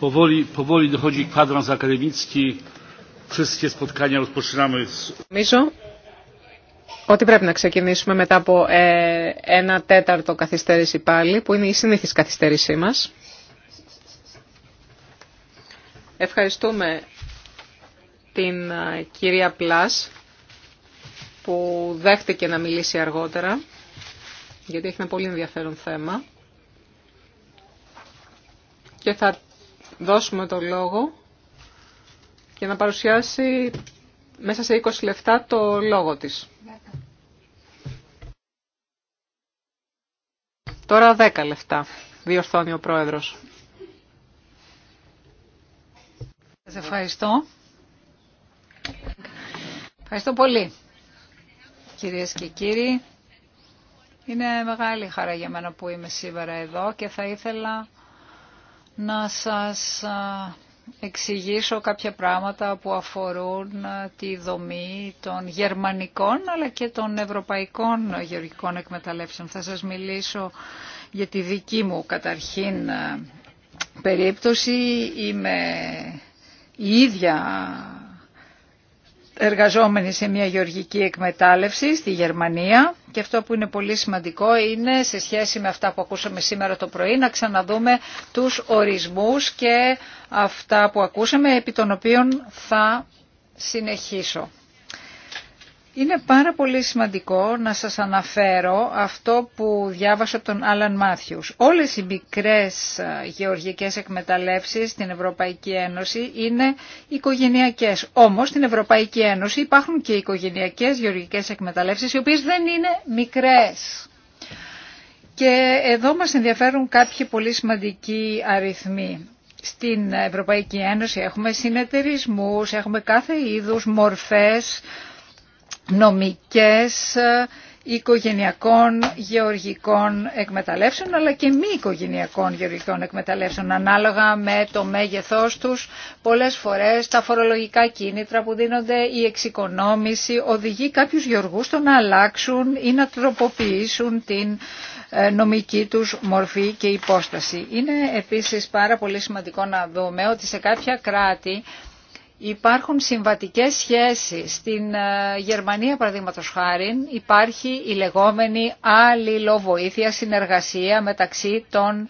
Νομίζω ότι πρέπει να ξεκινήσουμε μετά από ε, ένα τέταρτο καθυστέρηση πάλι, που είναι η συνήθις καθυστέρησή μας. Ευχαριστούμε την ε, κυρία Πλάς που δέχτηκε να μιλήσει αργότερα, γιατί έχει ένα πολύ ενδιαφέρον θέμα. Και θα δώσουμε το λόγο και να παρουσιάσει μέσα σε 20 λεπτά το λόγο της. Τώρα 10 λεπτά, διορθώνει ο Πρόεδρος. Σας ευχαριστώ. Ευχαριστώ πολύ. Κυρίες και κύριοι, είναι μεγάλη χαρά για μένα που είμαι σήμερα εδώ και θα ήθελα να σας εξηγήσω κάποια πράγματα που αφορούν τη δομή των γερμανικών αλλά και των ευρωπαϊκών γεωργικών εκμεταλλεύσεων. Θα σας μιλήσω για τη δική μου καταρχήν περίπτωση. Είμαι η ίδια εργαζόμενοι σε μια γεωργική εκμετάλλευση στη Γερμανία και αυτό που είναι πολύ σημαντικό είναι σε σχέση με αυτά που ακούσαμε σήμερα το πρωί να ξαναδούμε τους ορισμούς και αυτά που ακούσαμε επί των οποίων θα συνεχίσω. Είναι πάρα πολύ σημαντικό να σας αναφέρω αυτό που διάβασα από τον Άλαν Μάθιους. Όλες οι μικρές γεωργικές εκμεταλλεύσεις στην Ευρωπαϊκή Ένωση είναι οικογενειακές. Όμως στην Ευρωπαϊκή Ένωση υπάρχουν και οικογενειακές γεωργικές εκμεταλλεύσεις οι οποίες δεν είναι μικρές. Και εδώ μας ενδιαφέρουν κάποιοι πολύ σημαντικοί αριθμοί. Στην Ευρωπαϊκή Ένωση έχουμε συνεταιρισμούς, έχουμε κάθε είδους μορφές νομικές ε, οικογενειακών γεωργικών εκμεταλλεύσεων αλλά και μη οικογενειακών γεωργικών εκμεταλλεύσεων ανάλογα με το μέγεθός τους πολλές φορές τα φορολογικά κίνητρα που δίνονται η εξοικονόμηση οδηγεί κάποιους γεωργούς στο να αλλάξουν ή να τροποποιήσουν την ε, νομική τους μορφή και υπόσταση. Είναι επίσης πάρα πολύ σημαντικό να δούμε ότι σε κάποια κράτη Υπάρχουν συμβατικές σχέσεις. Στην ε, Γερμανία, παραδείγματο χάρη, υπάρχει η λεγόμενη αλληλοβοήθεια, συνεργασία μεταξύ των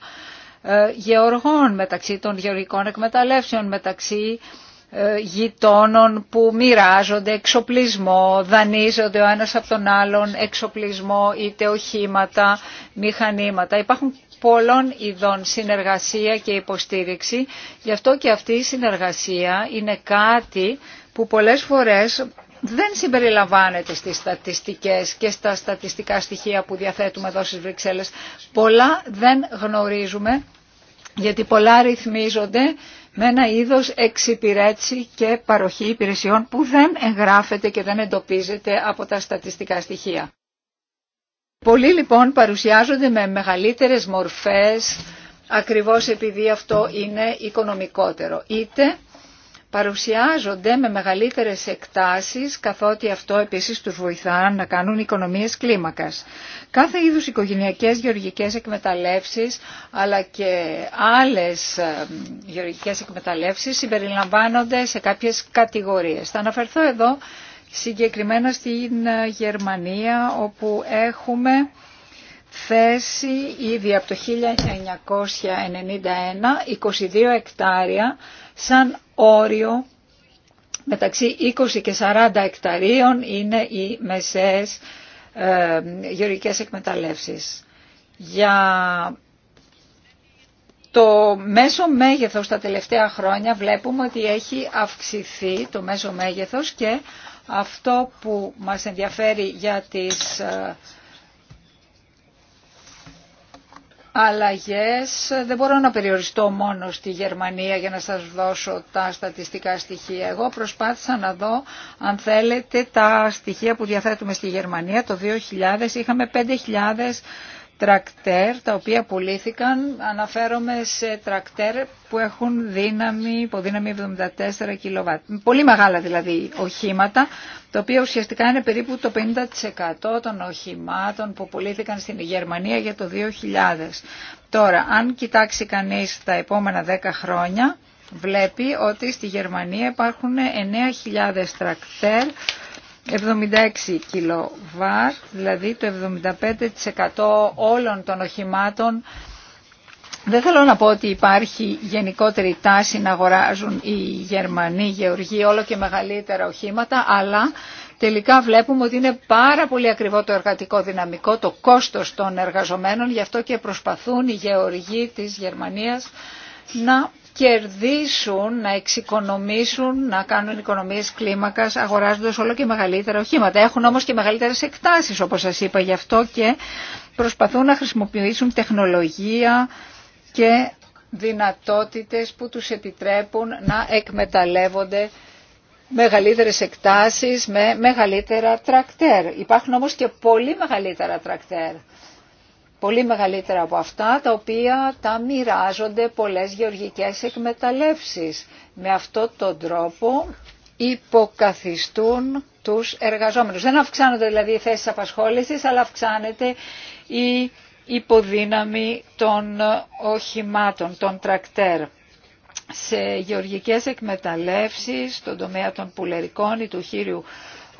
ε, γεωργών, μεταξύ των γεωργικών εκμεταλλεύσεων, μεταξύ ε, γειτόνων που μοιράζονται εξοπλισμό, δανείζονται ο ένας από τον άλλον εξοπλισμό, είτε οχήματα, μηχανήματα. Υπάρχουν πολλών ειδών συνεργασία και υποστήριξη. Γι' αυτό και αυτή η συνεργασία είναι κάτι που πολλές φορές δεν συμπεριλαμβάνεται στις στατιστικές και στα στατιστικά στοιχεία που διαθέτουμε εδώ στις Βρυξέλλες. Πολλά δεν γνωρίζουμε γιατί πολλά ρυθμίζονται με ένα είδος εξυπηρέτηση και παροχή υπηρεσιών που δεν εγγράφεται και δεν εντοπίζεται από τα στατιστικά στοιχεία. Πολλοί λοιπόν παρουσιάζονται με μεγαλύτερες μορφές ακριβώς επειδή αυτό είναι οικονομικότερο. Είτε παρουσιάζονται με μεγαλύτερες εκτάσεις καθότι αυτό επίσης τους βοηθά να κάνουν οικονομίες κλίμακας. Κάθε είδους οικογενειακές γεωργικές εκμεταλλεύσεις αλλά και άλλες γεωργικές εκμεταλλεύσεις συμπεριλαμβάνονται σε κάποιες κατηγορίες. Θα αναφερθώ εδώ συγκεκριμένα στην Γερμανία όπου έχουμε θέση ήδη από το 1991 22 εκτάρια σαν όριο μεταξύ 20 και 40 εκταρίων είναι οι μεσαίες ε, γεωργικές εκμεταλλεύσεις. Για το μέσο μέγεθος τα τελευταία χρόνια βλέπουμε ότι έχει αυξηθεί το μέσο μέγεθος και αυτό που μας ενδιαφέρει για τις ε, αλλαγές δεν μπορώ να περιοριστώ μόνο στη Γερμανία για να σας δώσω τα στατιστικά στοιχεία. Εγώ προσπάθησα να δω αν θέλετε τα στοιχεία που διαθέτουμε στη Γερμανία. Το 2000 είχαμε 5.000 τρακτέρ τα οποία πουλήθηκαν, αναφέρομαι σε τρακτέρ που έχουν δύναμη, υποδύναμη 74 κιλοβάτ. Πολύ μεγάλα δηλαδή οχήματα, τα οποία ουσιαστικά είναι περίπου το 50% των οχημάτων που πουλήθηκαν στην Γερμανία για το 2000. Τώρα, αν κοιτάξει κανείς τα επόμενα 10 χρόνια, βλέπει ότι στη Γερμανία υπάρχουν 9.000 τρακτέρ 76 κιλοβάρ, δηλαδή το 75% όλων των οχημάτων. Δεν θέλω να πω ότι υπάρχει γενικότερη τάση να αγοράζουν οι Γερμανοί, Γεωργοί όλο και μεγαλύτερα οχήματα, αλλά τελικά βλέπουμε ότι είναι πάρα πολύ ακριβό το εργατικό δυναμικό, το κόστος των εργαζομένων, γι' αυτό και προσπαθούν οι Γεωργοί της Γερμανίας να κερδίσουν, να εξοικονομήσουν, να κάνουν οικονομίες κλίμακας αγοράζοντας όλο και μεγαλύτερα οχήματα. Έχουν όμως και μεγαλύτερες εκτάσεις όπως σας είπα γι' αυτό και προσπαθούν να χρησιμοποιήσουν τεχνολογία και δυνατότητες που τους επιτρέπουν να εκμεταλλεύονται μεγαλύτερες εκτάσεις με μεγαλύτερα τρακτέρ. Υπάρχουν όμως και πολύ μεγαλύτερα τρακτέρ πολύ μεγαλύτερα από αυτά τα οποία τα μοιράζονται πολλές γεωργικές εκμεταλλεύσεις. Με αυτόν τον τρόπο υποκαθιστούν τους εργαζόμενους. Δεν αυξάνονται δηλαδή οι θέσεις απασχόλησης, αλλά αυξάνεται η υποδύναμη των οχημάτων, των τρακτέρ. Σε γεωργικές εκμεταλλεύσεις, στον τομέα των πουλερικών ή του χείριου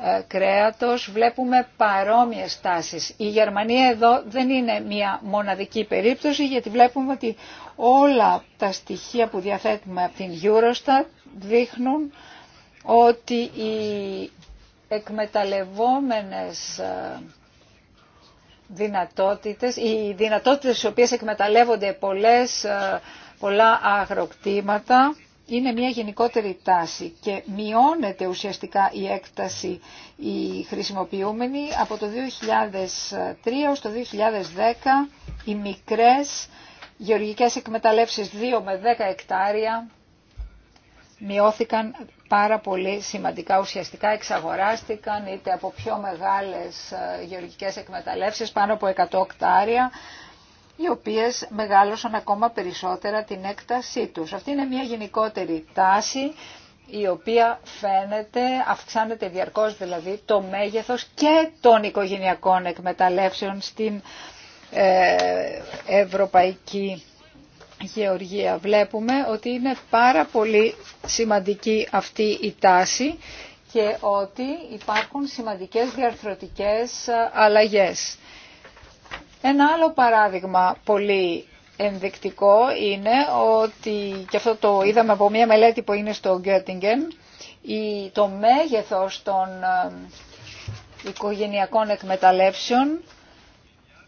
ε, κρέατος βλέπουμε παρόμοιες τάσεις. Η Γερμανία εδώ δεν είναι μια μοναδική περίπτωση γιατί βλέπουμε ότι όλα τα στοιχεία που διαθέτουμε από την Eurostat δείχνουν ότι οι εκμεταλλευόμενες ε, δυνατότητες, οι δυνατότητες στις οποίες εκμεταλλεύονται πολλές, ε, πολλά αγροκτήματα είναι μια γενικότερη τάση και μειώνεται ουσιαστικά η έκταση η χρησιμοποιούμενη από το 2003 ως το 2010 οι μικρές γεωργικές εκμεταλλεύσεις 2 με 10 εκτάρια μειώθηκαν πάρα πολύ σημαντικά. Ουσιαστικά εξαγοράστηκαν είτε από πιο μεγάλες ε, γεωργικές εκμεταλλεύσεις πάνω από 100 εκτάρια οι οποίες μεγάλωσαν ακόμα περισσότερα την έκτασή τους. Αυτή είναι μια γενικότερη τάση η οποία φαίνεται, αυξάνεται διαρκώς δηλαδή το μέγεθος και των οικογενειακών εκμεταλλεύσεων στην ε, Ευρωπαϊκή Γεωργία. Βλέπουμε ότι είναι πάρα πολύ σημαντική αυτή η τάση και ότι υπάρχουν σημαντικές διαρθρωτικές αλλαγές. Ένα άλλο παράδειγμα πολύ ενδεικτικό είναι ότι, και αυτό το είδαμε από μια μελέτη που είναι στο Γκέτιγκεν, το μέγεθος των οικογενειακών εκμεταλλεύσεων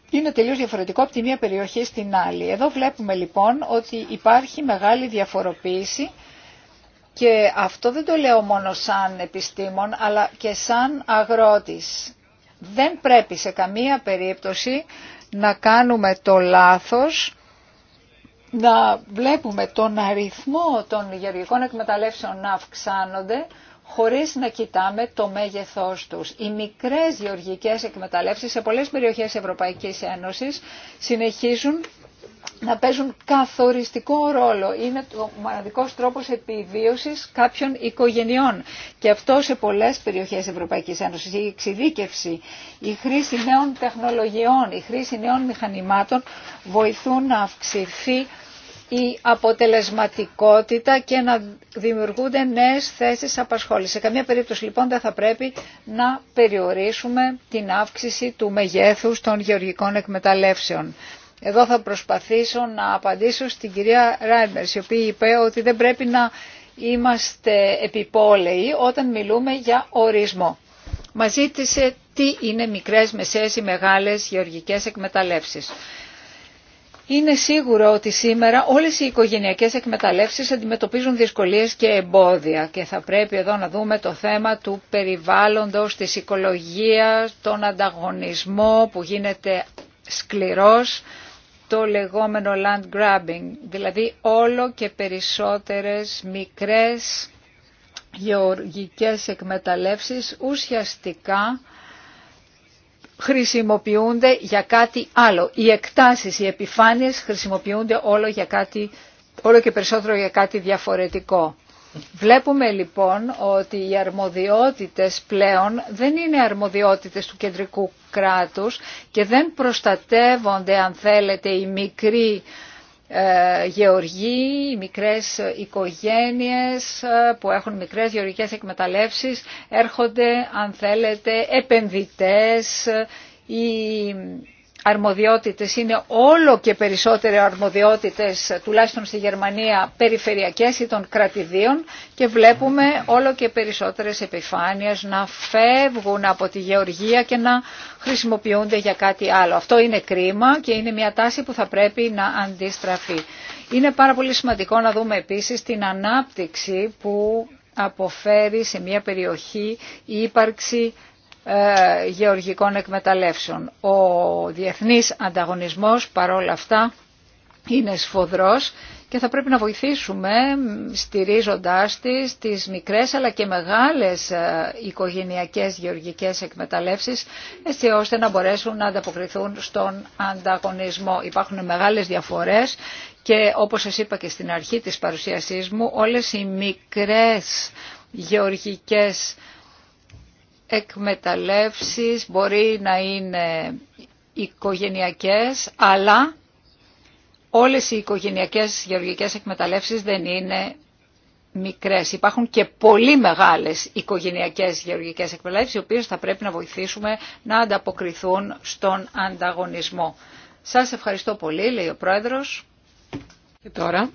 είναι τελείως διαφορετικό από τη μία περιοχή στην άλλη. Εδώ βλέπουμε λοιπόν ότι υπάρχει μεγάλη διαφοροποίηση και αυτό δεν το λέω μόνο σαν επιστήμον αλλά και σαν αγρότης. Δεν πρέπει σε καμία περίπτωση να κάνουμε το λάθος να βλέπουμε τον αριθμό των γεωργικών εκμεταλλεύσεων να αυξάνονται χωρίς να κοιτάμε το μέγεθός τους. Οι μικρές γεωργικές εκμεταλλεύσεις σε πολλές περιοχές Ευρωπαϊκής Ένωσης συνεχίζουν να παίζουν καθοριστικό ρόλο. Είναι ο μοναδικός τρόπος επιβίωσης κάποιων οικογενειών. Και αυτό σε πολλές περιοχές Ευρωπαϊκής Ένωσης. Η εξειδίκευση, η χρήση νέων τεχνολογιών, η χρήση νέων μηχανημάτων βοηθούν να αυξηθεί η αποτελεσματικότητα και να δημιουργούνται νέες θέσεις απασχόλησης. Σε καμία περίπτωση λοιπόν δεν θα πρέπει να περιορίσουμε την αύξηση του μεγέθους των γεωργικών εκμεταλλεύσεων. Εδώ θα προσπαθήσω να απαντήσω στην κυρία Ράιμερς, η οποία είπε ότι δεν πρέπει να είμαστε επιπόλαιοι όταν μιλούμε για ορισμό. Μα ζήτησε τι είναι μικρές, μεσαίες ή μεγάλες γεωργικές εκμεταλλεύσεις. Είναι σίγουρο ότι σήμερα όλες οι οικογενειακές εκμεταλλεύσεις αντιμετωπίζουν δυσκολίες και εμπόδια και θα πρέπει εδώ να δούμε το θέμα του περιβάλλοντος, της οικολογίας, τον ανταγωνισμό που γίνεται σκληρός το λεγόμενο land grabbing, δηλαδή όλο και περισσότερες μικρές γεωργικές εκμεταλλεύσεις ουσιαστικά χρησιμοποιούνται για κάτι άλλο. Οι εκτάσεις, οι επιφάνειες χρησιμοποιούνται όλο, για όλο και περισσότερο για κάτι διαφορετικό. Βλέπουμε λοιπόν ότι οι αρμοδιότητες πλέον δεν είναι αρμοδιότητες του κεντρικού κράτους και δεν προστατεύονται αν θέλετε οι μικροί ε, γεωργοί, οι μικρές οικογένειες ε, που έχουν μικρές γεωργικές εκμεταλλεύσεις, έρχονται αν θέλετε επενδυτές ή ε, αρμοδιότητες είναι όλο και περισσότερο αρμοδιότητες, τουλάχιστον στη Γερμανία, περιφερειακές ή των κρατηδίων και βλέπουμε όλο και περισσότερες επιφάνειες να φεύγουν από τη γεωργία και να χρησιμοποιούνται για κάτι άλλο. Αυτό είναι κρίμα και είναι μια τάση που θα πρέπει να αντιστραφεί. Είναι πάρα πολύ σημαντικό να δούμε επίσης την ανάπτυξη που αποφέρει σε μια περιοχή η ύπαρξη ε, γεωργικών εκμεταλλεύσεων. Ο διεθνής ανταγωνισμός παρόλα αυτά είναι σφοδρός και θα πρέπει να βοηθήσουμε στηρίζοντάς τις, τις μικρές αλλά και μεγάλες ε, οικογενειακές γεωργικές εκμεταλλεύσεις έτσι ώστε να μπορέσουν να ανταποκριθούν στον ανταγωνισμό. Υπάρχουν μεγάλες διαφορές και όπως σας είπα και στην αρχή της παρουσίασής μου όλες οι μικρές γεωργικές εκμεταλλεύσεις μπορεί να είναι οικογενειακές, αλλά όλες οι οικογενειακές γεωργικές εκμεταλλεύσεις δεν είναι μικρές. Υπάρχουν και πολύ μεγάλες οικογενειακές γεωργικές εκμεταλλεύσεις, οι οποίες θα πρέπει να βοηθήσουμε να ανταποκριθούν στον ανταγωνισμό. Σας ευχαριστώ πολύ, λέει ο Πρόεδρος. Και τώρα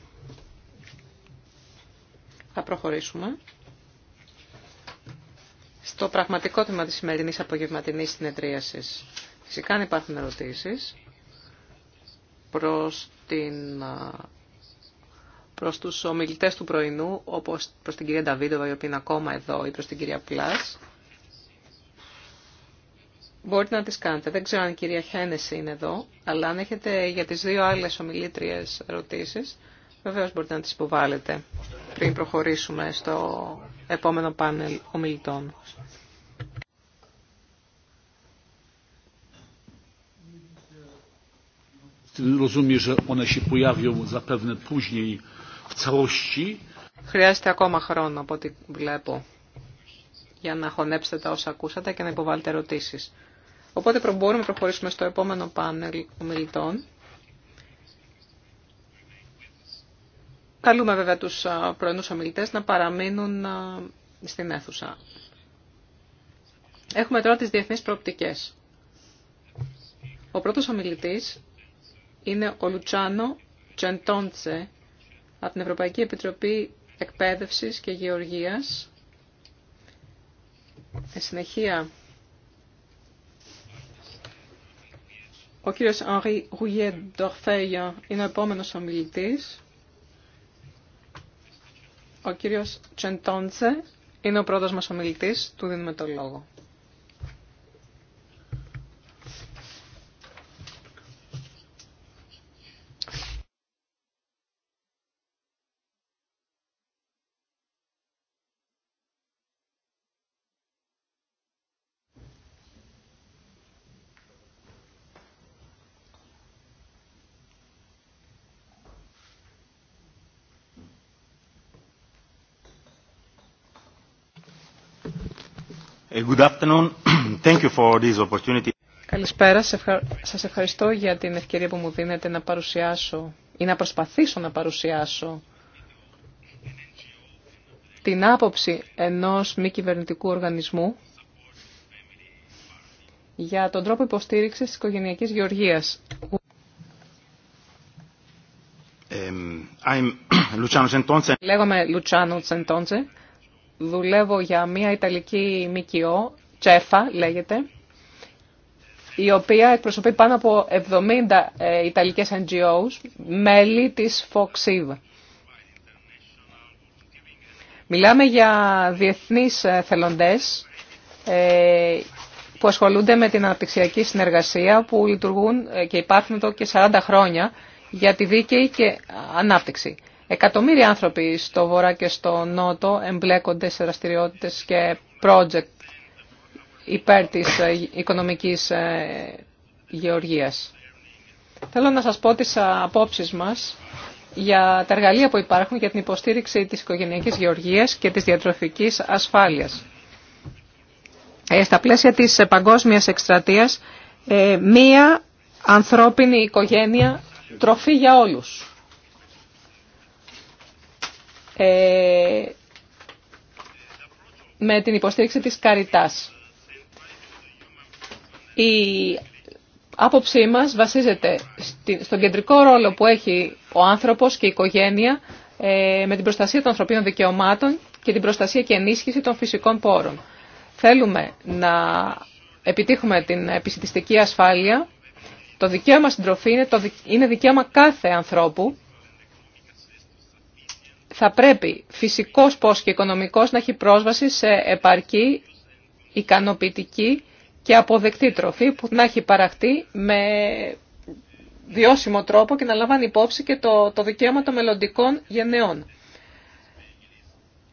θα προχωρήσουμε στο πραγματικό τμήμα της σημερινής απογευματινής συνεδρίασης. Φυσικά αν υπάρχουν ερωτήσεις προς, την, προς τους ομιλητές του πρωινού, όπως προς την κυρία Νταβίδοβα, η οποία είναι ακόμα εδώ, ή προς την κυρία Πλάς, μπορείτε να τις κάνετε. Δεν ξέρω αν η κυρία Χένεση είναι εδώ, αλλά αν έχετε για τις δύο άλλες ομιλήτριες ερωτήσεις, βεβαίως μπορείτε να τις υποβάλλετε πριν προχωρήσουμε στο επόμενο πάνελ ομιλητών. Χρειάζεται ακόμα χρόνο από ό,τι βλέπω για να χωνέψετε τα όσα ακούσατε και να υποβάλλετε ερωτήσεις. Οπότε μπορούμε να προχωρήσουμε στο επόμενο πάνελ ομιλητών. Καλούμε βέβαια τους πρωινούς ομιλητές να παραμείνουν στην αίθουσα. Έχουμε τώρα τις διεθνείς προοπτικές. Ο πρώτος ομιλητής είναι ο Λουτσάνο Τζεντόντσε από την Ευρωπαϊκή Επιτροπή Εκπαίδευσης και Γεωργίας. Εν συνεχεία, ο κύριος Henri Rouillet d'Orfeuille είναι ο επόμενος ομιλητής. Ο κύριος Τσεντόντσε είναι ο πρώτος μας ομιλητής, του δίνουμε το λόγο. Καλησπέρα. Σας ευχαριστώ για την ευκαιρία που μου δίνετε να παρουσιάσω ή να προσπαθήσω να παρουσιάσω την άποψη ενός μη κυβερνητικού οργανισμού για τον τρόπο υποστήριξης της οικογενειακής γεωργίας. Λέγομαι Λουτσάνο Τσεντόντζε δουλεύω για μια Ιταλική ΜΚΟ, Τσέφα λέγεται, η οποία εκπροσωπεί πάνω από 70 ε, Ιταλικές NGOs, μέλη της FOXIV. Μιλάμε για διεθνείς ε, θελοντές ε, που ασχολούνται με την αναπτυξιακή συνεργασία που λειτουργούν και υπάρχουν εδώ και 40 χρόνια για τη δίκαιη και ανάπτυξη. Εκατομμύρια άνθρωποι στο βορρά και στο νότο εμπλέκονται σε δραστηριότητε και project υπέρ της ε, οικονομικής ε, γεωργίας. Θέλω να σας πω τις ε, απόψεις μας για τα εργαλεία που υπάρχουν για την υποστήριξη της οικογενειακής γεωργίας και της διατροφικής ασφάλειας. Στα πλαίσια της παγκόσμιας εκστρατείας, μία ανθρώπινη οικογένεια τροφή για όλους. Ε, με την υποστήριξη της Καριτάς. Η άποψή μας βασίζεται στον κεντρικό ρόλο που έχει ο άνθρωπος και η οικογένεια ε, με την προστασία των ανθρωπίνων δικαιωμάτων και την προστασία και ενίσχυση των φυσικών πόρων. Θέλουμε να επιτύχουμε την επιστημιστική ασφάλεια. Το δικαίωμα στην τροφή είναι, είναι δικαίωμα κάθε ανθρώπου θα πρέπει φυσικός πώς και οικονομικός να έχει πρόσβαση σε επαρκή, ικανοποιητική και αποδεκτή τροφή που να έχει παραχτεί με βιώσιμο τρόπο και να λαμβάνει υπόψη και το, το δικαίωμα των μελλοντικών γενεών.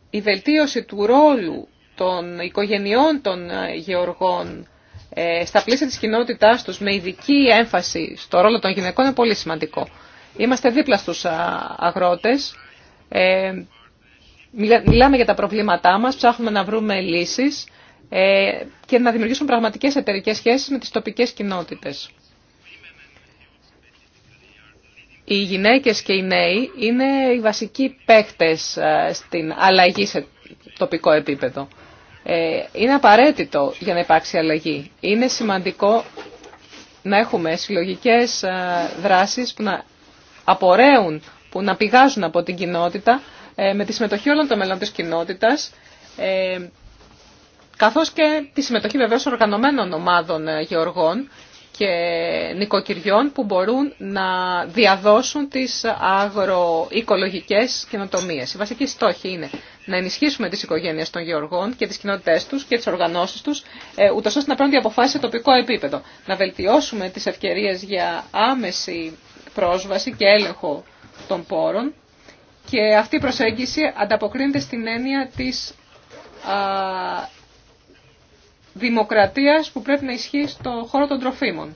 Η βελτίωση του ρόλου των οικογενειών των ε, γεωργών ε, στα πλαίσια της κοινότητάς τους με ειδική έμφαση στο ρόλο των γυναικών είναι πολύ σημαντικό. Είμαστε δίπλα στους ε, αγρότες ε, μιλάμε για τα προβλήματά μας, ψάχνουμε να βρούμε λύσεις ε, και να δημιουργήσουμε πραγματικές εταιρικές σχέσεις με τις τοπικές κοινότητες. Οι γυναίκες και οι νέοι είναι οι βασικοί παίχτες ε, στην αλλαγή σε τοπικό επίπεδο. Είναι απαραίτητο για να υπάρξει αλλαγή. Είναι σημαντικό να έχουμε συλλογικές δράσεις που να απορρέουν που να πηγάζουν από την κοινότητα ε, με τη συμμετοχή όλων των μελών της κοινότητας ε, καθώς και τη συμμετοχή βεβαίως οργανωμένων ομάδων ε, γεωργών και νοικοκυριών που μπορούν να διαδώσουν τις αγροοικολογικές καινοτομίες. Η βασική στόχη είναι να ενισχύσουμε τις οικογένειες των γεωργών και τις κοινότητές τους και τις οργανώσεις τους, ούτως ώστε να παίρνουν αποφάση σε τοπικό επίπεδο. Να βελτιώσουμε τις ευκαιρίες για άμεση πρόσβαση και έλεγχο των πόρων και αυτή η προσέγγιση ανταποκρίνεται στην έννοια της α, δημοκρατίας που πρέπει να ισχύει στο χώρο των τροφίμων.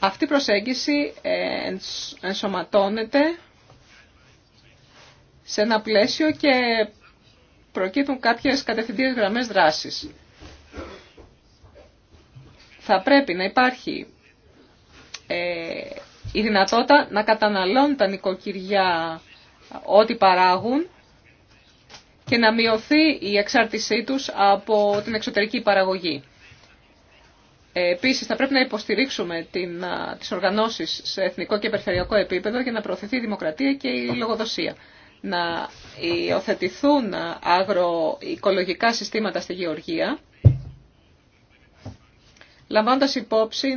Αυτή η προσέγγιση ε, ενσωματώνεται σε ένα πλαίσιο και προκύπτουν κάποιες κατευθυντήρες γραμμές δράσης. Θα πρέπει να υπάρχει ε, η δυνατότητα να καταναλώνουν τα νοικοκυριά ό,τι παράγουν και να μειωθεί η εξάρτησή τους από την εξωτερική παραγωγή. Ε, επίσης, θα πρέπει να υποστηρίξουμε την, τις οργανώσεις σε εθνικό και περιφερειακό επίπεδο για να προωθηθεί η δημοκρατία και η λογοδοσία. Να υιοθετηθούν αγροοικολογικά συστήματα στη γεωργία λαμβάνοντας υπόψη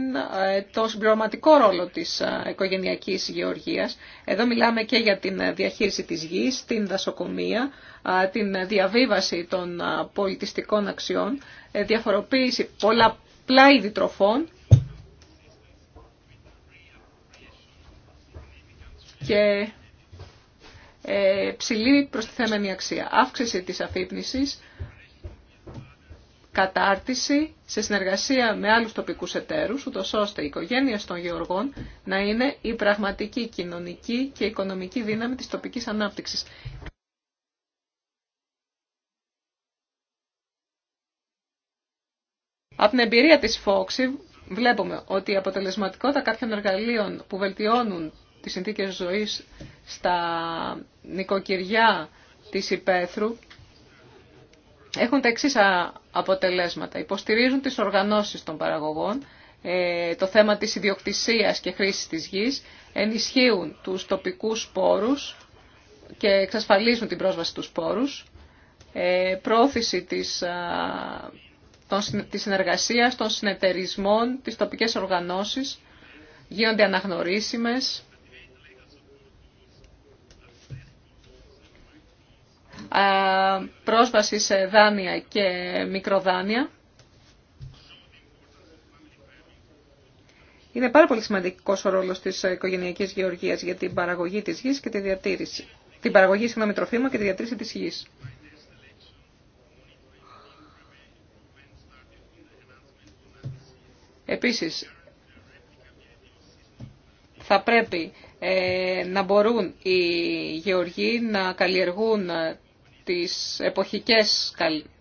ε, το συμπληρωματικό ρόλο της ε, οικογενειακής γεωργίας. Εδώ μιλάμε και για την ε, διαχείριση της γης, την δασοκομεία, την διαβίβαση των πολιτιστικών αξιών, διαφοροποίηση πολλαπλά είδη τροφών και ψηλή προστιθέμενη αξία, αύξηση της αφύπνισης, κατάρτιση σε συνεργασία με άλλους τοπικούς εταίρους, ούτως ώστε η οικογένεια των γεωργών να είναι η πραγματική κοινωνική και οικονομική δύναμη της τοπικής ανάπτυξης. Από την εμπειρία της Φόξη, βλέπουμε ότι η αποτελεσματικότητα κάποιων εργαλείων που βελτιώνουν τις συνθήκες ζωής στα νοικοκυριά της υπαίθρου έχουν τα εξής αποτελέσματα. Υποστηρίζουν τις οργανώσεις των παραγωγών, ε, το θέμα της ιδιοκτησίας και χρήσης της γης, ενισχύουν τους τοπικούς πόρους και εξασφαλίζουν την πρόσβαση στους πόρους, ε, πρόθεση της, της συνεργασίας, των συνεταιρισμών, τις τοπικές οργανώσεις, γίνονται αναγνωρίσιμες, πρόσβαση σε δάνεια και μικροδάνεια. Είναι πάρα πολύ σημαντικό ο ρόλο τη οικογενειακή γεωργία για την παραγωγή τη γη και τη διατήρηση. Την παραγωγή, συγγνώμη, τροφίμων και τη διατήρηση τη γη. Επίσης, θα πρέπει ε, να μπορούν οι γεωργοί να καλλιεργούν τις εποχικές,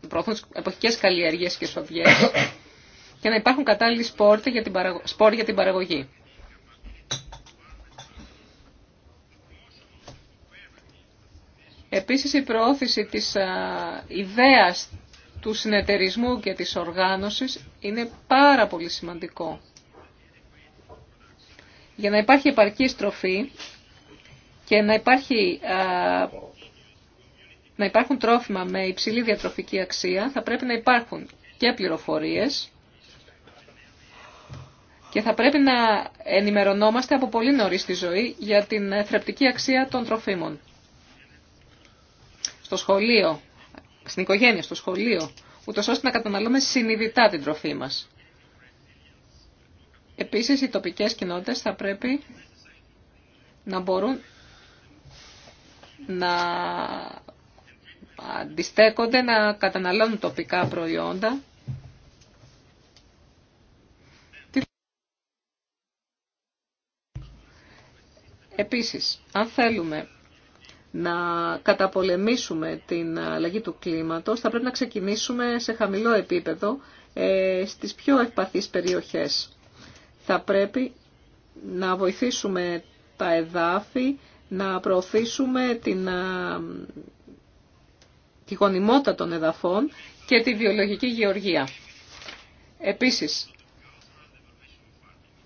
προωθούν εποχικές καλλιέργειες και σοβιές και να υπάρχουν κατάλληλοι σπόρ για την, παραγωγή. Επίσης η προώθηση της α, ιδέας του συνεταιρισμού και της οργάνωσης είναι πάρα πολύ σημαντικό. Για να υπάρχει επαρκή στροφή και να υπάρχει να υπάρχουν τρόφιμα με υψηλή διατροφική αξία, θα πρέπει να υπάρχουν και πληροφορίες και θα πρέπει να ενημερωνόμαστε από πολύ νωρίς στη ζωή για την θρεπτική αξία των τροφίμων. Στο σχολείο, στην οικογένεια, στο σχολείο, ούτως ώστε να καταναλώμε συνειδητά την τροφή μας. Επίσης, οι τοπικές κοινότητες θα πρέπει να μπορούν να αντιστέκονται να καταναλώνουν τοπικά προϊόντα. Επίσης, αν θέλουμε να καταπολεμήσουμε την αλλαγή του κλίματος, θα πρέπει να ξεκινήσουμε σε χαμηλό επίπεδο ε, στις πιο ευπαθείς περιοχές. Θα πρέπει να βοηθήσουμε τα εδάφη, να προωθήσουμε την τη γονιμότητα των εδαφών και τη βιολογική γεωργία. Επίσης,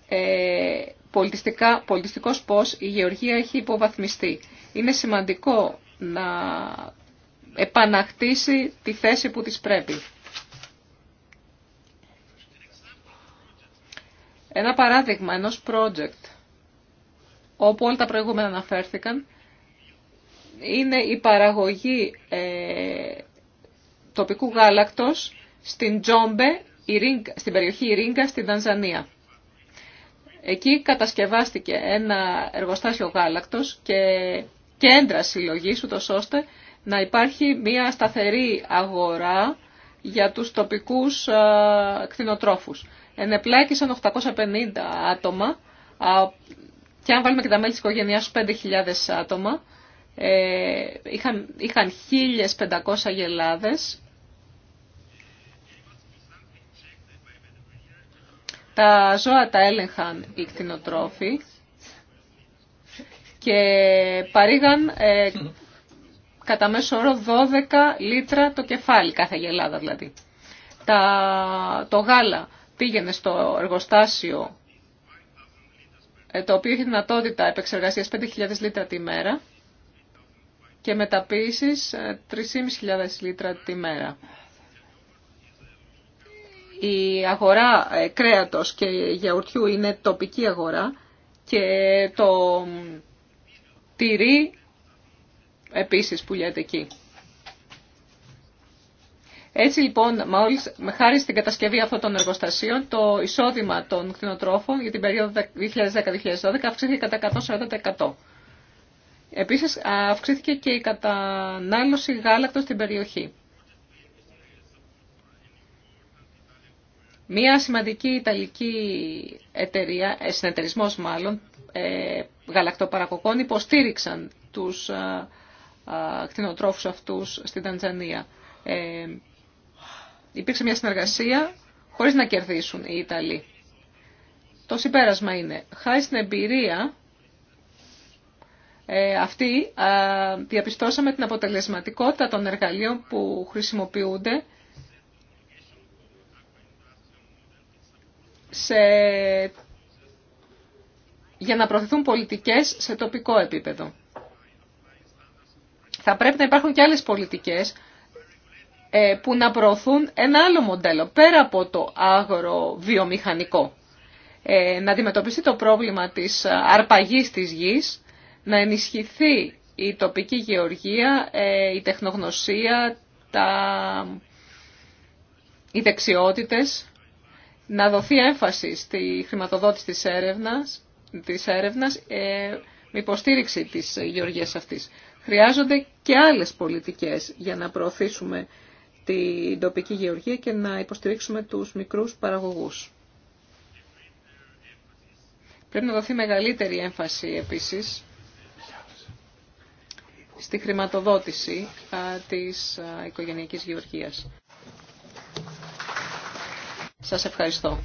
ε, πολιτιστικά, πολιτιστικός πώς η γεωργία έχει υποβαθμιστεί. Είναι σημαντικό να επανακτήσει τη θέση που της πρέπει. Ένα παράδειγμα ενός project όπου όλα τα προηγούμενα αναφέρθηκαν είναι η παραγωγή ε, τοπικού γάλακτος στην Τζόμπε, στην περιοχή Ιρίγκα, στην Τανζανία. Εκεί κατασκευάστηκε ένα εργοστάσιο γάλακτος και κέντρα συλλογής, ούτως ώστε να υπάρχει μια σταθερή αγορά για τους τοπικούς ε, κτηνοτρόφους. Ενεπλάκησαν 850 άτομα και αν βάλουμε και τα μέλη της οικογένειάς 5.000 άτομα ε, είχαν, είχαν 1.500 γελάδες. Τα ζώα τα έλεγχαν οι κτηνοτρόφοι και παρήγαν ε, κατά μέσο όρο 12 λίτρα το κεφάλι, κάθε γελάδα δηλαδή. Τα, το γάλα πήγαινε στο εργοστάσιο, ε, το οποίο είχε δυνατότητα επεξεργασίας 5.000 λίτρα τη μέρα και μεταποίησης 3.500 ε, λίτρα τη μέρα. Η αγορά ε, κρέατος και γιαουρτιού είναι τοπική αγορά και το τυρί επίσης πουλιάται εκεί. Έτσι λοιπόν, μόλις, χάρη στην κατασκευή αυτών των εργοστασίων, το εισόδημα των κτηνοτρόφων για την περίοδο 2010-2012 αυξήθηκε κατά 140%. Επίσης αυξήθηκε και η κατανάλωση γάλακτος στην περιοχή. Μία σημαντική Ιταλική εταιρεία, ε, συνεταιρισμός μάλλον, ε, γαλακτοπαρακοκών υποστήριξαν τους ε, κτηνοτρόφους αυτούς στην Τανζανία. Ε, υπήρξε μια συνεργασία χωρίς να κερδίσουν οι Ιταλοί. Το συμπέρασμα είναι, χάρη στην εμπειρία ε, αυτή διαπιστώσαμε την αποτελεσματικότητα των εργαλείων που χρησιμοποιούνται σε... για να προωθηθούν πολιτικές σε τοπικό επίπεδο. Θα πρέπει να υπάρχουν και άλλες πολιτικές ε, που να προωθούν ένα άλλο μοντέλο, πέρα από το άγρο-βιομηχανικό. Ε, να αντιμετωπιστεί το πρόβλημα της αρπαγής της γης να ενισχυθεί η τοπική γεωργία, ε, η τεχνογνωσία, τα... οι δεξιότητες, να δοθεί έμφαση στη χρηματοδότηση της έρευνας, της έρευνας ε, με υποστήριξη της γεωργίας αυτής. Χρειάζονται και άλλες πολιτικές για να προωθήσουμε την τοπική γεωργία και να υποστηρίξουμε τους μικρούς παραγωγούς. Πρέπει να δοθεί μεγαλύτερη έμφαση επίσης στη χρηματοδότηση της οικογενειακής γεωργίας. Σας ευχαριστώ.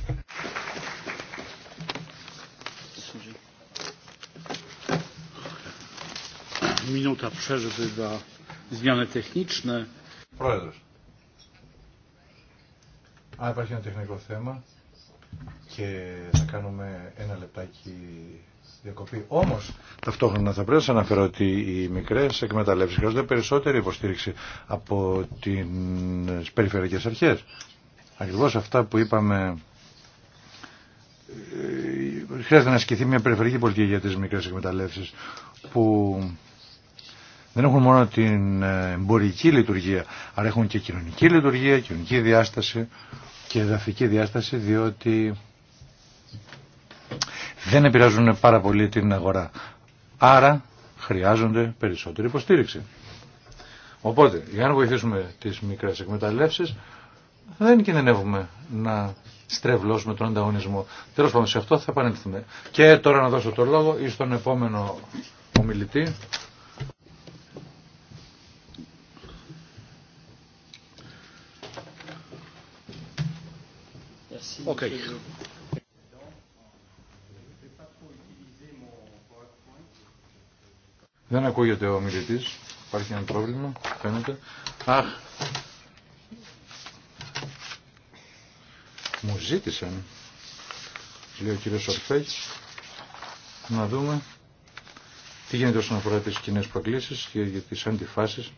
Minuta przerwy Πρόεδρος. αν υπάρχει ένα τεχνικό θέμα και θα κάνουμε ένα λεπτάκι διακοπή. Όμω, ταυτόχρονα θα πρέπει να αναφέρω ότι οι μικρέ εκμεταλλεύσει χρειάζονται περισσότερη υποστήριξη από τι περιφερειακέ αρχέ. Ακριβώ αυτά που είπαμε. Ε, χρειάζεται να ασκηθεί μια περιφερειακή πολιτική για τι μικρέ εκμεταλλεύσει που δεν έχουν μόνο την ε, εμπορική λειτουργία, αλλά έχουν και κοινωνική λειτουργία, κοινωνική διάσταση και εδαφική διάσταση, διότι δεν επηρεάζουν πάρα πολύ την αγορά. Άρα χρειάζονται περισσότερη υποστήριξη. Οπότε, για να βοηθήσουμε τις μικρές εκμεταλλεύσεις, δεν κινδυνεύουμε να στρεβλώσουμε τον ανταγωνισμό. Τέλος πάντων, σε αυτό θα επανέλθουμε. Και τώρα να δώσω το λόγο ή στον επόμενο ομιλητή. Okay. Δεν ακούγεται ο μιλητής. Υπάρχει ένα πρόβλημα, φαίνεται. Αχ, μου ζήτησαν, λέει ο κύριος Ορφέκης, να δούμε τι γίνεται όσον αφορά τις κοινέ προκλήσεις και για τις αντιφάσεις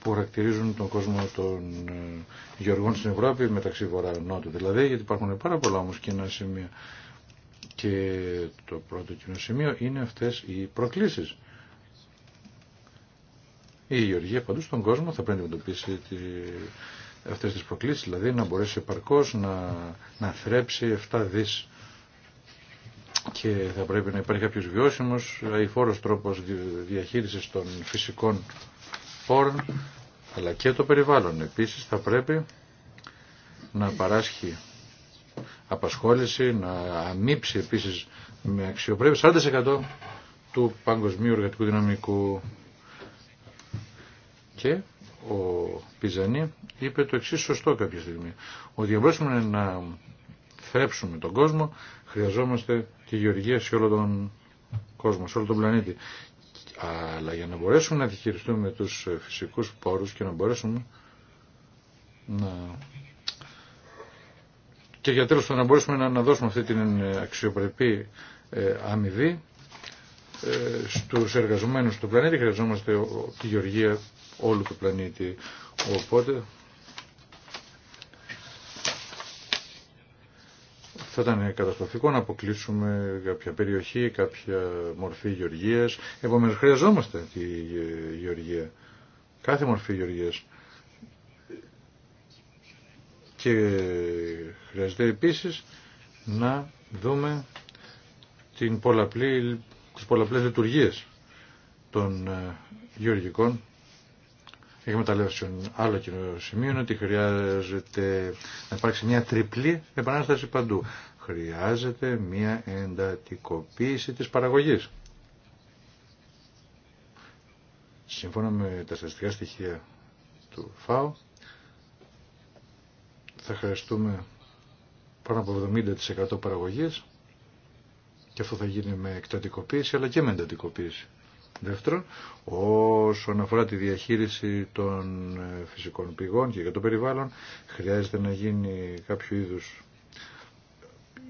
που χαρακτηρίζουν τον κόσμο των ε, γεωργών στην Ευρώπη μεταξύ βορρά-νότου δηλαδή, γιατί υπάρχουν πάρα πολλά όμως κοινά σημεία. Και το πρώτο κοινό σημείο είναι αυτές οι προκλήσεις η Γεωργία παντού στον κόσμο θα πρέπει να αντιμετωπίσει τη, αυτές τις προκλήσεις, δηλαδή να μπορέσει επαρκώ να, να θρέψει 7 δι. και θα πρέπει να υπάρχει κάποιος βιώσιμος, αηφόρος τρόπος διαχείρισης των φυσικών πόρων, αλλά και το περιβάλλον. Επίσης θα πρέπει να παράσχει απασχόληση, να αμύψει επίσης με αξιοπρέπεια 40% του παγκοσμίου εργατικού δυναμικού. Και ο Πιζανή είπε το εξή σωστό κάποια στιγμή. Ότι για μπορέσουμε να θρέψουμε τον κόσμο, χρειαζόμαστε τη γεωργία σε όλο τον κόσμο, σε όλο τον πλανήτη. Αλλά για να μπορέσουμε να διχειριστούμε τους φυσικούς πόρους και να μπορέσουμε να... Και για τέλος να μπορέσουμε να, να δώσουμε αυτή την αξιοπρεπή ε, αμοιβή στου ε, στους εργαζομένους του πλανήτη χρειαζόμαστε τη γεωργία όλου του πλανήτη. Οπότε θα ήταν καταστροφικό να αποκλείσουμε κάποια περιοχή, κάποια μορφή γεωργίας. Επομένως χρειαζόμαστε τη γεωργία, κάθε μορφή γεωργίας. Και χρειάζεται επίσης να δούμε την πολλαπλή, τις πολλαπλές λειτουργίες των ε, γεωργικών ένα Άλλο κοινό σημείο είναι ότι χρειάζεται να υπάρξει μια τριπλή επανάσταση παντού. Χρειάζεται μια εντατικοποίηση της παραγωγής. Σύμφωνα με τα στατιστικά στοιχεία του ΦΑΟ, θα χρειαστούμε πάνω από 70% παραγωγής και αυτό θα γίνει με εκτατικοποίηση αλλά και με εντατικοποίηση. Δεύτερον, όσον αφορά τη διαχείριση των ε, φυσικών πηγών και για το περιβάλλον, χρειάζεται να γίνει κάποιο είδους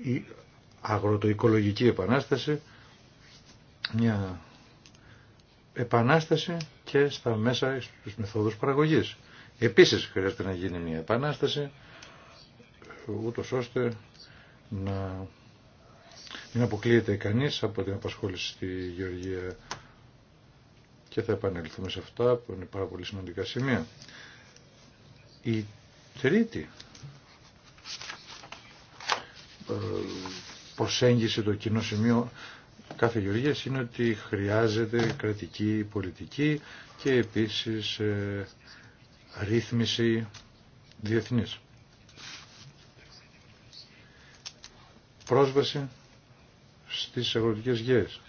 ε, η αγροτοοικολογική επανάσταση, μια επανάσταση και στα μέσα στους μεθόδους παραγωγής. Επίσης χρειάζεται να γίνει μια επανάσταση, ούτως ώστε να μην αποκλείεται κανείς από την απασχόληση στη γεωργία και θα επανέλθουμε σε αυτά που είναι πάρα πολύ σημαντικά σημεία. Η τρίτη ε, προσέγγιση το κοινό σημείο κάθε γεωργίας είναι ότι χρειάζεται κρατική πολιτική και επίσης ε, ρύθμιση διεθνής. Πρόσβαση στις αγροτικές γέες.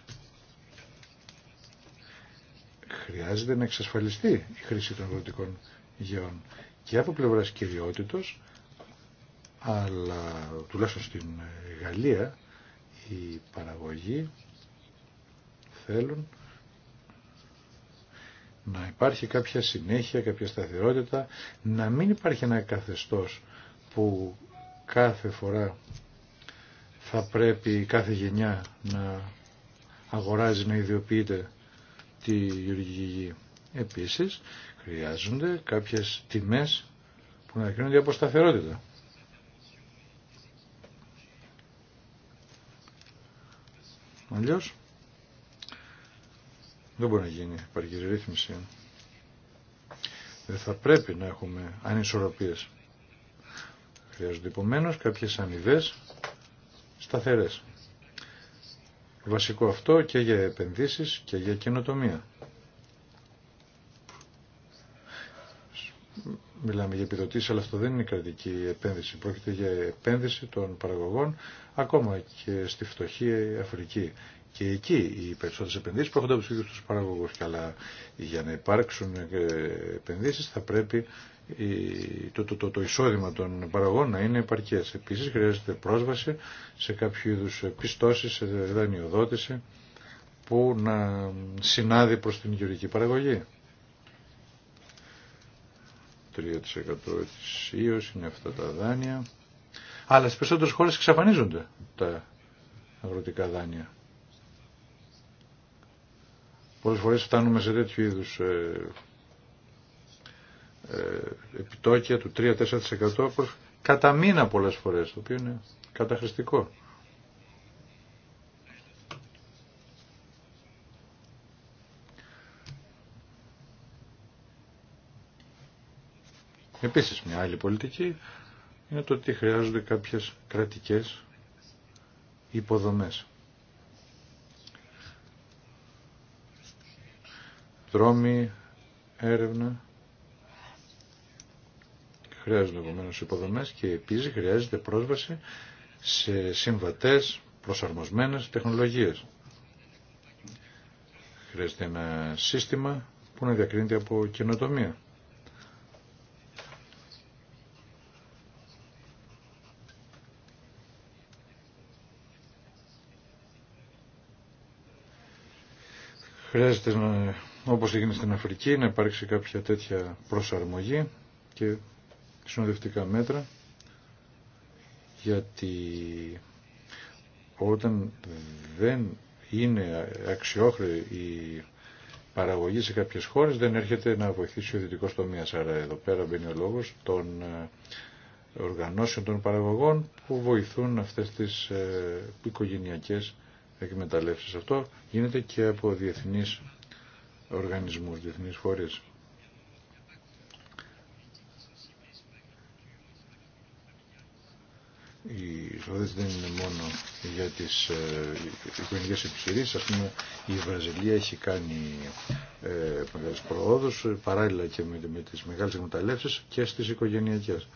χρειάζεται να εξασφαλιστεί η χρήση των αγροτικών γεών και από πλευράς κυριότητος, αλλά τουλάχιστον στην Γαλλία οι παραγωγοί θέλουν να υπάρχει κάποια συνέχεια, κάποια σταθερότητα, να μην υπάρχει ένα καθεστώς που κάθε φορά θα πρέπει κάθε γενιά να αγοράζει, να ιδιοποιείται τη γεωργική γη. Επίσης, χρειάζονται κάποιες τιμές που να κρίνονται από σταθερότητα. Αλλιώς, δεν μπορεί να γίνει υπάρχει ρύθμιση. Δεν θα πρέπει να έχουμε ανισορροπίες. Χρειάζονται επομένω κάποιες αμοιβέ σταθερές βασικό αυτό και για επενδύσεις και για καινοτομία. Μιλάμε για επιδοτήσει, αλλά αυτό δεν είναι κρατική επένδυση. Πρόκειται για επένδυση των παραγωγών ακόμα και στη φτωχή Αφρική. Και εκεί οι περισσότερε επενδύσει προχωρούν από του ίδιου του παραγωγού. Αλλά για να υπάρξουν ε, επενδύσει θα πρέπει το, το, το, το εισόδημα των παραγών να είναι επαρκές. Επίσης χρειάζεται πρόσβαση σε κάποιο είδους πιστώσει, σε δανειοδότηση που να συνάδει προς την γεωργική παραγωγή. 3% ετησίως είναι αυτά τα δάνεια. Αλλά στις περισσότερες χώρες εξαφανίζονται τα αγροτικά δάνεια. Πολλές φορές φτάνουμε σε τέτοιου είδους ε, ε, επιτόκια του 3-4% κατά μήνα πολλές φορές, το οποίο είναι καταχρηστικό. Επίσης μια άλλη πολιτική είναι το ότι χρειάζονται κάποιες κρατικές υποδομές. Δρόμοι, έρευνα, Χρειάζονται επομένω υποδομέ και επίση χρειάζεται πρόσβαση σε συμβατέ προσαρμοσμένε τεχνολογίε. Χρειάζεται ένα σύστημα που να διακρίνεται από καινοτομία. Χρειάζεται, να, όπως έγινε στην Αφρική, να υπάρξει κάποια τέτοια προσαρμογή και συνοδευτικά μέτρα γιατί όταν δεν είναι αξιόχρη η παραγωγή σε κάποιες χώρες δεν έρχεται να βοηθήσει ο δυτικό τομέα. Άρα εδώ πέρα μπαίνει ο λόγος των ε, οργανώσεων των παραγωγών που βοηθούν αυτές τις ε, οικογενειακές εκμεταλλεύσεις. Αυτό γίνεται και από διεθνείς οργανισμούς, διεθνείς χώρες. οι εισοδές δεν είναι μόνο για τις ε, οικονομικές επιχειρήσεις. Ας πούμε η Βραζιλία έχει κάνει ε, μεγάλες προόδους παράλληλα και με, με τις μεγάλες εκμεταλλεύσεις και στις οικογενειακές.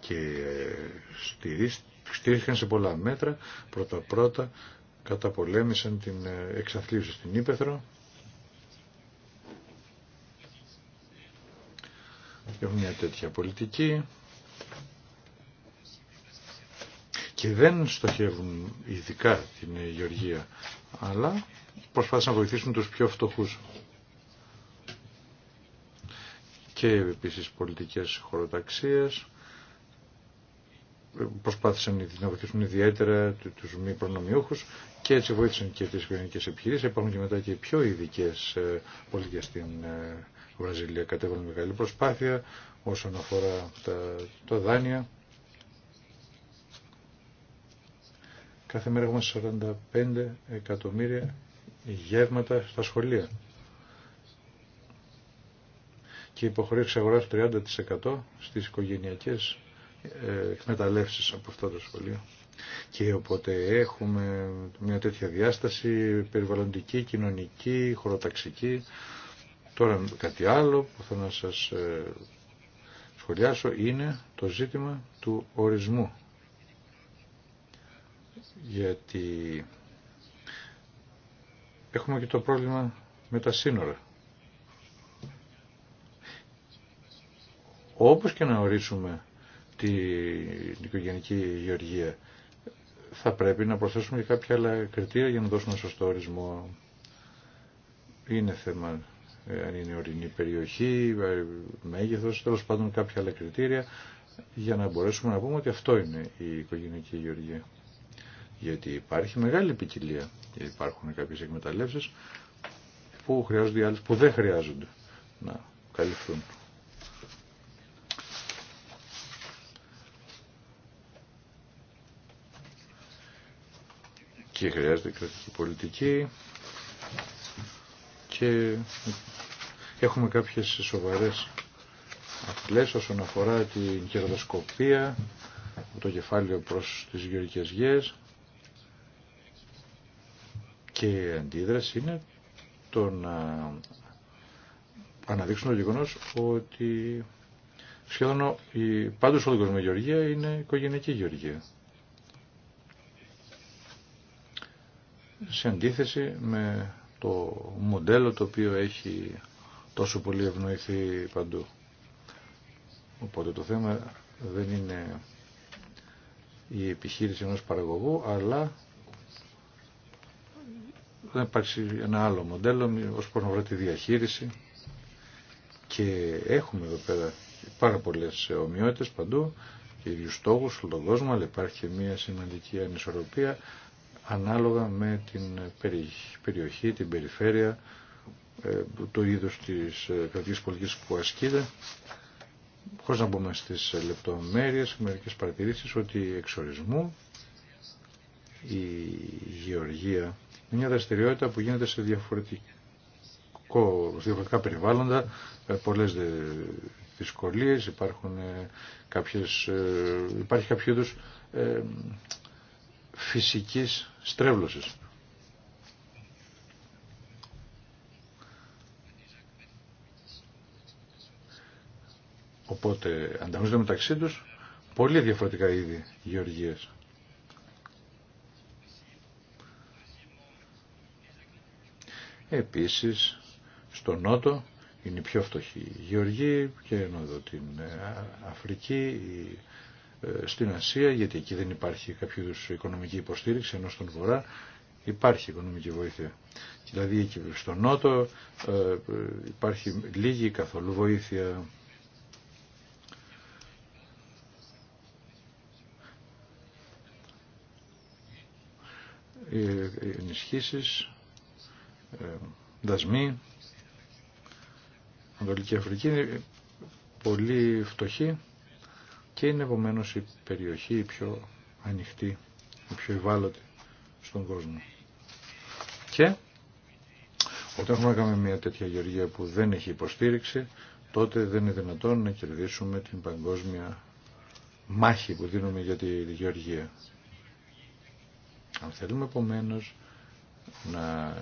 Και ε, σε πολλά μέτρα. Πρώτα-πρώτα καταπολέμησαν την ε, εξαθλίωση στην Ήπεθρο Έχουν μια τέτοια πολιτική και δεν στοχεύουν ειδικά την Γεωργία, αλλά προσπάθησαν να βοηθήσουν τους πιο φτωχούς. Και επίσης πολιτικές χωροταξίες προσπάθησαν να βοηθήσουν ιδιαίτερα τους μη προνομιούχους και έτσι βοήθησαν και τις κοινωνικές επιχειρήσεις. Υπάρχουν και μετά και πιο ειδικέ ε, πολιτικές στην ε, Βραζιλία κατέβαλε μεγάλη προσπάθεια όσον αφορά τα, τα δάνεια. Κάθε μέρα έχουμε 45 εκατομμύρια γεύματα στα σχολεία. Και υποχωρεί αγορά 30% στις οικογενειακές ε, εκμεταλλεύσεις από αυτά τα σχολεία. Και οπότε έχουμε μια τέτοια διάσταση περιβαλλοντική, κοινωνική, χωροταξική Τώρα κάτι άλλο που θα να σας ε, σχολιάσω είναι το ζήτημα του ορισμού. Γιατί έχουμε και το πρόβλημα με τα σύνορα. Όπως και να ορίσουμε την οικογενική γεωργία, θα πρέπει να προσθέσουμε και κάποια άλλα κριτήρια για να δώσουμε σωστό ορισμό. Είναι θέμα αν είναι ορεινή περιοχή, ε, μέγεθος, τέλος πάντων κάποια άλλα κριτήρια, για να μπορέσουμε να πούμε ότι αυτό είναι η οικογενειακή γεωργία. Γιατί υπάρχει μεγάλη ποικιλία και υπάρχουν κάποιες εκμεταλλεύσεις που χρειάζονται άλλες που δεν χρειάζονται να καλυφθούν. Και χρειάζεται κρατική πολιτική και Έχουμε κάποιες σοβαρές απειλές όσον αφορά την κερδοσκοπία, το κεφάλαιο προς τις γεωργικές γέες και η αντίδραση είναι το να αναδείξουν το γεγονό ότι σχεδόν η πάντως όλη γεωργία είναι οικογενειακή γεωργία. Σε αντίθεση με το μοντέλο το οποίο έχει τόσο πολύ ευνοηθεί παντού. Οπότε το θέμα δεν είναι η επιχείρηση ενός παραγωγού, αλλά δεν υπάρχει ένα άλλο μοντέλο ως προς να βρει τη διαχείριση και έχουμε εδώ πέρα πάρα πολλές ομοιότητες παντού και ίδιους στόχους στον κόσμο, αλλά υπάρχει μια σημαντική ανισορροπία ανάλογα με την περιοχή, την περιφέρεια, ε, το είδος της ε, κρατικής πολιτικής που ασκείται χωρίς να μπούμε στις λεπτομέρειες μερικές παρατηρήσεις ότι εξορισμού η γεωργία είναι μια δραστηριότητα που γίνεται σε διαφορετικό, διαφορετικά περιβάλλοντα ε, πολλές δυσκολίες υπάρχουν κάποιες, υπάρχει κάποιο είδους φυσικής στρέβλωσης Οπότε ανταγωνίζονται μεταξύ τους πολύ διαφορετικά είδη γεωργίες. Επίσης, στο Νότο είναι οι πιο φτωχή γεωργία και ενώ εδώ την ε, Αφρική, ε, στην Ασία, γιατί εκεί δεν υπάρχει κάποιο οικονομική υποστήριξη, ενώ στον Βορρά υπάρχει οικονομική βοήθεια. Δηλαδή εκεί στο Νότο ε, υπάρχει λίγη καθόλου βοήθεια. Ε, ενισχύσει ε, δασμοί. Ανατολική Αφρική είναι πολύ φτωχή και είναι επομένω η περιοχή η πιο ανοιχτή, η πιο ευάλωτη στον κόσμο. Και όταν έχουμε κάνει μια τέτοια γεωργία που δεν έχει υποστήριξη, τότε δεν είναι δυνατόν να κερδίσουμε την παγκόσμια μάχη που δίνουμε για τη γεωργία. Αν θέλουμε επομένω να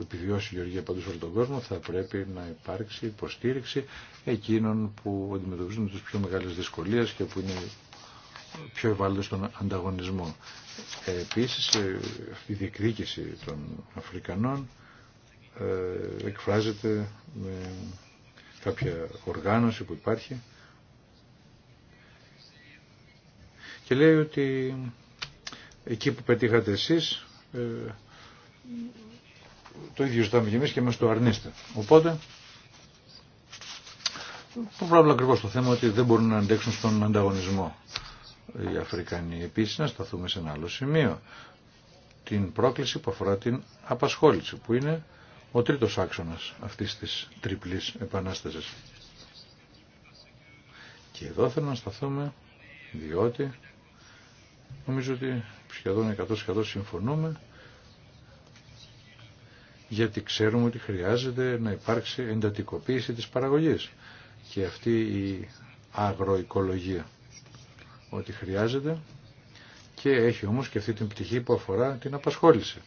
επιβιώσει η Γεωργία παντού σε όλο τον κόσμο, θα πρέπει να υπάρξει υποστήριξη εκείνων που αντιμετωπίζουν τι πιο μεγάλες δυσκολίες και που είναι πιο ευάλωτε στον ανταγωνισμό. Επίσης, ε, η διεκδίκηση των Αφρικανών ε, εκφράζεται με κάποια οργάνωση που υπάρχει και λέει ότι εκεί που πετύχατε εσείς ε, το ίδιο ζητάμε και εμείς και μας το αρνείστε. Οπότε το πρόβλημα ακριβώ το θέμα ότι δεν μπορούν να αντέξουν στον ανταγωνισμό οι Αφρικανοί. Επίση να σταθούμε σε ένα άλλο σημείο την πρόκληση που αφορά την απασχόληση που είναι ο τρίτος άξονας αυτής της τριπλής επανάσταση. Και εδώ θέλω να σταθούμε διότι Νομίζω ότι σχεδόν 100% συμφωνούμε γιατί ξέρουμε ότι χρειάζεται να υπάρξει εντατικοποίηση της παραγωγής και αυτή η αγροοικολογία ότι χρειάζεται και έχει όμως και αυτή την πτυχή που αφορά την απασχόληση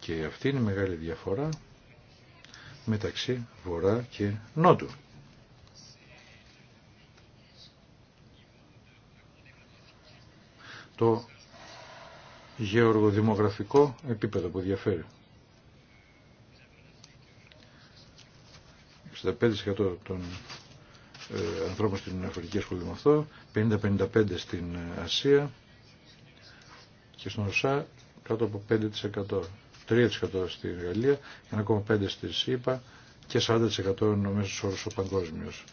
και αυτή είναι η μεγάλη διαφορά μεταξύ βορρά και νότου. το γεωργοδημογραφικό επίπεδο που διαφέρει. 65% των ε, ανθρώπων στην Αφρική ασχολούνται με αυτό, 50-55% στην ε, Ασία και στον ΩΣΑ κάτω από 5%, 3% στην Γαλλία, 1,5% στη ΣΥΠΑ και 40% είναι ο όρος ο παγκόσμιος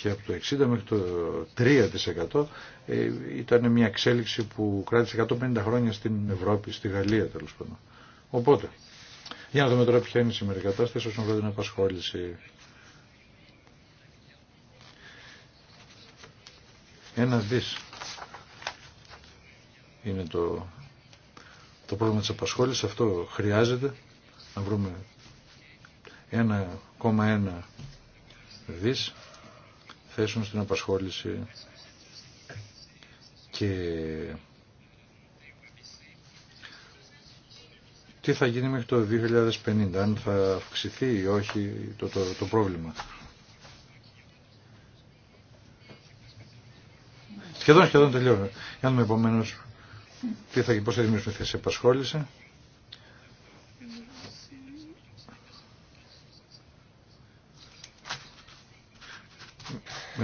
και από το 60 μέχρι το 3% ε, ήταν μια εξέλιξη που κράτησε 150 χρόνια στην Ευρώπη, στη Γαλλία τέλο πάντων. Οπότε, για να δούμε τώρα ποια είναι η σημερινή κατάσταση όσον αφορά την απασχόληση. Ένα δις είναι το, το πρόβλημα της απασχόλησης. Αυτό χρειάζεται να βρούμε 1,1 δις Θέσουν στην απασχόληση και τι θα γίνει μέχρι το 2050, αν θα αυξηθεί ή όχι το, το, πρόβλημα. Σχεδόν, σχεδόν τελειώνω. Για να δούμε τι θα θα δημιουργήσουμε θέση απασχόληση.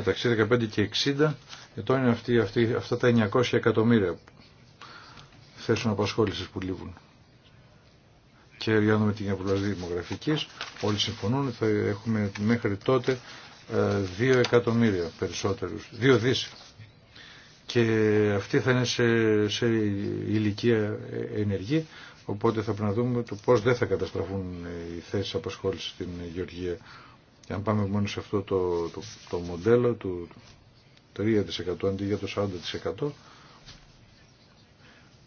μεταξύ 15 και 60 ετών είναι αυτοί, αυτά τα 900 εκατομμύρια θέσεων απασχόλησης που λείπουν. Και για να δούμε την απολογή δημογραφικής, όλοι συμφωνούν ότι θα έχουμε μέχρι τότε 2 ε, εκατομμύρια περισσότερους, 2 δις. Και αυτοί θα είναι σε, σε ηλικία ενεργή, οπότε θα πρέπει να δούμε το πώς δεν θα καταστραφούν οι θέσεις απασχόλησης στην Γεωργία. Και αν πάμε μόνο σε αυτό το, το, μοντέλο του 3% αντί για το 40%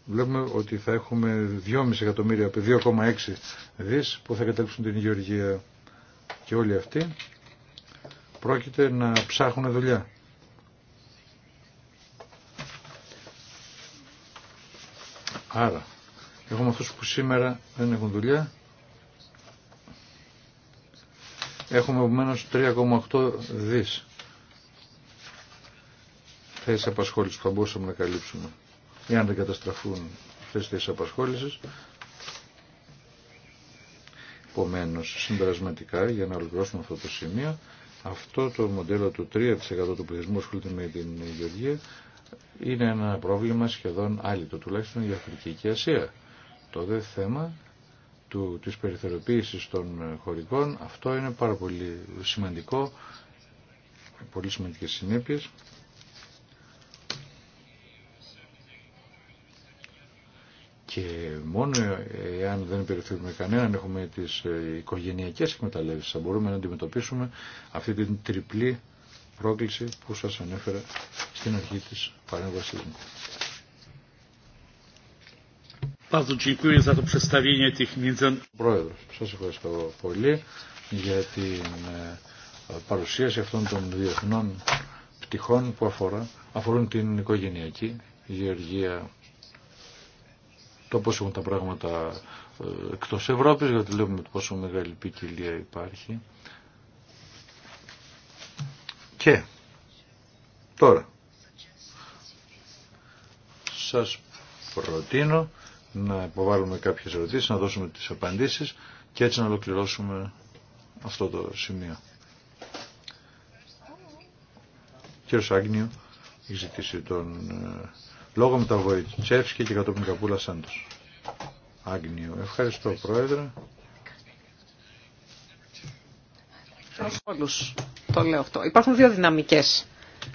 βλέπουμε ότι θα έχουμε 2,5 εκατομμύρια, 2,6 δις που θα καταλήξουν την Γεωργία και όλοι αυτοί πρόκειται να ψάχνουν δουλειά. Άρα, έχουμε αυτούς που σήμερα δεν έχουν δουλειά Έχουμε επομένω 3,8 δις θέσεις απασχόλησης που θα μπορούσαμε να καλύψουμε. Εάν δεν καταστραφούν θέσεις απασχόλησης, επομένω συμπερασματικά για να ολοκληρώσουμε αυτό το σημείο, αυτό το μοντέλο του 3% του πληθυσμού ασχολείται με την Γεωργία είναι ένα πρόβλημα σχεδόν άλυτο, τουλάχιστον για Αφρική και Ασία. Το δε θέμα του, της περιθωριοποίησης των ε, χωρικών. Αυτό είναι πάρα πολύ σημαντικό, πολύ σημαντικές συνέπειες. Και μόνο εάν δεν περιθωρούμε κανέναν έχουμε τις ε, οικογενειακές εκμεταλλεύσεις. Θα μπορούμε να αντιμετωπίσουμε αυτή την τριπλή πρόκληση που σας ανέφερα στην αρχή της παρέμβασής μου. Πρόεδρος, σας ευχαριστώ πολύ για την παρουσίαση αυτών των διεθνών πτυχών που αφορά, αφορούν την οικογενειακή γεωργία, το πώς έχουν τα πράγματα εκτός Ευρώπης, γιατί βλέπουμε πόσο μεγάλη ποικιλία υπάρχει. Και τώρα σας προτείνω να υποβάλουμε κάποιες ερωτήσεις, να δώσουμε τις απαντήσεις και έτσι να ολοκληρώσουμε αυτό το σημείο. Κύριο Άγνιο, έχει ζητήσει τον ε, λόγο με τα Βοητσέφσκη και κατόπιν Καπούλα Σάντος. Άγνιο. Ευχαριστώ, Πρόεδρε. όλους το λέω αυτό. Υπάρχουν δύο δυναμικές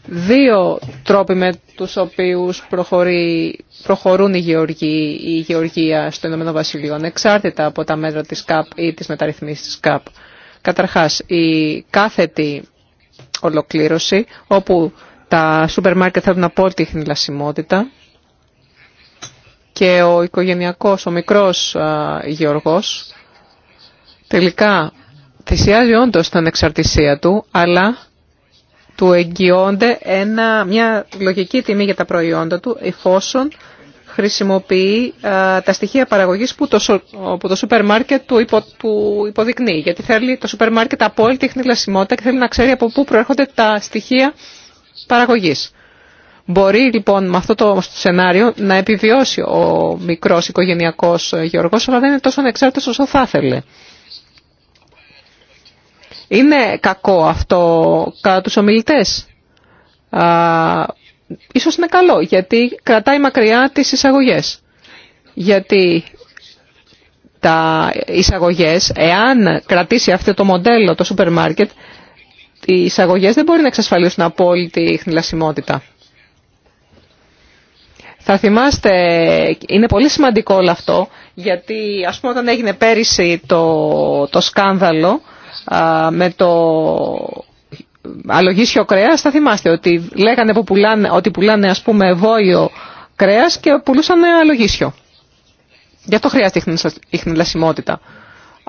δύο τρόποι με τους οποίους προχωρεί, προχωρούν οι γεωργοί, η γεωργία στο Ηνωμένο Βασιλείο, εξάρτητα από τα μέτρα της ΚΑΠ ή της μεταρρυθμίσης της ΚΑΠ. Καταρχάς, η κάθετη ολοκλήρωση, όπου τα σούπερ μάρκετ θέλουν απόλυτη χνηλασιμότητα και ο οικογενειακός, ο μικρός α, γεωργός, τελικά θυσιάζει όντως την ανεξαρτησία του, αλλά του εγγυώνται ένα, μια λογική τιμή για τα προϊόντα του, εφόσον χρησιμοποιεί τα στοιχεία παραγωγής που το, που το σούπερ μάρκετ του, υποδεικνύει. Γιατί θέλει το σούπερ μάρκετ απόλυτη χνηλασιμότητα και θέλει να ξέρει από πού προέρχονται τα στοιχεία παραγωγής. Μπορεί λοιπόν με αυτό το σενάριο να επιβιώσει ο μικρός οικογενειακός γεωργός, αλλά δεν είναι τόσο ανεξάρτητος όσο θα ήθελε. Είναι κακό αυτό κατά τους ομιλητές. Α, ίσως είναι καλό, γιατί κρατάει μακριά τις εισαγωγές. Γιατί τα εισαγωγές, εάν κρατήσει αυτό το μοντέλο το σούπερ μάρκετ, οι εισαγωγές δεν μπορεί να εξασφαλίσουν απόλυτη χνηλασιμότητα. Θα θυμάστε, είναι πολύ σημαντικό όλο αυτό, γιατί ας πούμε όταν έγινε πέρυσι το, το σκάνδαλο, με το αλογίσιο κρέας, θα θυμάστε ότι λέγανε που πουλάνε, ότι πουλάνε ας πούμε βόλιο κρέας και πουλούσαν αλογίσιο. Γι' αυτό χρειάζεται η χνηλασιμότητα.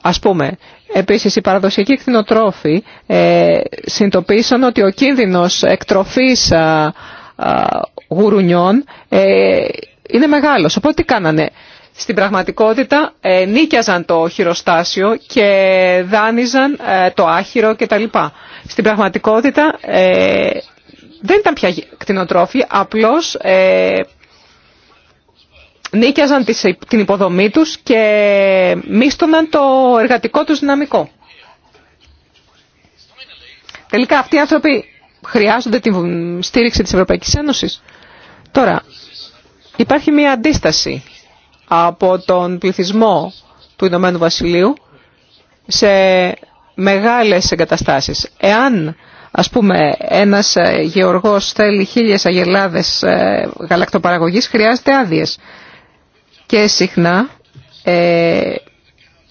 Ας πούμε, επίσης οι παραδοσιακοί κτηνοτρόφοι ε, συνειδητοποίησαν ότι ο κίνδυνος εκτροφής γουρουνιών ε, είναι μεγάλος. Οπότε τι κάνανε, στην πραγματικότητα ε, νίκιαζαν το χειροστάσιο και δάνειζαν ε, το άχυρο κτλ. Στην πραγματικότητα ε, δεν ήταν πια κτηνοτρόφοι, απλώς νίκιαζαν την υποδομή τους και μίστοναν το εργατικό τους δυναμικό. Τελικά αυτοί οι άνθρωποι χρειάζονται τη στήριξη της Ευρωπαϊκής Ένωσης. Τώρα, υπάρχει μια αντίσταση από τον πληθυσμό του Ηνωμένου Βασιλείου σε μεγάλες εγκαταστάσεις. Εάν, ας πούμε, ένας ε, γεωργός θέλει χίλιες αγελάδες ε, γαλακτοπαραγωγής, χρειάζεται άδειε. Και συχνά ε,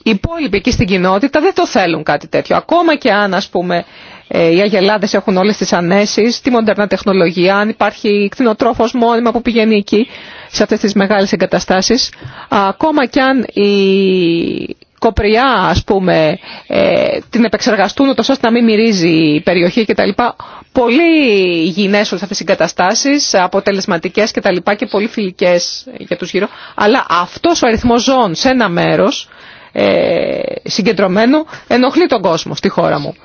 οι υπόλοιποι εκεί στην κοινότητα δεν το θέλουν κάτι τέτοιο. Ακόμα και αν, ας πούμε, ε, οι αγελάδε έχουν όλε τι ανέσει, τη μοντέρνα τεχνολογία, αν υπάρχει κτηνοτρόφος μόνιμα που πηγαίνει εκεί σε αυτέ τι μεγάλε εγκαταστάσει. Ακόμα κι αν η κοπριά, α πούμε, ε, την επεξεργαστούν ούτω ώστε να μην μυρίζει η περιοχή κτλ. Πολύ υγιεινέ όλες αυτές οι εγκαταστάσεις, αποτελεσματικές κτλ. Και, και πολύ φιλικές για τους γύρω. Αλλά αυτός ο αριθμός ζώων σε ένα μέρος ε, συγκεντρωμένο ενοχλεί τον κόσμο στη χώρα μου.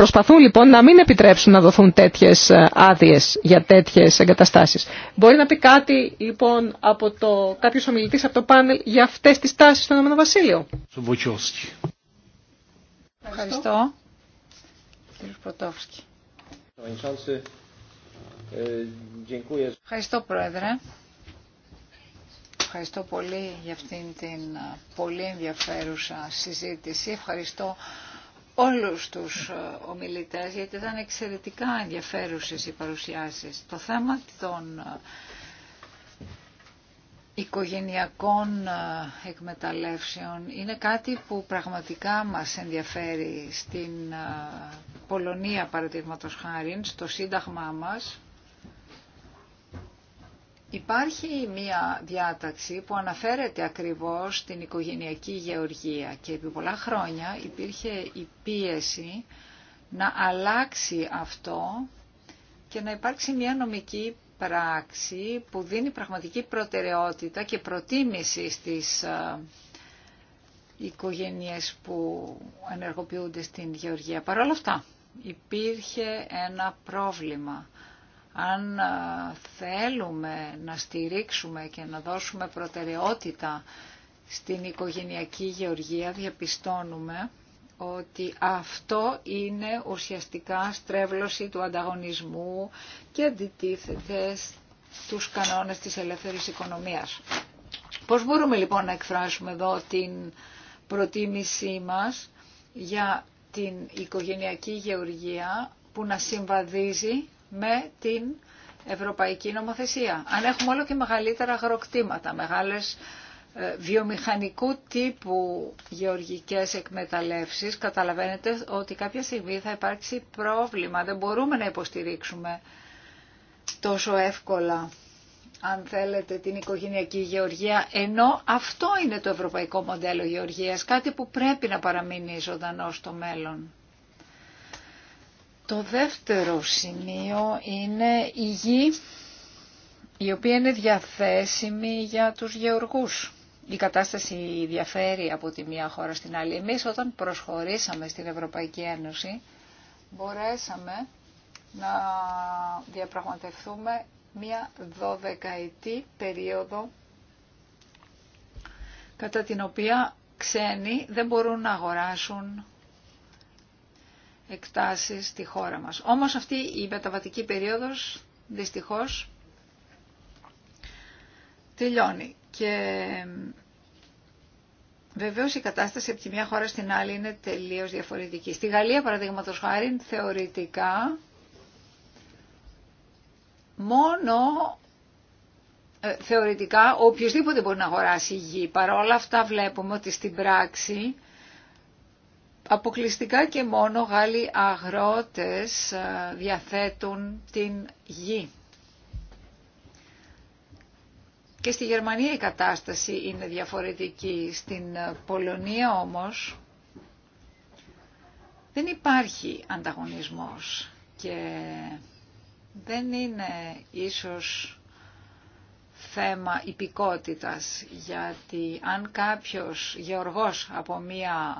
Προσπαθούν λοιπόν να μην επιτρέψουν να δοθούν τέτοιε άδειε για τέτοιε εγκαταστάσει. Μπορεί να πει κάτι λοιπόν από το κάποιο ομιλητή από το πάνελ για αυτέ τι τάσει στο Ηνωμένο Βασίλειο. Ευχαριστώ. Ευχαριστώ, Πρόεδρε. Ευχαριστώ πολύ για αυτήν την ε, πολύ ενδιαφέρουσα συζήτηση. Ευχαριστώ όλους τους ε, ομιλητές, γιατί ήταν εξαιρετικά ενδιαφέρουσες οι παρουσιάσεις. Το θέμα των ε, οικογενειακών ε, εκμεταλλεύσεων είναι κάτι που πραγματικά μας ενδιαφέρει στην Πολωνία παραδείγματος χάρη, στο σύνταγμά μας. Υπάρχει μία διάταξη που αναφέρεται ακριβώς στην οικογενειακή γεωργία και επί πολλά χρόνια υπήρχε η πίεση να αλλάξει αυτό και να υπάρξει μία νομική πράξη που δίνει πραγματική προτεραιότητα και προτίμηση στις ε, οικογένειες που ενεργοποιούνται στην γεωργία. Παρ' όλα αυτά υπήρχε ένα πρόβλημα αν θέλουμε να στηρίξουμε και να δώσουμε προτεραιότητα στην οικογενειακή γεωργία, διαπιστώνουμε ότι αυτό είναι ουσιαστικά στρέβλωση του ανταγωνισμού και αντιτίθεται στους κανόνες της ελεύθερης οικονομίας. Πώς μπορούμε λοιπόν να εκφράσουμε εδώ την προτίμησή μας για την οικογενειακή γεωργία που να συμβαδίζει με την ευρωπαϊκή νομοθεσία. Αν έχουμε όλο και μεγαλύτερα αγροκτήματα, μεγάλες ε, βιομηχανικού τύπου γεωργικές εκμεταλλεύσεις, καταλαβαίνετε ότι κάποια στιγμή θα υπάρξει πρόβλημα. Δεν μπορούμε να υποστηρίξουμε τόσο εύκολα, αν θέλετε, την οικογενειακή γεωργία, ενώ αυτό είναι το ευρωπαϊκό μοντέλο γεωργίας, κάτι που πρέπει να παραμείνει ζωντανό στο μέλλον. Το δεύτερο σημείο είναι η γη η οποία είναι διαθέσιμη για τους γεωργούς. Η κατάσταση διαφέρει από τη μία χώρα στην άλλη. Εμείς όταν προσχωρήσαμε στην Ευρωπαϊκή Ένωση μπορέσαμε να διαπραγματευτούμε μία δωδεκαετή περίοδο κατά την οποία ξένοι δεν μπορούν να αγοράσουν εκτάσεις στη χώρα μας. Όμως αυτή η μεταβατική περίοδος δυστυχώς τελειώνει και βεβαίως η κατάσταση από τη μια χώρα στην άλλη είναι τελείως διαφορετική. Στη Γαλλία παραδείγματο χάρη θεωρητικά μόνο ε, θεωρητικά οποιοδήποτε μπορεί να αγοράσει γη. Παρ' όλα αυτά βλέπουμε ότι στην πράξη αποκλειστικά και μόνο Γάλλοι αγρότες ε, διαθέτουν την γη. Και στη Γερμανία η κατάσταση είναι διαφορετική. Στην ε, Πολωνία όμως δεν υπάρχει ανταγωνισμός και δεν είναι ίσως θέμα υπηκότητας γιατί αν κάποιος γεωργός από μία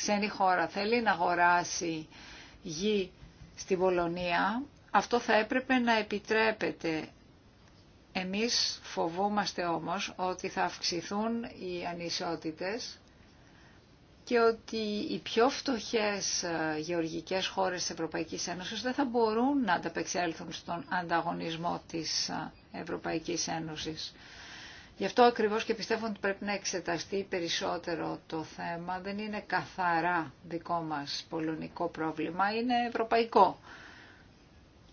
ξένη χώρα θέλει να αγοράσει γη στην Πολωνία, αυτό θα έπρεπε να επιτρέπεται. Εμείς φοβούμαστε όμως ότι θα αυξηθούν οι ανισότητες και ότι οι πιο φτωχές ε, γεωργικές χώρες της Ευρωπαϊκής Ένωσης δεν θα μπορούν να ανταπεξέλθουν στον ανταγωνισμό της ε, Ευρωπαϊκής Ένωσης. Γι' αυτό ακριβώς και πιστεύω ότι πρέπει να εξεταστεί περισσότερο το θέμα. Δεν είναι καθαρά δικό μας πολωνικό πρόβλημα, είναι ευρωπαϊκό.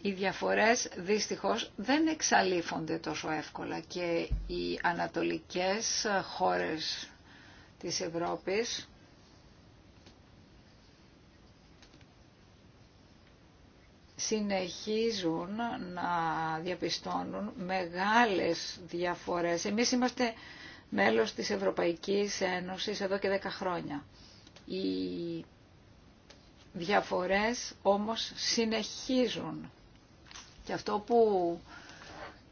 Οι διαφορές δυστυχώς δεν εξαλείφονται τόσο εύκολα και οι ανατολικές χώρες της Ευρώπης συνεχίζουν να διαπιστώνουν μεγάλες διαφορές. Εμείς είμαστε μέλος της Ευρωπαϊκής Ένωσης εδώ και 10 χρόνια. Οι διαφορές όμως συνεχίζουν. Και αυτό που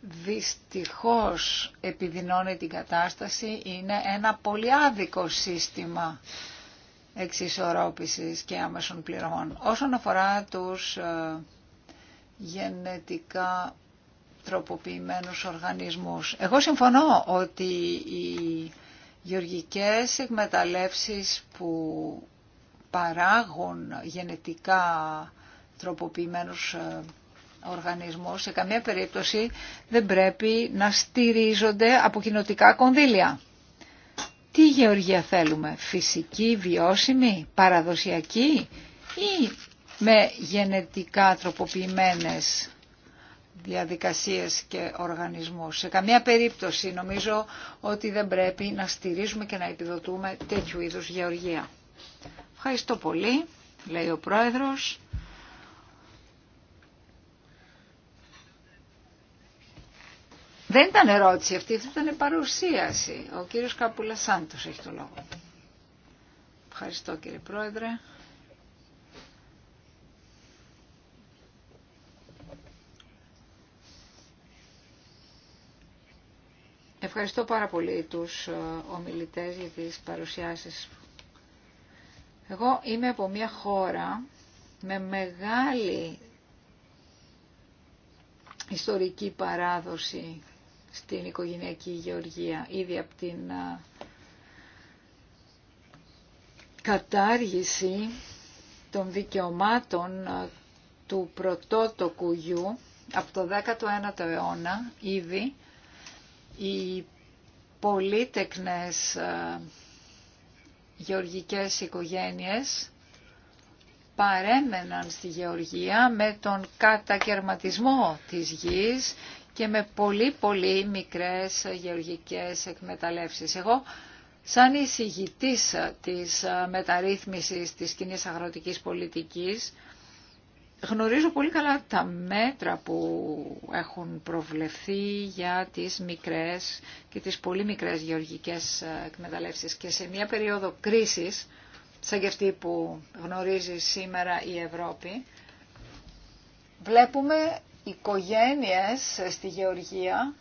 δυστυχώς επιδεινώνει την κατάσταση είναι ένα πολύ άδικο σύστημα εξισορρόπησης και άμεσων πληρωμών. Όσον αφορά τους ε, γενετικά τροποποιημένους οργανισμούς. Εγώ συμφωνώ ότι οι γεωργικές εκμεταλλεύσεις που παράγουν γενετικά τροποποιημένους ε, οργανισμούς σε καμία περίπτωση δεν πρέπει να στηρίζονται από κοινοτικά κονδύλια. Τι γεωργία θέλουμε, φυσική, βιώσιμη, παραδοσιακή ή με γενετικά τροποποιημένες διαδικασίες και οργανισμούς. Σε καμία περίπτωση νομίζω ότι δεν πρέπει να στηρίζουμε και να επιδοτούμε τέτοιου είδους γεωργία. Ευχαριστώ πολύ, λέει ο Πρόεδρος. Δεν ήταν ερώτηση αυτή, αυτή ήταν παρουσίαση. Ο κύριος Καπούλα Σάντος έχει το λόγο. Ευχαριστώ κύριε Πρόεδρε. Ευχαριστώ πάρα πολύ τους ε, ομιλητές για τις παρουσιάσεις. Εγώ είμαι από μια χώρα με μεγάλη ιστορική παράδοση στην οικογενειακή γεωργία, ήδη από την ε, κατάργηση των δικαιωμάτων ε, του πρωτότοκου γιου από το 19ο αιώνα ήδη οι πολύτεκνες ε, γεωργικές οικογένειες παρέμεναν στη γεωργία με τον κατακαιρματισμό της γης και με πολύ πολύ μικρές γεωργικές εκμεταλλεύσεις. Εγώ σαν εισηγητής της μεταρρύθμισης της κοινή αγροτικής πολιτικής Γνωρίζω πολύ καλά τα μέτρα που έχουν προβλεφθεί για τις μικρές και τις πολύ μικρές γεωργικές ε, εκμεταλλεύσεις και σε μια περίοδο κρίσης, σαν και αυτή που γνωρίζει σήμερα η Ευρώπη, βλέπουμε οικογένειες στη γεωργία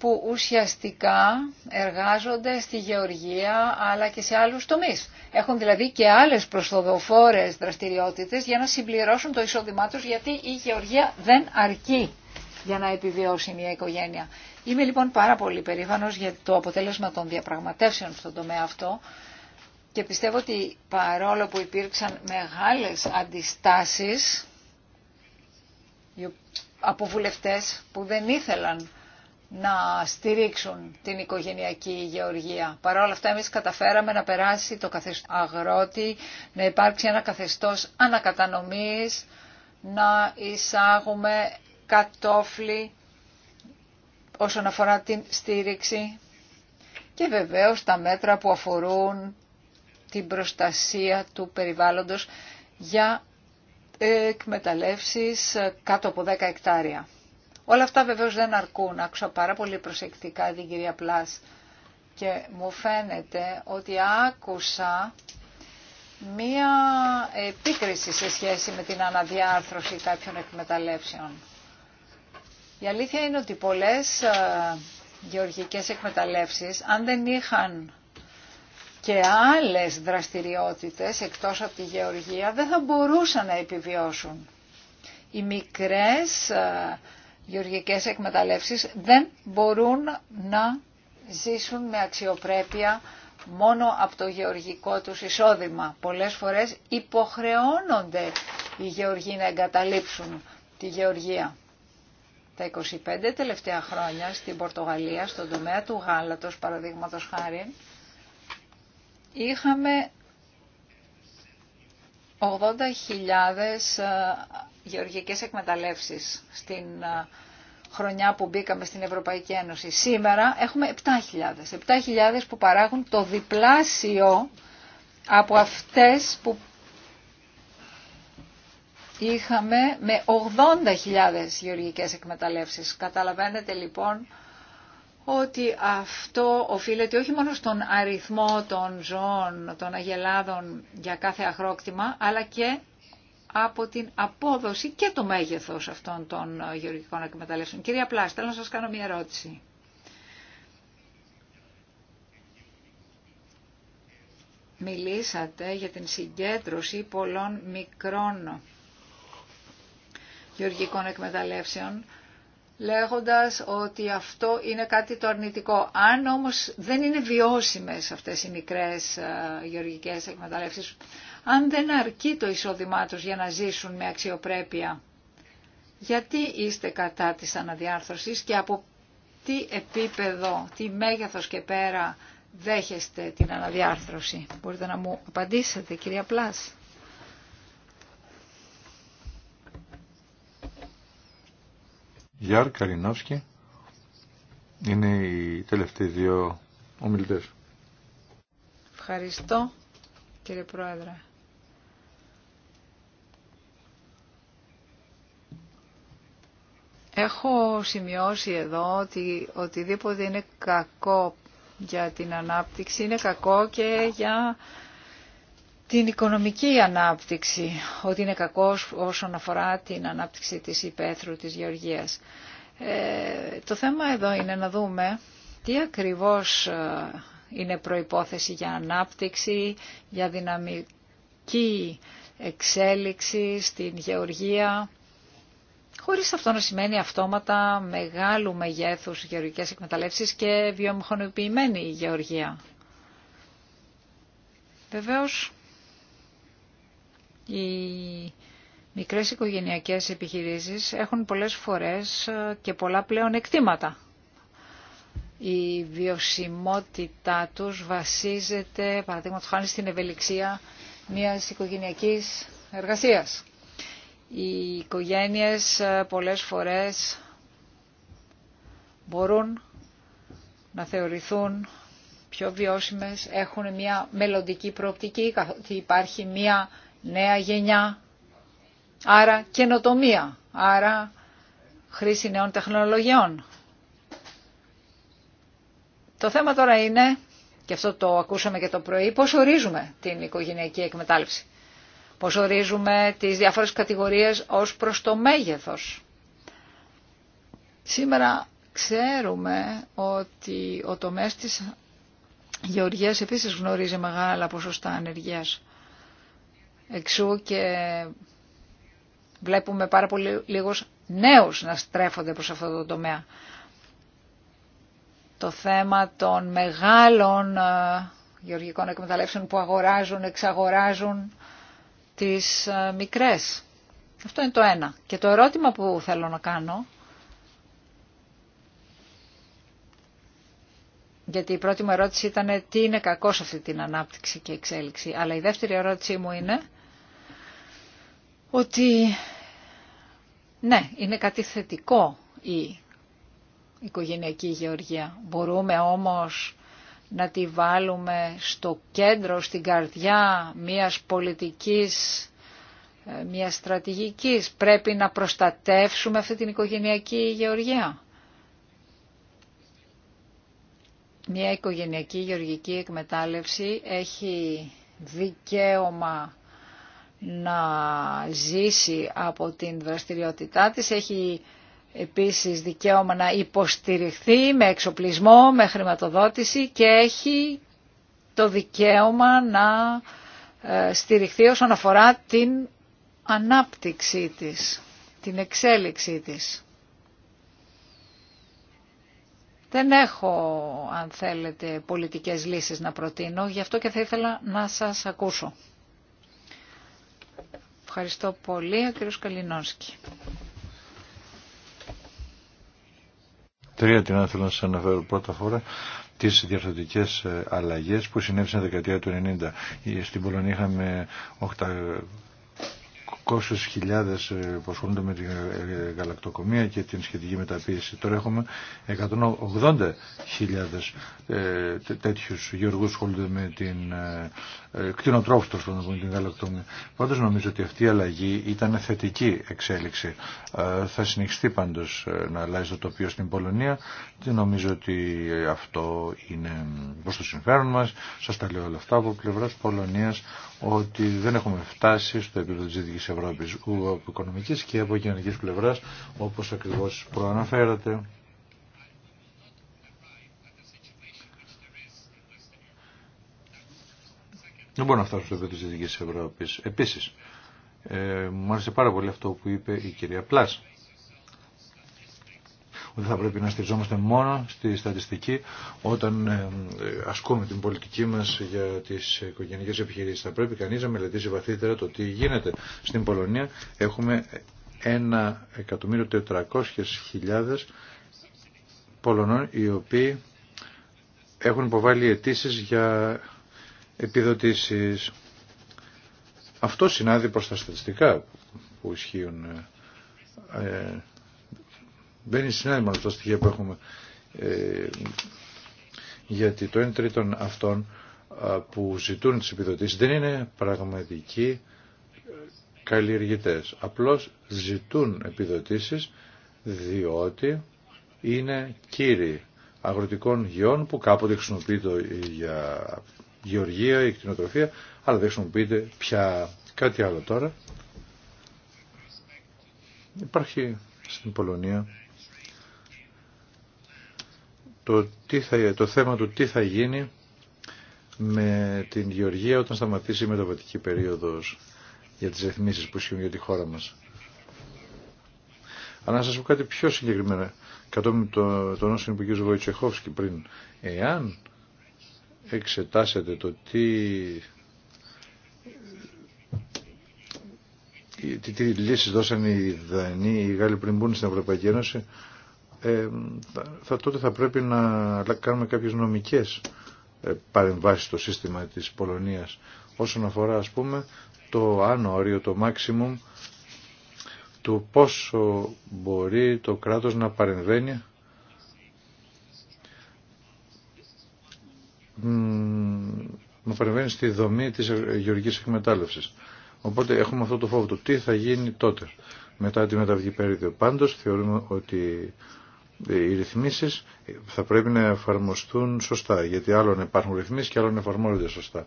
που ουσιαστικά εργάζονται στη γεωργία αλλά και σε άλλους τομείς. Έχουν δηλαδή και άλλες προσοδοφόρες δραστηριότητες για να συμπληρώσουν το εισόδημά τους γιατί η γεωργία δεν αρκεί για να επιβιώσει μια οικογένεια. Είμαι λοιπόν πάρα πολύ περήφανος για το αποτέλεσμα των διαπραγματεύσεων στον τομέα αυτό και πιστεύω ότι παρόλο που υπήρξαν μεγάλες αντιστάσεις από βουλευτές που δεν ήθελαν να στηρίξουν την οικογενειακή γεωργία. Παρ' όλα αυτά εμείς καταφέραμε να περάσει το καθεστώς αγρότη, να υπάρξει ένα καθεστώς ανακατανομής, να εισάγουμε κατόφλι όσον αφορά την στήριξη και βεβαίως τα μέτρα που αφορούν την προστασία του περιβάλλοντος για εκμεταλλεύσεις κάτω από 10 εκτάρια. Όλα αυτά βεβαίως δεν αρκούν. Άκουσα πάρα πολύ προσεκτικά την κυρία Πλάς και μου φαίνεται ότι άκουσα μία επίκριση σε σχέση με την αναδιάρθρωση κάποιων εκμεταλλεύσεων. Η αλήθεια είναι ότι πολλές ε, γεωργικές εκμεταλλεύσεις, αν δεν είχαν και άλλες δραστηριότητες εκτός από τη γεωργία, δεν θα μπορούσαν να επιβιώσουν. Οι μικρές ε, γεωργικές εκμεταλλεύσεις δεν μπορούν να ζήσουν με αξιοπρέπεια μόνο από το γεωργικό τους εισόδημα. Πολλές φορές υποχρεώνονται οι γεωργοί να εγκαταλείψουν τη γεωργία. Τα 25 τελευταία χρόνια στην Πορτογαλία, στον τομέα του γάλατος, παραδείγματος χάρη, είχαμε 80.000 γεωργικές εκμεταλλεύσεις στην χρονιά που μπήκαμε στην Ευρωπαϊκή Ένωση. Σήμερα έχουμε 7.000. 7.000 που παράγουν το διπλάσιο από αυτές που είχαμε με 80.000 γεωργικές εκμεταλλεύσεις. Καταλαβαίνετε λοιπόν ότι αυτό οφείλεται όχι μόνο στον αριθμό των ζώων, των αγελάδων για κάθε αγρόκτημα, αλλά και από την απόδοση και το μέγεθος αυτών των ε, γεωργικών εκμεταλλεύσεων. Κυρία Πλάς, θέλω να σας κάνω μια ερώτηση. Μιλήσατε για την συγκέντρωση πολλών μικρών γεωργικών εκμεταλλεύσεων λέγοντας ότι αυτό είναι κάτι το αρνητικό. Αν όμως δεν είναι βιώσιμες αυτές οι μικρές ε, γεωργικές εκμεταλλεύσεις, αν δεν αρκεί το εισόδημά τους για να ζήσουν με αξιοπρέπεια, γιατί είστε κατά της αναδιάρθρωσης και από τι επίπεδο, τι μέγεθος και πέρα δέχεστε την αναδιάρθρωση. Μπορείτε να μου απαντήσετε κυρία Πλάση. Γιάρ Καρινόφσκι είναι οι τελευταίοι δύο ομιλητές. Ευχαριστώ κύριε Πρόεδρε. Έχω σημειώσει εδώ ότι οτιδήποτε είναι κακό για την ανάπτυξη είναι κακό και για την οικονομική ανάπτυξη, ότι είναι κακό όσον αφορά την ανάπτυξη της υπαίθρου της γεωργίας. Ε, το θέμα εδώ είναι να δούμε τι ακριβώς ε, είναι προϋπόθεση για ανάπτυξη, για δυναμική εξέλιξη στην γεωργία, χωρίς αυτό να σημαίνει αυτόματα μεγάλου μεγέθους γεωργικές εκμεταλλεύσεις και βιομηχανοποιημένη γεωργία. Βεβαίως, οι μικρές οικογενειακές επιχειρήσεις έχουν πολλές φορές ε, και πολλά πλέον εκτίματα. Η βιωσιμότητά τους βασίζεται, παραδείγματος χάνει στην ευελιξία μιας οικογενειακής εργασίας. Οι οικογένειες ε, πολλές φορές μπορούν να θεωρηθούν πιο βιώσιμες, έχουν μια μελλοντική προοπτική, καθότι υπάρχει μια νέα γενιά, άρα καινοτομία, άρα χρήση νέων τεχνολογιών. Το θέμα τώρα είναι, και αυτό το ακούσαμε και το πρωί, πώς ορίζουμε την οικογενειακή εκμετάλλευση. Πώς ορίζουμε τις διάφορες κατηγορίες ως προς το μέγεθος. Σήμερα ξέρουμε ότι ο τομέας της γεωργίας επίσης γνωρίζει μεγάλα ποσοστά ανεργίας. Εξού και βλέπουμε πάρα πολύ λίγους νέους να στρέφονται προς αυτό το τομέα. Το θέμα των μεγάλων ε, γεωργικών εκμεταλλεύσεων που αγοράζουν, εξαγοράζουν τις ε, μικρές. Αυτό είναι το ένα. Και το ερώτημα που θέλω να κάνω, γιατί η πρώτη μου ερώτηση ήταν τι είναι κακό σε αυτή την ανάπτυξη και εξέλιξη, αλλά η δεύτερη ερώτησή μου είναι ότι ναι, είναι κάτι θετικό η οικογενειακή γεωργία. Μπορούμε όμως να τη βάλουμε στο κέντρο, στην καρδιά μιας πολιτικής, ε, μιας στρατηγικής. Πρέπει να προστατεύσουμε αυτή την οικογενειακή γεωργία. Μια οικογενειακή γεωργική εκμετάλλευση έχει δικαίωμα να ζήσει από την δραστηριότητά της. Έχει επίσης δικαίωμα να υποστηριχθεί με εξοπλισμό, με χρηματοδότηση και έχει το δικαίωμα να ε, στηριχθεί όσον αφορά την ανάπτυξή της, την εξέλιξή της. Δεν έχω, αν θέλετε, πολιτικές λύσεις να προτείνω, γι' αυτό και θα ήθελα να σας ακούσω. Ευχαριστώ πολύ, ο κύριος Καλινόσκη. Τρία την θέλω να σας αναφέρω πρώτα φορά τις διαρθρωτικές ε, αλλαγές που συνέβησαν δεκαετία του 90. Ε, στην Πολωνία είχαμε 800.000 ε, που ασχολούνται με την ε, ε, γαλακτοκομία και την σχετική μεταποίηση. Τώρα έχουμε 180.000 τέτοιου γεωργού που ασχολούνται με την κτηνοτρόφους α πούμε, την γαλακτοκομεία. Πάντως νομίζω ότι αυτή η αλλαγή ήταν θετική εξέλιξη. Θα συνεχιστεί πάντως να αλλάζει το τοπίο στην Πολωνία Δεν νομίζω ότι αυτό είναι προ το συμφέρον μα, σα τα λέω όλα αυτά από πλευρά Πολωνία ότι δεν έχουμε φτάσει στο επίπεδο τη Δυτική Ευρώπης, από και από κοινωνική πλευρά, όπως ακριβώς προαναφέρατε. Δεν μπορούμε να φτάσουμε στο επίπεδο της Δυτικής Ευρώπης. Επίσης, ε, μου άρεσε πάρα πολύ αυτό που είπε η κυρία Πλάς ότι θα πρέπει να στηριζόμαστε μόνο στη στατιστική όταν ε, ε, ασκούμε την πολιτική μας για τις οικογενειακές επιχειρήσεις. Θα πρέπει κανείς να μελετήσει βαθύτερα το τι γίνεται. Στην Πολωνία έχουμε 1.400.000 Πολωνών οι οποίοι έχουν υποβάλει αιτήσει για επιδοτήσεις. Αυτό συνάδει προς τα στατιστικά που ισχύουν ε, μπαίνει αυτά τα στοιχεία που έχουμε. Ε, γιατί το 1 τρίτον αυτών που ζητούν τις επιδοτήσεις δεν είναι πραγματικοί ε, καλλιεργητές. Απλώς ζητούν επιδοτήσεις διότι είναι κύριοι αγροτικών γεών που κάποτε χρησιμοποιείται για γεωργία ή κτηνοτροφία, αλλά δεν χρησιμοποιείται πια κάτι άλλο τώρα. Υπάρχει στην Πολωνία το, τι θα, το θέμα του τι θα γίνει με την Γεωργία όταν σταματήσει η μεταβατική περίοδος για τις ρυθμίσεις που ισχύουν για τη χώρα μας. Αλλά να σας πω κάτι πιο συγκεκριμένα, κατόπιν το, τον όσων είπε ο κ. Βοητσεχόφσκι πριν, εάν εξετάσετε το τι τι, τι λύσεις δώσαν οι Δανείοι, οι Γάλλοι πριν μπουν στην Ευρωπαϊκή Ένωση, ε, θα, τότε θα πρέπει να κάνουμε κάποιες νομικές ε, παρεμβάσεις στο σύστημα της Πολωνίας όσον αφορά ας πούμε το άνω όριο, το maximum του πόσο μπορεί το κράτος να παρεμβαίνει να παρεμβαίνει στη δομή της γεωργικής εκμετάλλευσης. Οπότε έχουμε αυτό το φόβο του τι θα γίνει τότε μετά τη μεταβγή περίοδο. Πάντως θεωρούμε ότι οι ρυθμίσεις θα πρέπει να εφαρμοστούν σωστά, γιατί άλλων υπάρχουν ρυθμίσεις και άλλων εφαρμόζονται σωστά.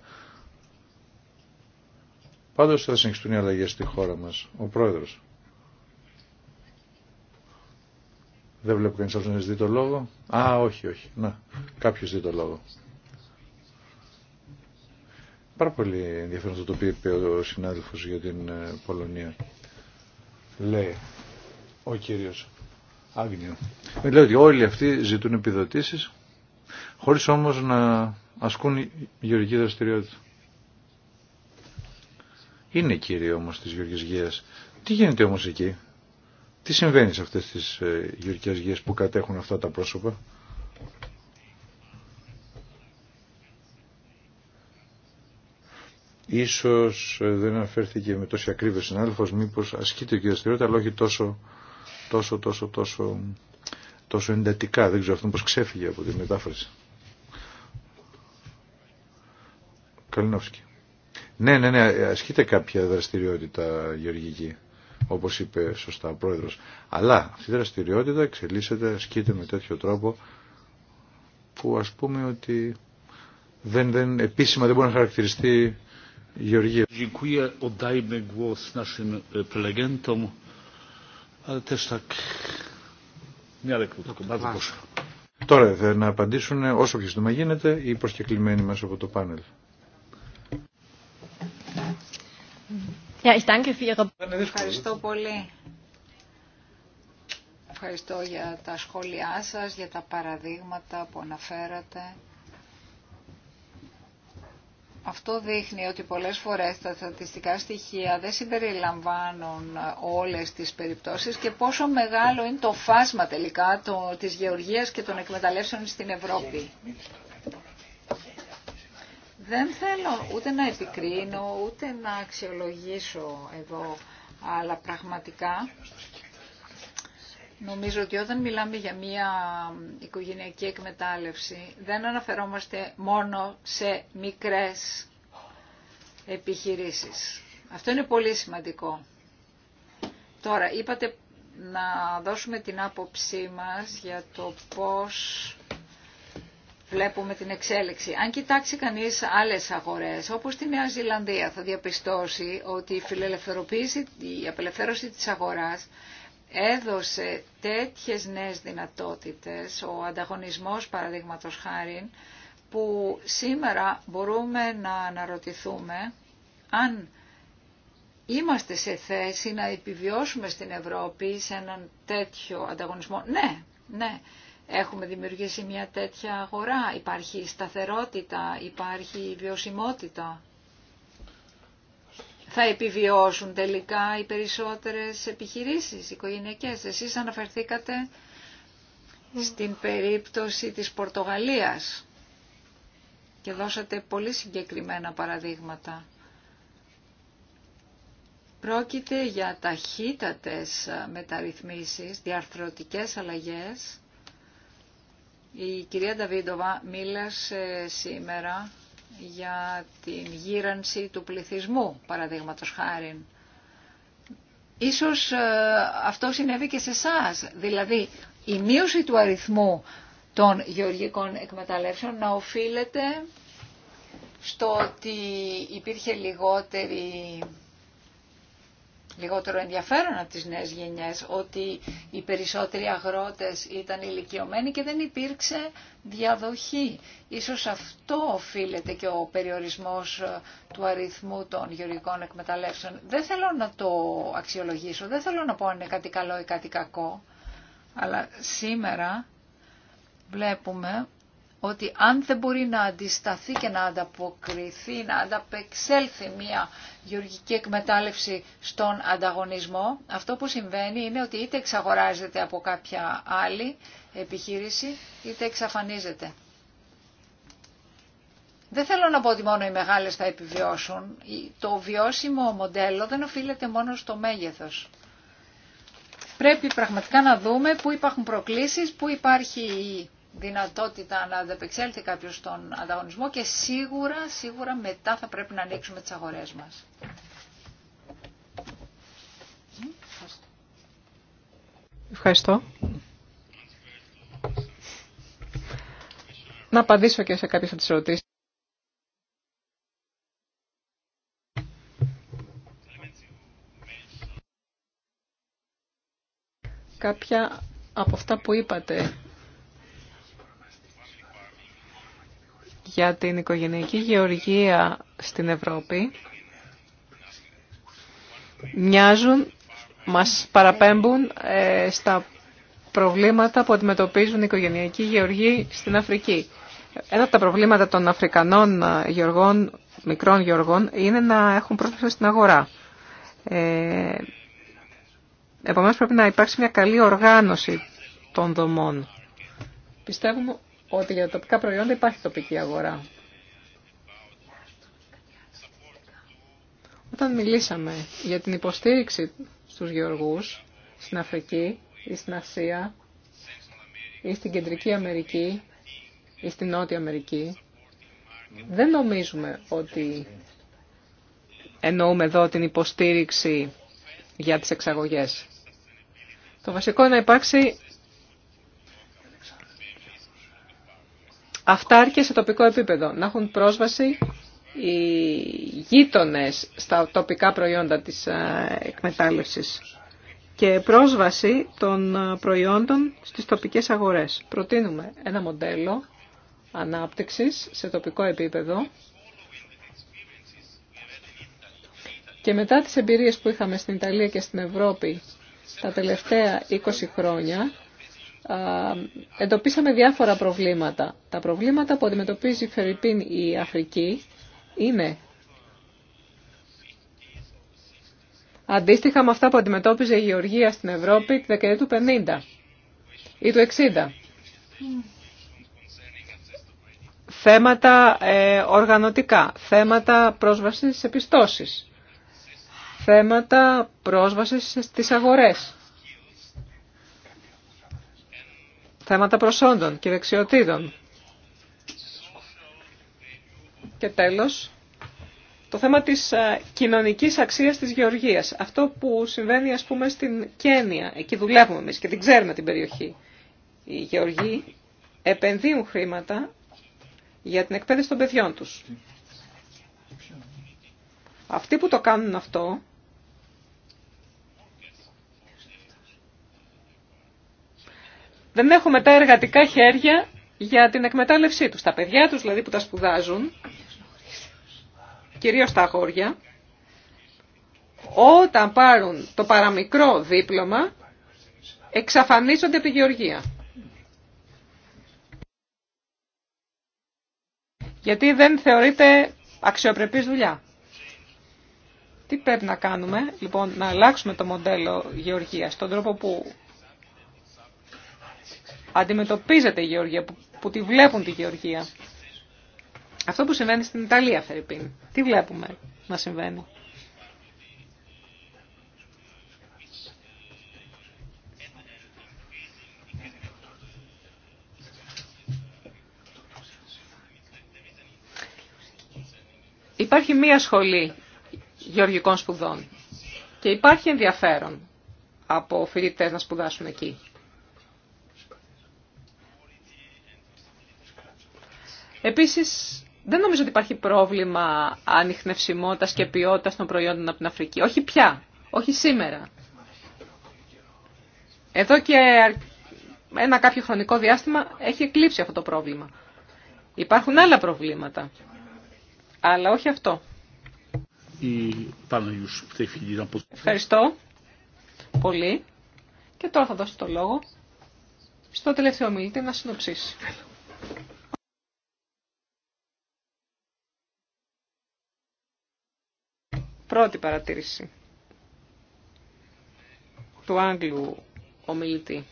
Πάντως θα συνεχιστούν οι αλλαγές στη χώρα μας. Ο Πρόεδρος. Δεν βλέπω κανείς άλλος να δει το λόγο. Α, όχι, όχι. Να, κάποιος δει το λόγο. Πάρα πολύ ενδιαφέρον το οποίο είπε ο συνάδελφος για την ε, Πολωνία. Λέει ο κύριος Άγνιο. Ε, λέω ότι όλοι αυτοί ζητούν επιδοτήσεις χωρίς όμως να ασκούν γεωργική δραστηριότητα. Είναι κύριο όμω της γεωργική γεία. Τι γίνεται όμως εκεί. Τι συμβαίνει σε αυτές τις ε, γεωργικέ γεία που κατέχουν αυτά τα πρόσωπα. Ίσως ε, δεν αναφέρθηκε με τόση ακρίβεια συνάδελφος, μήπως ασκείται η δραστηριότητα, αλλά όχι τόσο τόσο, τόσο, τόσο, τόσο εντατικά. Δεν ξέρω αυτό πώς ξέφυγε από τη μετάφραση. Καλινόφσκι. Ναι, ναι, ναι, ασκείται κάποια δραστηριότητα γεωργική, όπως είπε σωστά ο πρόεδρος. Αλλά αυτή η δραστηριότητα εξελίσσεται, ασκείται με τέτοιο τρόπο που ας πούμε ότι δεν, δεν, επίσημα δεν μπορεί να χαρακτηριστεί η γεωργία. Τώρα θα να απαντήσουν όσο πιο σύντομα γίνεται οι προσκεκλημένοι μα από το πάνελ. Ευχαριστώ πολύ. Ευχαριστώ για τα σχόλιά σας, για τα παραδείγματα που αναφέρατε. Αυτό δείχνει ότι πολλές φορές τα στατιστικά στοιχεία δεν συμπεριλαμβάνουν όλες τις περιπτώσεις και πόσο μεγάλο είναι το φάσμα τελικά το, της γεωργίας και των εκμεταλλεύσεων στην Ευρώπη. Δεν θέλω ούτε να επικρίνω, ούτε να αξιολογήσω εδώ, αλλά πραγματικά Νομίζω ότι όταν μιλάμε για μια οικογενειακή εκμετάλλευση δεν αναφερόμαστε μόνο σε μικρές επιχειρήσεις. Αυτό είναι πολύ σημαντικό. Τώρα, είπατε να δώσουμε την άποψή μας για το πώς βλέπουμε την εξέλιξη. Αν κοιτάξει κανείς άλλες αγορές, όπως τη Νέα Ζηλανδία, θα διαπιστώσει ότι η η απελευθέρωση της αγοράς έδωσε τέτοιες νέες δυνατότητες, ο ανταγωνισμός παραδείγματος χάρη, που σήμερα μπορούμε να αναρωτηθούμε αν είμαστε σε θέση να επιβιώσουμε στην Ευρώπη σε έναν τέτοιο ανταγωνισμό. Ναι, ναι. Έχουμε δημιουργήσει μια τέτοια αγορά, υπάρχει σταθερότητα, υπάρχει βιωσιμότητα θα επιβιώσουν τελικά οι περισσότερες επιχειρήσεις οικογενειακές. Εσείς αναφερθήκατε στην περίπτωση της Πορτογαλίας και δώσατε πολύ συγκεκριμένα παραδείγματα. Πρόκειται για ταχύτατες μεταρρυθμίσεις, διαρθρωτικές αλλαγές. Η κυρία Νταβίντοβα μίλασε σήμερα για την γύρανση του πληθυσμού, παραδείγματος χάρη. Ίσως ε, αυτό συνέβη και σε εσά. Δηλαδή, η μείωση του αριθμού των γεωργικών εκμεταλλεύσεων να οφείλεται στο ότι υπήρχε λιγότερη λιγότερο ενδιαφέρον από τις νέες γενιές ότι οι περισσότεροι αγρότες ήταν ηλικιωμένοι και δεν υπήρξε διαδοχή. Ίσως αυτό οφείλεται και ο περιορισμός ε, του αριθμού των γεωργικών εκμεταλλεύσεων. Δεν θέλω να το αξιολογήσω, δεν θέλω να πω αν είναι κάτι καλό ή κάτι κακό, αλλά σήμερα βλέπουμε ότι αν δεν μπορεί να αντισταθεί και να ανταποκριθεί, να ανταπεξέλθει μια γεωργική εκμετάλλευση στον ανταγωνισμό, αυτό που συμβαίνει είναι ότι είτε εξαγοράζεται από κάποια άλλη επιχείρηση, είτε εξαφανίζεται. Δεν θέλω να πω ότι μόνο οι μεγάλες θα επιβιώσουν. Το βιώσιμο μοντέλο δεν οφείλεται μόνο στο μέγεθος. Πρέπει πραγματικά να δούμε πού υπάρχουν προκλήσεις, πού υπάρχει η δυνατότητα να ανταπεξέλθει κάποιο στον ανταγωνισμό και σίγουρα, σίγουρα μετά θα πρέπει να ανοίξουμε τις αγορές μας. Ευχαριστώ. Να απαντήσω και σε κάποιες από τις ερωτήσεις. Κάποια από αυτά που είπατε για την οικογενειακή γεωργία στην Ευρώπη μοιάζουν, μας παραπέμπουν ε, στα προβλήματα που αντιμετωπίζουν οι οικογενειακοί γεωργοί στην Αφρική. Ένα από τα προβλήματα των Αφρικανών ε, γεωργών, μικρών γεωργών, είναι να έχουν πρόσβαση στην αγορά. Ε, επομένως πρέπει να υπάρξει μια καλή οργάνωση των δομών. Πιστεύουμε ότι για τοπικά προϊόντα υπάρχει τοπική αγορά. Όταν μιλήσαμε για την υποστήριξη στους γεωργούς στην Αφρική ή στην Ασία ή στην Κεντρική Αμερική ή στην Νότια Αμερική, δεν νομίζουμε ότι εννοούμε εδώ την υποστήριξη για τις εξαγωγές. Το βασικό είναι να υπάρξει αυτάρκε σε τοπικό επίπεδο, να έχουν πρόσβαση οι γείτονε στα τοπικά προϊόντα της ε, εκμετάλλευσης και πρόσβαση των ε, προϊόντων στις τοπικές αγορές. Προτείνουμε ένα μοντέλο ανάπτυξης σε τοπικό επίπεδο και μετά τις εμπειρίες που είχαμε στην Ιταλία και στην Ευρώπη τα τελευταία 20 χρόνια εντοπίσαμε διάφορα προβλήματα. Τα προβλήματα που αντιμετωπίζει η Φερρυπίν η Αφρική είναι αντίστοιχα με αυτά που αντιμετώπιζε η Γεωργία στην Ευρώπη τη δεκαετία του 50 ή του 60. Θέματα ε, οργανωτικά, θέματα πρόσβασης σε πιστώσεις, θέματα πρόσβασης στις αγορές. θέματα προσόντων και δεξιοτήτων. Και τέλος, το θέμα της ε, κοινωνικής αξίας της γεωργίας. Αυτό που συμβαίνει ας πούμε στην Κένια, εκεί δουλεύουμε εμείς και την ξέρουμε την περιοχή. Οι γεωργοί επενδύουν χρήματα για την εκπαίδευση των παιδιών τους. Αυτοί που το κάνουν αυτό δεν έχουμε τα εργατικά χέρια για την εκμετάλλευσή τους. Τα παιδιά τους δηλαδή που τα σπουδάζουν, κυρίως τα αγόρια, όταν πάρουν το παραμικρό δίπλωμα, εξαφανίζονται από τη γεωργία. Γιατί δεν θεωρείται αξιοπρεπής δουλειά. Τι πρέπει να κάνουμε, λοιπόν, να αλλάξουμε το μοντέλο γεωργίας, τον τρόπο που αντιμετωπίζεται η γεωργία, που, που τη βλέπουν τη γεωργία. Αυτό που συμβαίνει στην Ιταλία, Φερρυπίν. Τι βλέπουμε να συμβαίνει. Υπάρχει μία σχολή γεωργικών σπουδών και υπάρχει ενδιαφέρον από φοιτητέ να σπουδάσουν εκεί. Επίσης, δεν νομίζω ότι υπάρχει πρόβλημα ανιχνευσιμότητας και ποιότητα των προϊόντων από την Αφρική. Όχι πια, όχι σήμερα. Εδώ και ένα κάποιο χρονικό διάστημα έχει εκλείψει αυτό το πρόβλημα. Υπάρχουν άλλα προβλήματα, αλλά όχι αυτό. Ευχαριστώ πολύ. Και τώρα θα δώσω το λόγο στο τελευταίο μιλήτη να συνοψίσει. Πρώτη παρατήρηση του Άγγλου ομιλητή.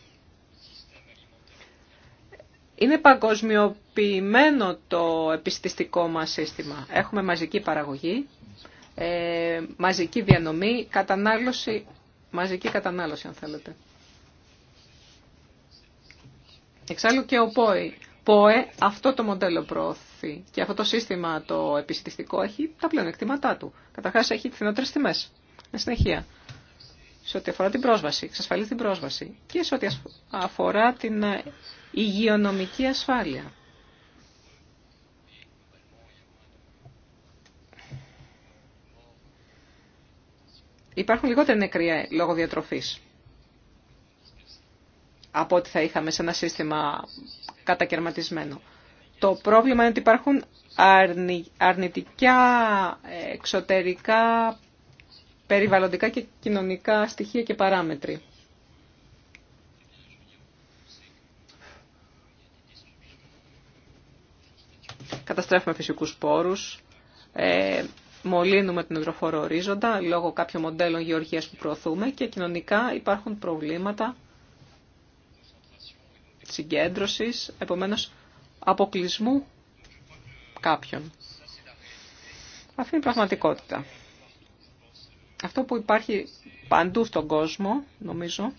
Είναι παγκοσμιοποιημένο το επιστηστικό μας σύστημα. Έχουμε μαζική παραγωγή, ε, μαζική διανομή, κατανάλωση, μαζική κατανάλωση αν θέλετε. Εξάλλου και ο ΠΟΗ ΠΟΕ αυτό το μοντέλο προωθεί και αυτό το σύστημα το επιστηστικό έχει τα πλεονεκτήματά του. Καταρχάς έχει τις τιμές. Με συνεχεία. Σε ό,τι αφορά την πρόσβαση, εξασφαλίζει την πρόσβαση και σε ό,τι αφορά την υγειονομική ασφάλεια. Υπάρχουν λιγότερα νεκροί ε, λόγω διατροφής από ό,τι θα είχαμε σε ένα σύστημα κατακαιρματισμένο. Το πρόβλημα είναι ότι υπάρχουν αρνητικά ε, εξωτερικά περιβαλλοντικά και κοινωνικά στοιχεία και παράμετροι. Καταστρέφουμε φυσικούς πόρους, ε, μολύνουμε την υδροφόρο ορίζοντα λόγω κάποιων μοντέλων γεωργίας που προωθούμε και κοινωνικά υπάρχουν προβλήματα συγκέντρωσης, επομένως αποκλεισμού κάποιων. Αυτή είναι η πραγματικότητα. Αυτό που υπάρχει παντού στον κόσμο, νομίζω,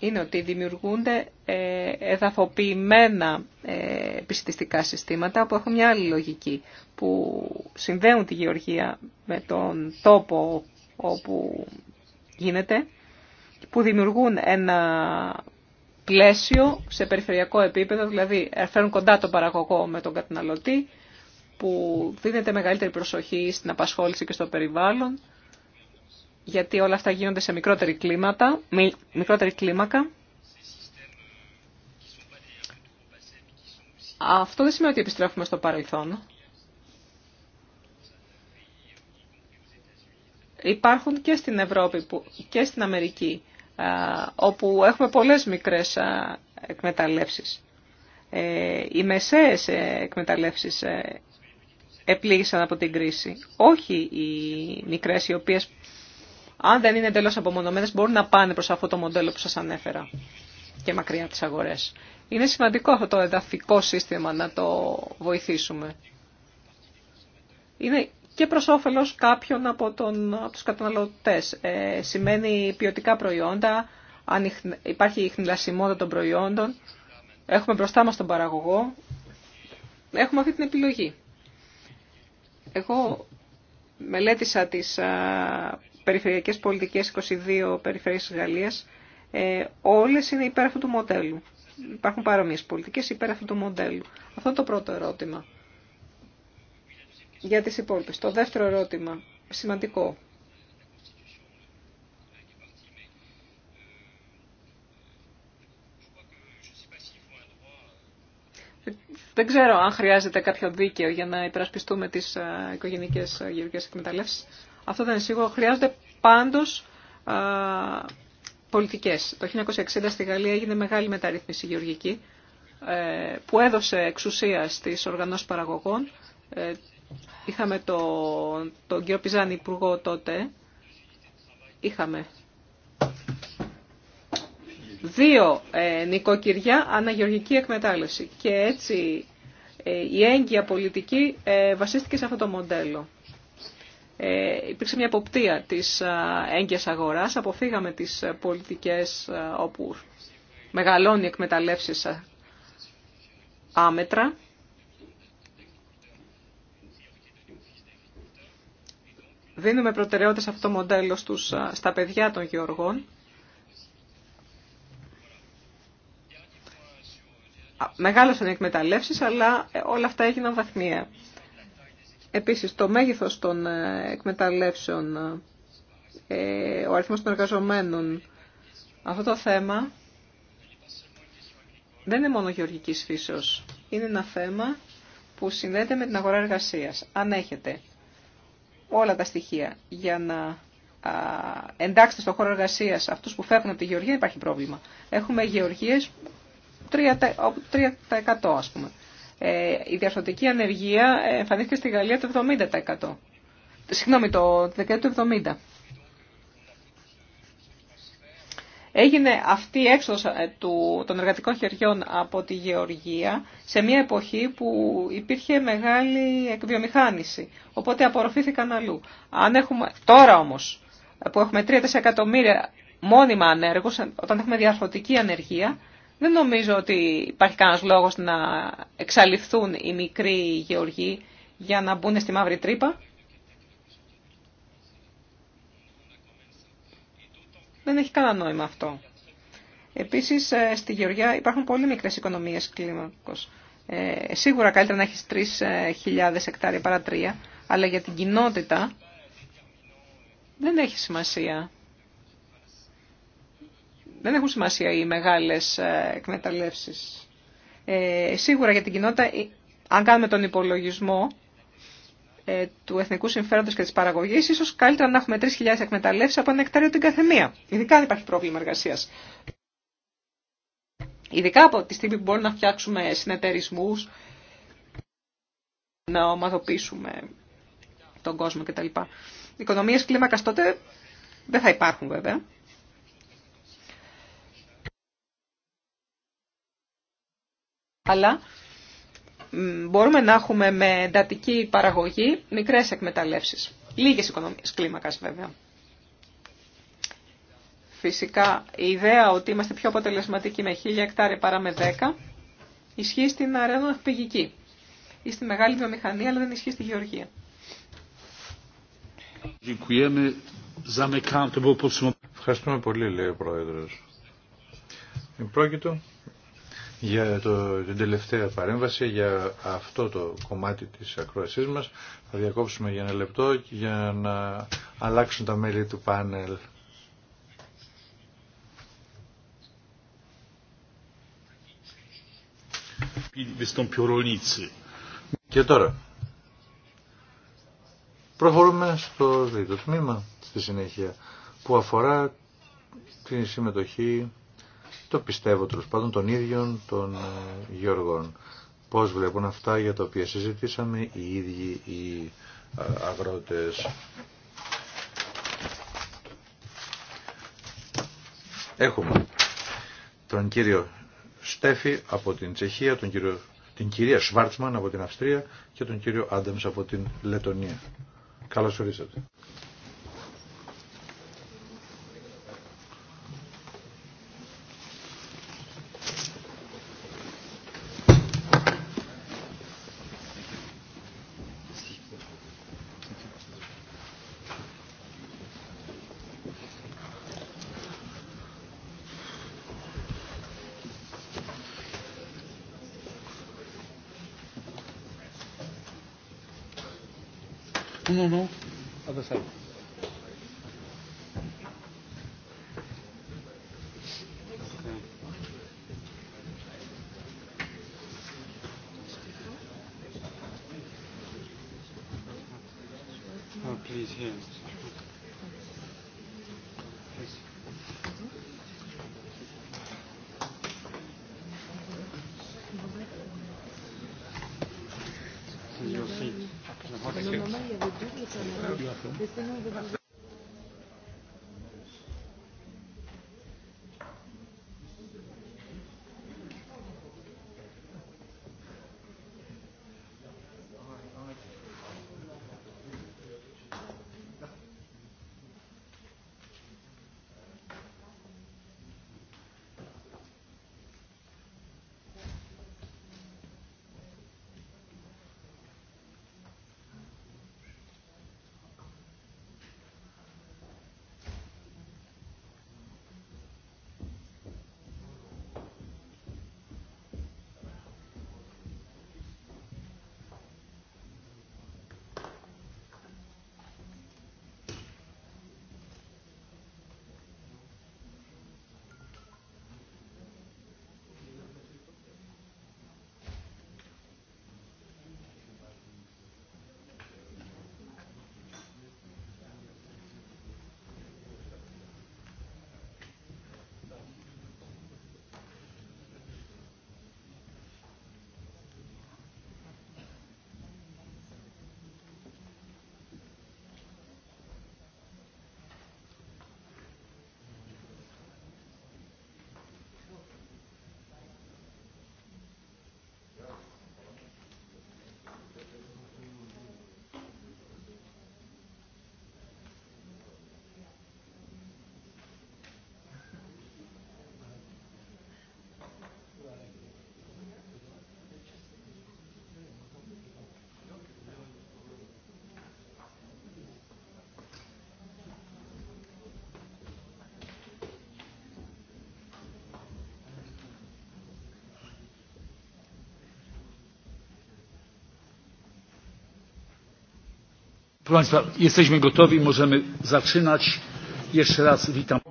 είναι ότι δημιουργούνται ε, εδαφοποιημένα ε, πιστιστικά συστήματα που έχουν μια άλλη λογική, που συνδέουν τη γεωργία με τον τόπο όπου γίνεται, που δημιουργούν ένα πλαίσιο σε περιφερειακό επίπεδο, δηλαδή ε, φέρουν κοντά τον παραγωγό με τον καταναλωτή, που δίνεται μεγαλύτερη προσοχή στην απασχόληση και στο περιβάλλον, γιατί όλα αυτά γίνονται σε μικρότερη, κλίματα, μικρότερη κλίμακα. Αυτό δεν σημαίνει ότι επιστρέφουμε στο παρελθόν. Υπάρχουν και στην Ευρώπη και στην Αμερική όπου έχουμε πολλές μικρές εκμεταλλεύσεις. Ε, οι μεσαίες ε, εκμεταλλεύσεις ε, επλήγησαν από την κρίση. Όχι οι μικρές οι οποίες αν δεν είναι εντελώς απομονωμένες μπορούν να πάνε προς αυτό το μοντέλο που σας ανέφερα και μακριά τις αγορές. Είναι σημαντικό αυτό το εδαφικό σύστημα να το βοηθήσουμε. Είναι και προς όφελος κάποιων από, τον, από τους καταναλωτές. Ε, σημαίνει ποιοτικά προϊόντα, αν υπάρχει η χνηλασιμότητα των προϊόντων, έχουμε μπροστά μας τον παραγωγό, έχουμε αυτή την επιλογή. Εγώ μελέτησα τις α, περιφερειακές πολιτικές 22 περιφέρειες της Γαλλίας. Ε, όλες είναι υπέρ αυτού του μοντέλου. Υπάρχουν παρόμοιες πολιτικές υπέρ αυτού του μοντέλου. Αυτό είναι το πρώτο ερώτημα για τις υπόλοιπες. Το δεύτερο ερώτημα, σημαντικό. Δεν ξέρω αν χρειάζεται κάποιο δίκαιο για να υπερασπιστούμε τις ε, οικογενικές ε, γεωργικές εκμεταλλεύσεις. Αυτό δεν είναι σίγουρο. Χρειάζονται πάντως α, ε, πολιτικές. Το 1960 στη Γαλλία έγινε μεγάλη μεταρρύθμιση γεωργική που έδωσε εξουσία στις οργανώσεις παραγωγών Είχαμε το τον κύριο Πιζάνη υπουργό τότε. Είχαμε δύο ε, νοικοκυριά αναγεωργική εκμετάλλευση. Και έτσι ε, η έγκυα πολιτική ε, βασίστηκε σε αυτό το μοντέλο. Ε, υπήρξε μια εποπτεία της ε, έγκυας αγοράς, αποφύγαμε τις πολιτικές όπου μεγαλώνει εκμεταλλεύσεις άμετρα. δίνουμε προτεραιότητα σε αυτό το μοντέλο στους, στα παιδιά των γεωργών. είναι οι εκμεταλλεύσεις, αλλά ε, όλα αυτά έγιναν βαθμία. Επίσης, το μέγεθος των ε, εκμεταλλεύσεων, ε, ο αριθμός των εργαζομένων, αυτό το θέμα δεν είναι μόνο γεωργικής φύσεως. Είναι ένα θέμα που συνδέεται με την αγορά εργασίας. Αν έχετε όλα τα στοιχεία για να εντάξετε στον χώρο εργασία αυτού που φεύγουν από τη γεωργία, υπάρχει πρόβλημα. Έχουμε γεωργίε 3%, 3% α πούμε. Ε, η διαρθρωτική ανεργία εμφανίστηκε στη Γαλλία το 70%. Συγγνώμη, το δεκαετία του 70. Έγινε αυτή η έξοδος ε, των εργατικών χεριών από τη Γεωργία σε μια εποχή που υπήρχε μεγάλη εκβιομηχάνηση. Οπότε απορροφήθηκαν αλλού. Αν έχουμε, τώρα όμως που έχουμε 3-4 μόνιμα ανέργους, όταν έχουμε διαρθρωτική ανεργία, δεν νομίζω ότι υπάρχει κανένας λόγος να εξαλειφθούν οι μικροί γεωργοί για να μπουν στη μαύρη τρύπα. δεν έχει κανένα νόημα αυτό. Επίσης, ε, στη Γεωργία υπάρχουν πολύ μικρές οικονομίες κλίμακος. Ε, σίγουρα καλύτερα να έχεις 3.000 ε, εκτάρια παρά 3, αλλά για την κοινότητα δεν έχει σημασία. Δεν έχουν σημασία οι μεγάλες ε, εκμεταλλεύσεις. Ε, σίγουρα για την κοινότητα, αν κάνουμε τον υπολογισμό, ε, του εθνικού συμφέροντος και της παραγωγής, ίσως καλύτερα να έχουμε 3.000 εκμεταλλεύσεις από ένα εκτάριο την καθεμία, ειδικά αν υπάρχει πρόβλημα εργασίας. Ειδικά από τη στιγμή που μπορούμε να φτιάξουμε συνεταιρισμούς, να ομαδοποιήσουμε τον κόσμο κτλ. Οικονομίες κλίμακας τότε δεν θα υπάρχουν βέβαια. Αλλά μπορούμε να έχουμε με εντατική παραγωγή μικρές εκμεταλλεύσεις. Λίγες οικονομίες κλίμακας βέβαια. Φυσικά η ιδέα ότι είμαστε πιο αποτελεσματικοί με 1000 εκτάρια παρά με 10 ισχύει στην αρένα πηγική ή στη μεγάλη βιομηχανία αλλά δεν ισχύει στη γεωργία. Ευχαριστούμε πολύ λέει ο Πρόεδρος για το, την τελευταία παρέμβαση, για αυτό το κομμάτι της ακροασής μας. Θα διακόψουμε για ένα λεπτό για να αλλάξουν τα μέλη του πάνελ. Και τώρα, προχωρούμε στο δεύτερο τμήμα στη συνέχεια που αφορά την συμμετοχή το πιστεύω τέλο πάντων των ίδιων των ε, Γιώργων. Πώς βλέπουν αυτά για τα οποία συζητήσαμε οι ίδιοι οι ε, αγρότες. Έχουμε τον κύριο Στέφη από την Τσεχία, τον κύριο, την κυρία Σβάρτσμαν από την Αυστρία και τον κύριο Άντεμς από την Λετωνία. Καλώς ορίσατε.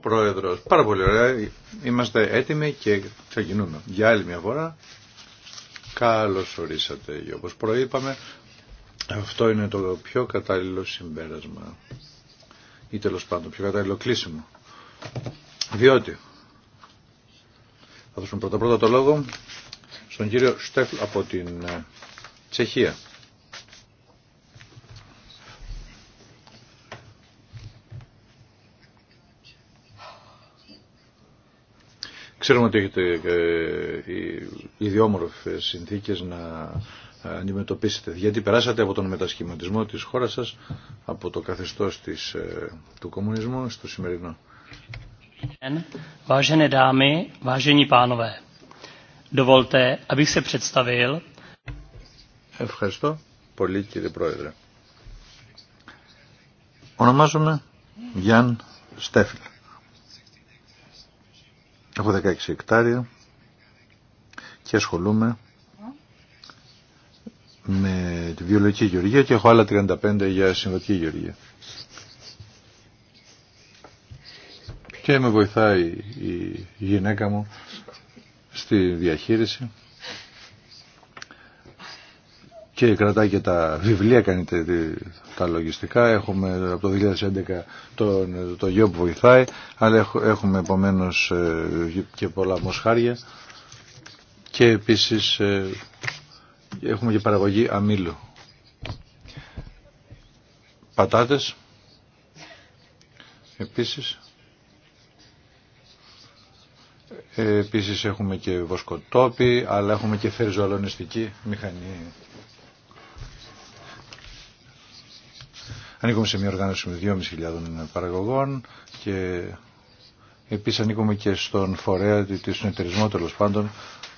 Πρόεδρος, πάρα πολύ ωραία. Είμαστε έτοιμοι και ξεκινούμε. Για άλλη μια φορά, καλώ ορίσατε. όπω προείπαμε, αυτό είναι το πιο κατάλληλο συμπέρασμα ή τέλο πάντων πιο κατάλληλο κλείσιμο. Διότι θα δώσουμε πρώτα πρώτα το λόγο στον κύριο Στέφλ από την ε, Τσεχία. Ξέρουμε ότι έχετε ιδιόμορφε ε, συνθήκες να ε, αντιμετωπίσετε. Γιατί περάσατε από τον μετασχηματισμό της χώρας σα από το καθεστώς ε, του κομμουνισμού στο σημερινό. Ευχαριστώ πολύ κύριε Πρόεδρε. Ονομάζομαι Γιάν Στέφιλ. Έχω 16 εκτάρια και ασχολούμαι με τη βιολογική γεωργία και έχω άλλα 35 για συμβατική γεωργία. Και με βοηθάει η γυναίκα μου στη διαχείριση και κρατάει και τα βιβλία, κάνει τα λογιστικά. Έχουμε από το 2011 το γιο που βοηθάει, αλλά έχουμε επομένω ε, και πολλά μοσχάρια και επίσης ε, έχουμε και παραγωγή αμύλου. Πατάτες, επίσης. Ε, επίσης έχουμε και βοσκοτόπι, αλλά έχουμε και φερζοαλωνιστική μηχανή. Ανήκουμε σε μια οργάνωση με 2.500 παραγωγών και επίσης ανήκουμε και στον φορέα, τη συνεταιρισμού, τέλο πάντων,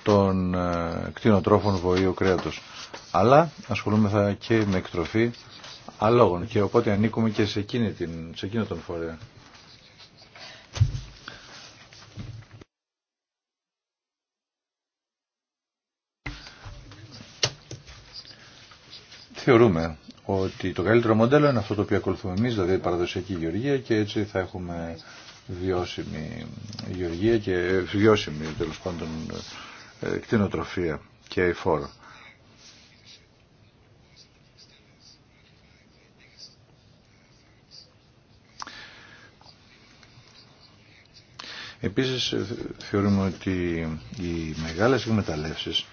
των ε, κτηνοτρόφων βοήου κρέατος. Αλλά ασχολούμεθα και με εκτροφή αλόγων και οπότε ανήκουμε και σε, εκείνη την, σε εκείνο τον φορέα. Θεωρούμε ότι το καλύτερο μοντέλο είναι αυτό το οποίο ακολουθούμε εμείς, δηλαδή η παραδοσιακή γεωργία και έτσι θα έχουμε βιώσιμη γεωργία και ε, βιώσιμη τέλος πάντων ε, κτηνοτροφία και αηφόρο. Επίσης ε, θεωρούμε ότι οι μεγάλες εκμεταλλεύσεις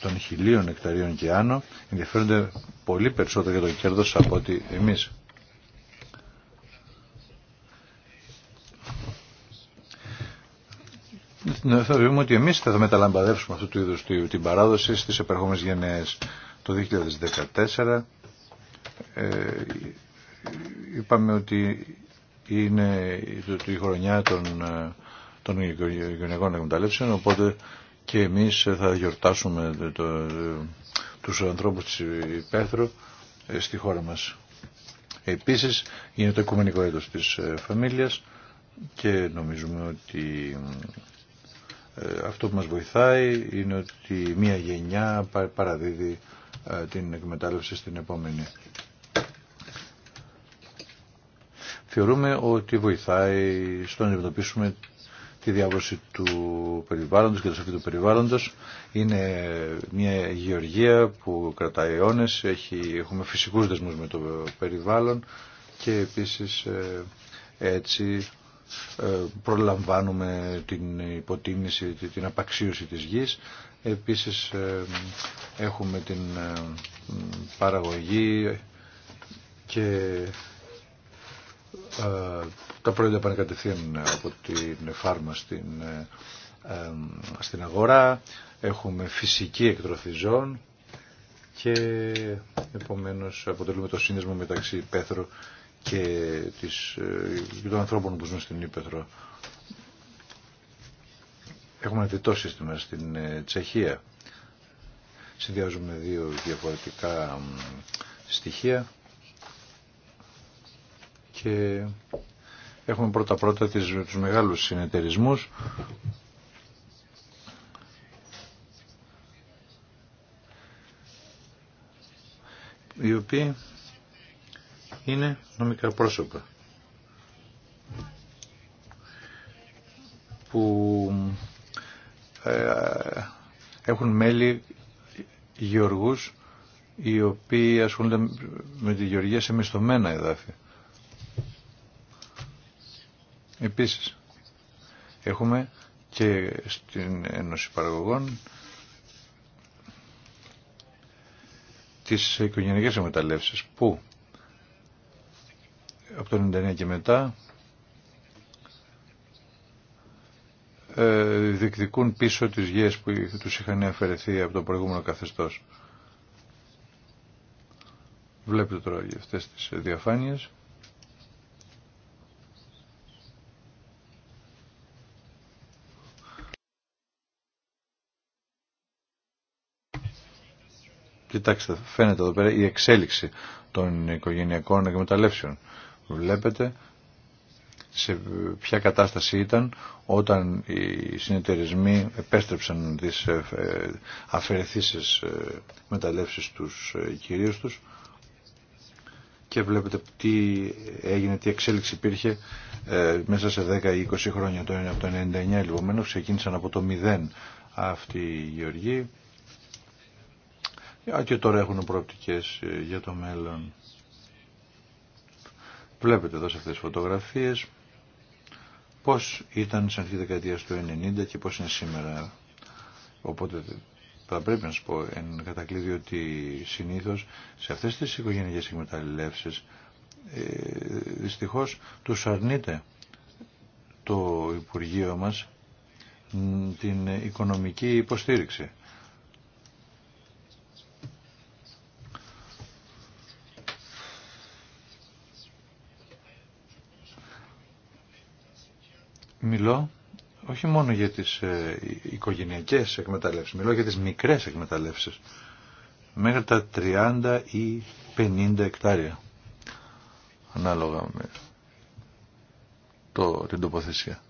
των χιλίων εκταρίων και άνω ενδιαφέρονται πολύ περισσότερο για το κέρδος από ότι εμείς. Θεωρούμε ότι εμείς θα μεταλαμπαδεύσουμε αυτού του είδους την παράδοση στις επερχόμενες γενναίες. Το 2014 ε, είπαμε ότι είναι η χρονιά των, ε, των γυναικών εκμεταλλεύσεων, οπότε και εμείς θα γιορτάσουμε το, τους ανθρώπους της ε, στη χώρα μας. Επίσης είναι το οικουμενικό έτος της ε, φαμίλιας και νομίζουμε ότι ε, αυτό που μας βοηθάει είναι ότι μία γενιά παραδίδει την εκμετάλλευση στην επόμενη. Θεωρούμε ότι βοηθάει στο να αντιμετωπίσουμε τη διάβρωση του περιβάλλοντος και το σοφή του περιβάλλοντος. Είναι μια γεωργία που κρατάει αιώνες, έχει, έχουμε φυσικούς δεσμούς με το περιβάλλον και επίσης ε, έτσι ε, προλαμβάνουμε την υποτίμηση, την απαξίωση της γης. Επίσης ε, έχουμε την παραγωγή και ε, τα προϊόντα πάνε από την φάρμα στην, ε, ε, στην αγορά, έχουμε φυσική εκτροφή ζώων και επομένως αποτελούμε το σύνδεσμο μεταξύ Πέθρο και, της, και των ανθρώπων που ζουν στην Ήπεθρο. Έχουμε ένα διτό σύστημα στην Τσεχία. Συνδυάζουμε δύο διαφορετικά στοιχεία και έχουμε πρώτα πρώτα τις, τους μεγάλους συνεταιρισμούς οι οποίοι είναι νομικά πρόσωπα που ε, έχουν μέλη γεωργούς οι οποίοι ασχολούνται με τη γεωργία σε μισθωμένα εδάφη. Επίσης, έχουμε και στην Ένωση Παραγωγών τις οικογενειακές εμμεταλλεύσεις που από το 99 και μετά ε, διεκδικούν πίσω τις γης που τους είχαν αφαιρεθεί από το προηγούμενο καθεστώς. Βλέπετε τώρα αυτές τις διαφάνειες. Κοιτάξτε, φαίνεται εδώ πέρα η εξέλιξη των οικογενειακών εκμεταλλεύσεων. Βλέπετε σε ποια κατάσταση ήταν όταν οι συνεταιρισμοί επέστρεψαν τις ε, ε, αφαιρεθήσεις ε, μεταλλεύσεις τους κυρίους τους και βλέπετε τι έγινε, τι εξέλιξη υπήρχε μέσα σε 10 ή 20 χρόνια. Το από το 99 λοιπόν, ξεκίνησαν από το 0 αυτοί οι γεωργοί και τώρα έχουν προοπτικές ε, για το μέλλον. Βλέπετε εδώ σε αυτές τις φωτογραφίες πώς ήταν σαν αυτή δεκαετία του 90 και πώς είναι σήμερα. Οπότε θα πρέπει να σας πω εν κατακλείδη ότι συνήθως σε αυτές τις οικογενειακές εκμεταλλεύσεις ε, δυστυχώς τους αρνείται το Υπουργείο μας την οικονομική υποστήριξη. Μιλώ όχι μόνο για τις ε, οικογενειακές εκμεταλλεύσεις, μιλώ για τις μικρές εκμεταλλεύσεις. Μέχρι τα 30 ή 50 εκτάρια. Ανάλογα με το, την τοποθεσία.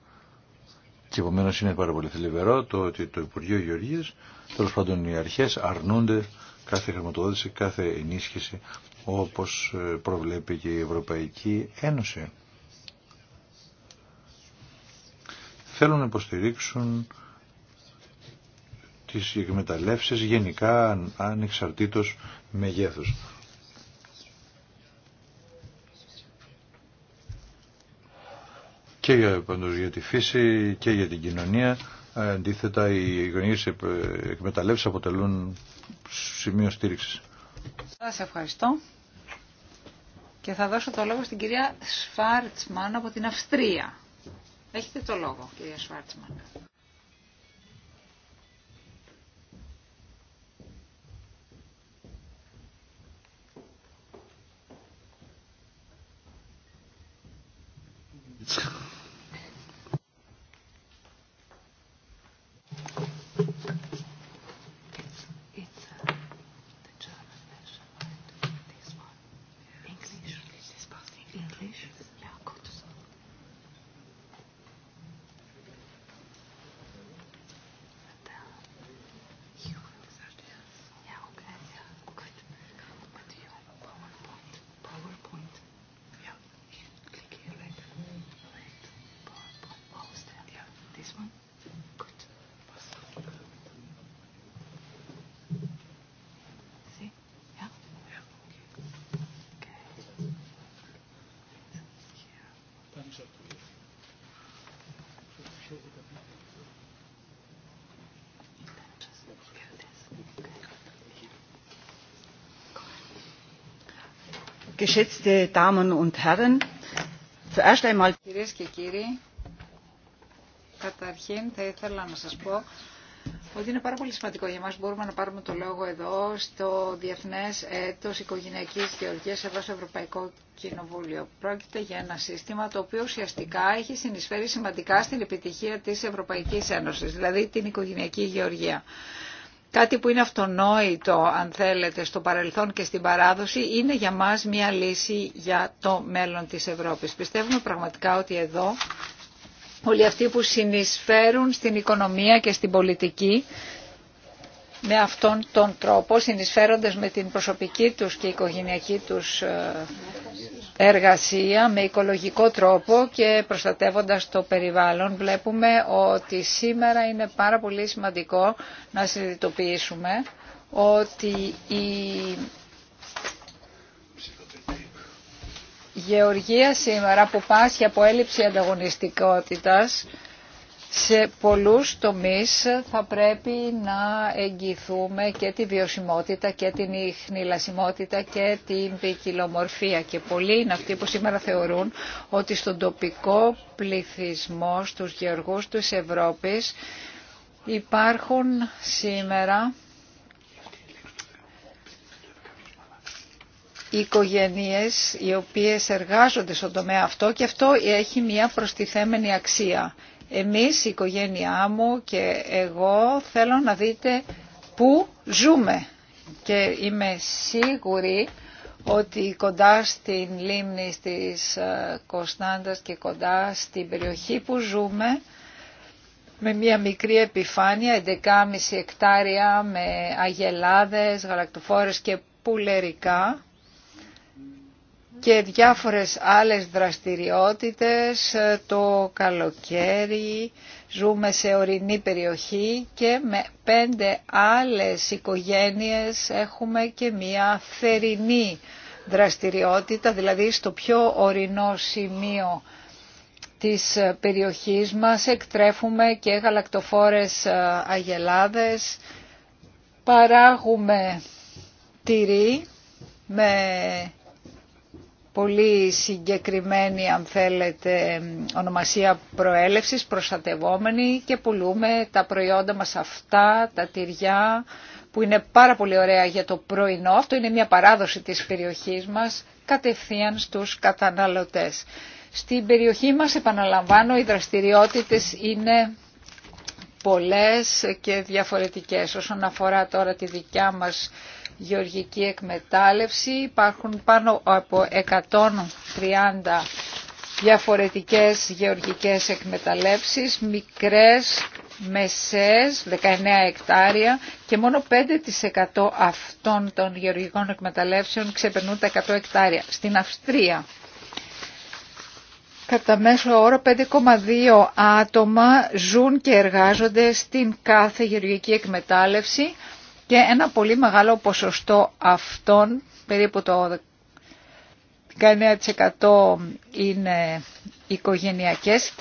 Και επομένω είναι πάρα πολύ θλιβερό το ότι το Υπουργείο Γεωργίας, τέλο πάντων οι αρχές αρνούνται κάθε χρηματοδότηση, κάθε ενίσχυση όπως ε, προβλέπει και η Ευρωπαϊκή Ένωση. θέλουν να υποστηρίξουν τις εκμεταλλεύσεις γενικά ανεξαρτήτως μεγέθους. Και για, πάντως, για τη φύση και για την κοινωνία αντίθετα οι γονείς εκμεταλλεύσεις αποτελούν σημείο στήριξης. Σας ευχαριστώ. Και θα δώσω το λόγο στην κυρία Σφάρτσμαν από την Αυστρία. Έχετε το λόγο, κυρία Σουάρτσμαν. geschätzte και κύριοι, καταρχήν θα ήθελα να σας πω ότι είναι πάρα πολύ σημαντικό για μας μπορούμε να πάρουμε το λόγο εδώ στο Διεθνές Έτος Οικογενειακής Γεωργίας εδώ στο Ευρωπαϊκό Κοινοβούλιο. Πρόκειται για ένα σύστημα το οποίο ουσιαστικά έχει συνεισφέρει σημαντικά στην επιτυχία της Ευρωπαϊκής Ένωσης, δηλαδή την οικογενειακή γεωργία κάτι που είναι αυτονόητο αν θέλετε στο παρελθόν και στην παράδοση είναι για μας μια λύση για το μέλλον της Ευρώπης. Πιστεύουμε πραγματικά ότι εδώ όλοι αυτοί που συνεισφέρουν στην οικονομία και στην πολιτική με αυτόν τον τρόπο, συνεισφέροντας με την προσωπική τους και οικογενειακή τους ε, εργασία με οικολογικό τρόπο και προστατεύοντας το περιβάλλον. Βλέπουμε ότι σήμερα είναι πάρα πολύ σημαντικό να συνειδητοποιήσουμε ότι η γεωργία σήμερα που πάσχει από έλλειψη ανταγωνιστικότητας σε πολλούς τομείς θα πρέπει να εγγυηθούμε και τη βιωσιμότητα και την ιχνηλασιμότητα και την ποικιλομορφία. Και πολλοί είναι αυτοί που σήμερα θεωρούν ότι στον τοπικό πληθυσμό, στους γεωργούς της Ευρώπης υπάρχουν σήμερα οικογένειες οι οποίες εργάζονται στον τομέα αυτό και αυτό έχει μια προστιθέμενη αξία. Εμείς, η οικογένειά μου και εγώ θέλω να δείτε πού ζούμε. Και είμαι σίγουρη ότι κοντά στην λίμνη της ε, Κωνσταντας και κοντά στην περιοχή που ζούμε, με μια μικρή επιφάνεια, 11,5 εκτάρια με αγελάδες, γαλακτοφόρες και πουλερικά, και διάφορες άλλες δραστηριότητες ε, το καλοκαίρι. Ζούμε σε ορεινή περιοχή και με πέντε άλλες οικογένειες έχουμε και μία θερινή δραστηριότητα, δηλαδή στο πιο ορεινό σημείο της περιοχής μας εκτρέφουμε και γαλακτοφόρες ε, αγελάδες, παράγουμε τυρί με πολύ συγκεκριμένη αν θέλετε ονομασία προέλευσης, προστατευόμενη και πουλούμε τα προϊόντα μας αυτά, τα τυριά που είναι πάρα πολύ ωραία για το πρωινό, αυτό είναι μια παράδοση της περιοχής μας, κατευθείαν στους καταναλωτές. Στην περιοχή μας, επαναλαμβάνω, οι δραστηριότητες είναι πολλές και διαφορετικές. Όσον αφορά τώρα τη δικιά μας γεωργική εκμετάλλευση. Υπάρχουν πάνω από 130 διαφορετικές γεωργικές εκμεταλλεύσεις, μικρές, μεσές, 19 εκτάρια και μόνο 5% αυτών των γεωργικών εκμεταλλεύσεων ξεπερνούν τα 100 εκτάρια. Στην Αυστρία, κατά μέσο όρο 5,2 άτομα ζουν και εργάζονται στην κάθε γεωργική εκμετάλλευση και ένα πολύ μεγάλο ποσοστό αυτών, περίπου το 19% είναι οικογενειακές,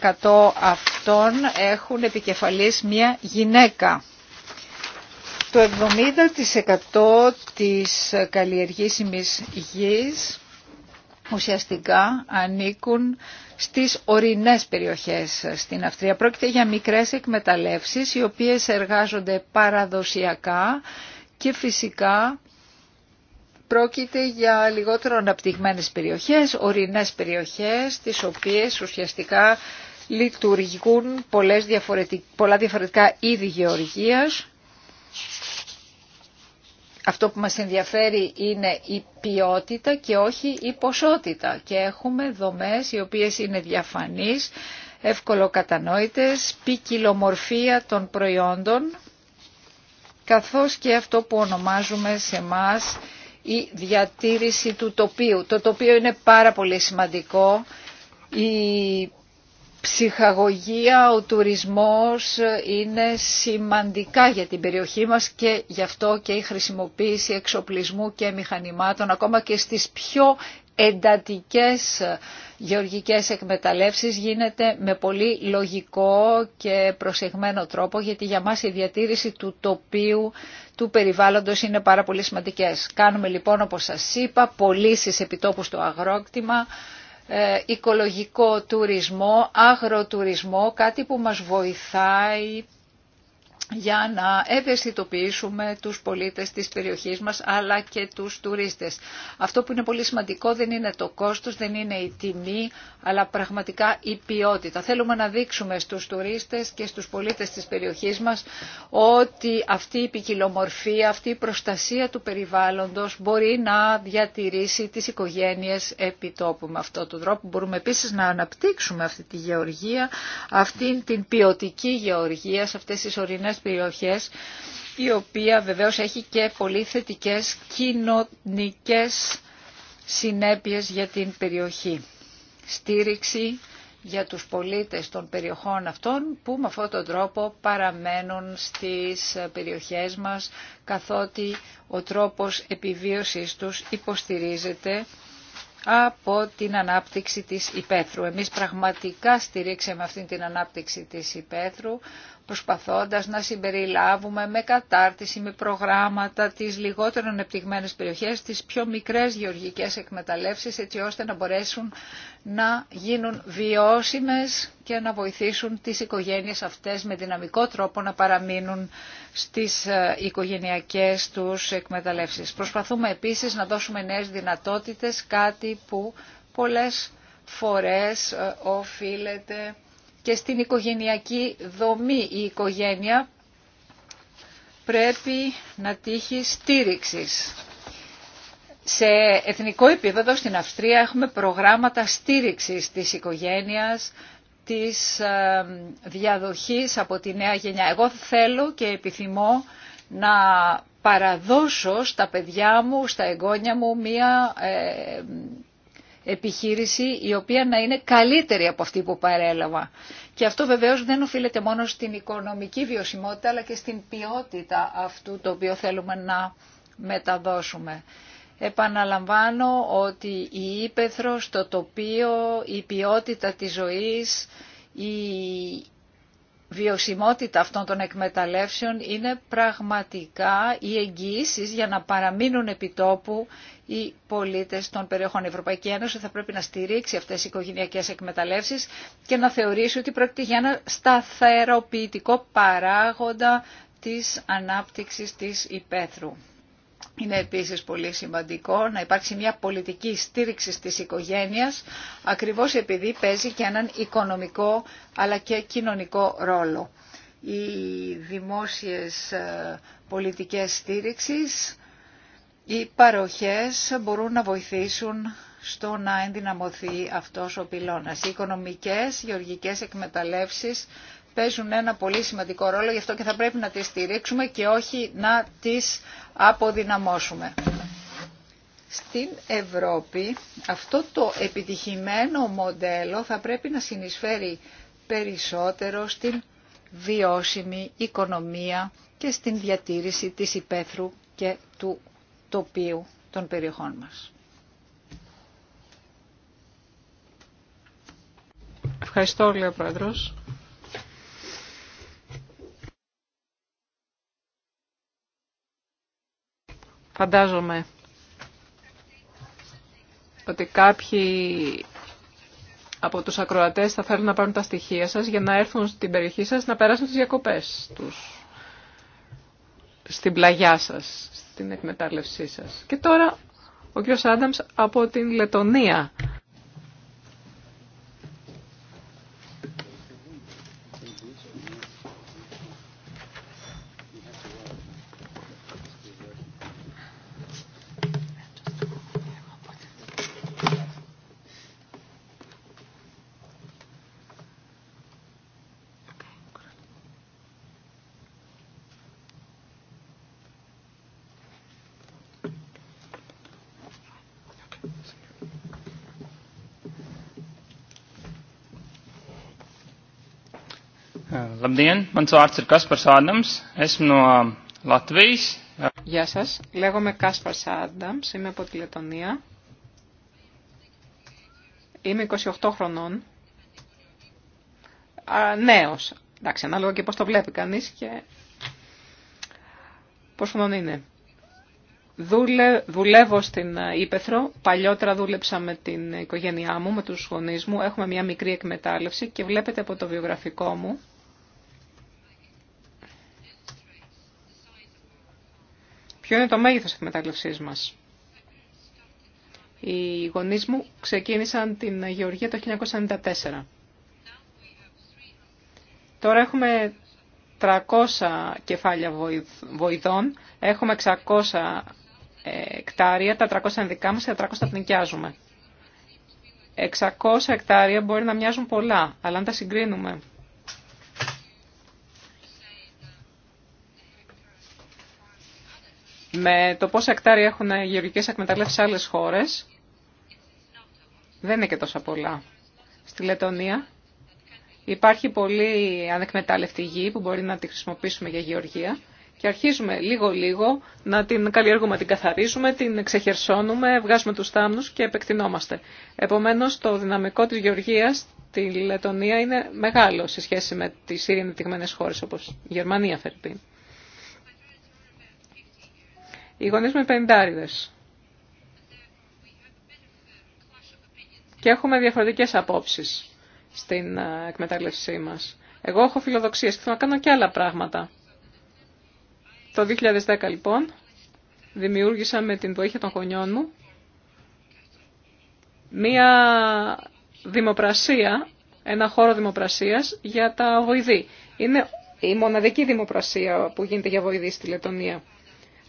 36% αυτών έχουν επικεφαλής μια γυναίκα. Το 70% της καλλιεργήσιμης γης ουσιαστικά ανήκουν στις ορεινές περιοχές στην Αυστρία. Πρόκειται για μικρές εκμεταλλεύσεις οι οποίες εργάζονται παραδοσιακά και φυσικά πρόκειται για λιγότερο αναπτυγμένες περιοχές, ορεινές περιοχές, τις οποίες ουσιαστικά λειτουργούν πολλές πολλά διαφορετικά είδη γεωργίας αυτό που μας ενδιαφέρει είναι η ποιότητα και όχι η ποσότητα. Και έχουμε δομές οι οποίες είναι διαφανείς, εύκολο κατανόητες, ποικιλομορφία των προϊόντων, καθώς και αυτό που ονομάζουμε σε μας η διατήρηση του τοπίου. Το τοπίο είναι πάρα πολύ σημαντικό. Η ψυχαγωγία, ο τουρισμός είναι σημαντικά για την περιοχή μας και γι' αυτό και η χρησιμοποίηση εξοπλισμού και μηχανημάτων ακόμα και στις πιο εντατικές γεωργικές εκμεταλλεύσεις γίνεται με πολύ λογικό και προσεγμένο τρόπο γιατί για μας η διατήρηση του τοπίου του περιβάλλοντος είναι πάρα πολύ σημαντικές. Κάνουμε λοιπόν όπως σας είπα πωλήσει επιτόπου στο αγρόκτημα ε, οικολογικό τουρισμό, αγροτουρισμό, κάτι που μας βοηθάει για να ευαισθητοποιήσουμε τους πολίτες της περιοχής μας αλλά και τους τουρίστες. Αυτό που είναι πολύ σημαντικό δεν είναι το κόστος, δεν είναι η τιμή αλλά πραγματικά η ποιότητα. Θέλουμε να δείξουμε στους τουρίστες και στους πολίτες της περιοχής μας ότι αυτή η ποικιλομορφία, αυτή η προστασία του περιβάλλοντος μπορεί να διατηρήσει τις οικογένειες επιτόπου με αυτόν τον τρόπο. Μπορούμε επίσης να αναπτύξουμε αυτή τη γεωργία, αυτή την ποιοτική γεωργία σε αυτές τις ορεινές περιοχές η οποία βεβαίως έχει και πολύ θετικές κοινωνικές συνέπειες για την περιοχή. Στήριξη για τους πολίτες των περιοχών αυτών που με αυτόν τον τρόπο παραμένουν στις περιοχές μας καθότι ο τρόπος επιβίωσης τους υποστηρίζεται από την ανάπτυξη της υπαίθρου. Εμείς πραγματικά στηρίξαμε αυτή την ανάπτυξη της υπαίθρου προσπαθώντας να συμπεριλάβουμε με κατάρτιση, με προγράμματα τις λιγότερο ανεπτυγμένες περιοχές, τις πιο μικρές γεωργικές εκμεταλλεύσεις, έτσι ώστε να μπορέσουν να γίνουν βιώσιμες και να βοηθήσουν τις οικογένειες αυτές με δυναμικό τρόπο να παραμείνουν στις ε, οικογενειακές τους εκμεταλλεύσεις. Προσπαθούμε επίσης να δώσουμε νέες δυνατότητες, κάτι που πολλές φορές ε, οφείλεται και στην οικογενειακή δομή. Η οικογένεια πρέπει να τύχει στήριξης. Σε εθνικό επίπεδο στην Αυστρία έχουμε προγράμματα στήριξης της οικογένειας, της ε, διαδοχής από τη νέα γενιά. Εγώ θέλω και επιθυμώ να παραδώσω στα παιδιά μου, στα εγγόνια μου μία ε, επιχείρηση η οποία να είναι καλύτερη από αυτή που παρέλαβα. Και αυτό βεβαίως δεν οφείλεται μόνο στην οικονομική βιωσιμότητα αλλά και στην ποιότητα αυτού το οποίο θέλουμε να μεταδώσουμε. Επαναλαμβάνω ότι η ύπεθρο, το τοπίο, η ποιότητα της ζωής, η βιωσιμότητα αυτών των εκμεταλλεύσεων είναι πραγματικά οι εγγυήσει για να παραμείνουν επιτόπου οι πολίτες των περιοχών. Η Ευρωπαϊκή Ένωση θα πρέπει να στηρίξει αυτές τι οικογενειακές εκμεταλλεύσεις και να θεωρήσει ότι πρόκειται για ένα σταθεροποιητικό παράγοντα της ανάπτυξης της υπαίθρου. Είναι επίσης πολύ σημαντικό να υπάρξει μια πολιτική στήριξη της οικογένειας, ακριβώς επειδή παίζει και έναν οικονομικό αλλά και κοινωνικό ρόλο. Οι δημόσιες ε, πολιτικές στήριξης, οι παροχές μπορούν να βοηθήσουν στο να ενδυναμωθεί αυτός ο πυλώνας. Οι οικονομικές, γεωργικές εκμεταλλεύσεις παίζουν ένα πολύ σημαντικό ρόλο, γι' αυτό και θα πρέπει να τις στηρίξουμε και όχι να τις αποδυναμώσουμε. Στην Ευρώπη αυτό το επιτυχημένο μοντέλο θα πρέπει να συνεισφέρει περισσότερο στην βιώσιμη οικονομία και στην διατήρηση της υπαίθρου και του τοπίου των περιοχών μας. Ευχαριστώ, Λέω Φαντάζομαι ότι κάποιοι από τους ακροατές θα θέλουν να πάρουν τα στοιχεία σας για να έρθουν στην περιοχή σας να περάσουν τις διακοπές τους. Στην πλαγιά σας, στην εκμετάλλευσή σας. Και τώρα ο κ. Άνταμς από την Λετωνία. Labdien, mans vārds ir Kaspars Ādams, esmu no um, Latvijas. Γεια σας, λέγομαι Κάσπαρ Άνταμς, είμαι από τη Λετωνία. Είμαι 28 χρονών. Νέο. εντάξει, ανάλογα και πώ το βλέπει κανεί και πώς χρονών είναι. δουλεύω στην ε, Ήπεθρο, παλιότερα δούλεψα με την οικογένειά μου, με τους γονείς μου, έχουμε μια μικρή εκμετάλλευση και βλέπετε από το βιογραφικό μου ποιο είναι το μέγεθος μετακλευσή μα. Οι γονεί μου ξεκίνησαν την γεωργία το 1994. Τώρα έχουμε 300 κεφάλια βοηθών, έχουμε 600 ε, εκτάρια, τα 300 είναι δικά μας και τα 300 τα πνικιάζουμε. 600 εκτάρια μπορεί να μοιάζουν πολλά, αλλά αν τα συγκρίνουμε με το πόσα εκτάρια έχουν γεωργικές εκμεταλλεύσεις σε άλλες χώρες, δεν είναι και τόσα πολλά. Στη Λετωνία υπάρχει πολύ ανεκμετάλλευτη γη που μπορεί να τη χρησιμοποιήσουμε για γεωργία και αρχίζουμε λίγο-λίγο να την καλλιεργούμε, την καθαρίζουμε, την ξεχερσώνουμε, βγάζουμε τους τάμνους και επεκτηνόμαστε. Επομένως, το δυναμικό της γεωργίας στη Λετωνία είναι μεγάλο σε σχέση με τις ειρηνητικμένες χώρες όπως η Γερμανία, Φερπίν οι γονεί μου είναι Και έχουμε διαφορετικές απόψεις στην ε, εκμετάλλευσή μας. Εγώ έχω φιλοδοξίες και θέλω να κάνω και άλλα πράγματα. Το 2010 λοιπόν δημιούργησα με την βοήθεια των γονιών μου μία δημοπρασία, ένα χώρο δημοπρασίας για τα βοηδή. Είναι η μοναδική δημοπρασία που γίνεται για βοηδή στη Λετωνία.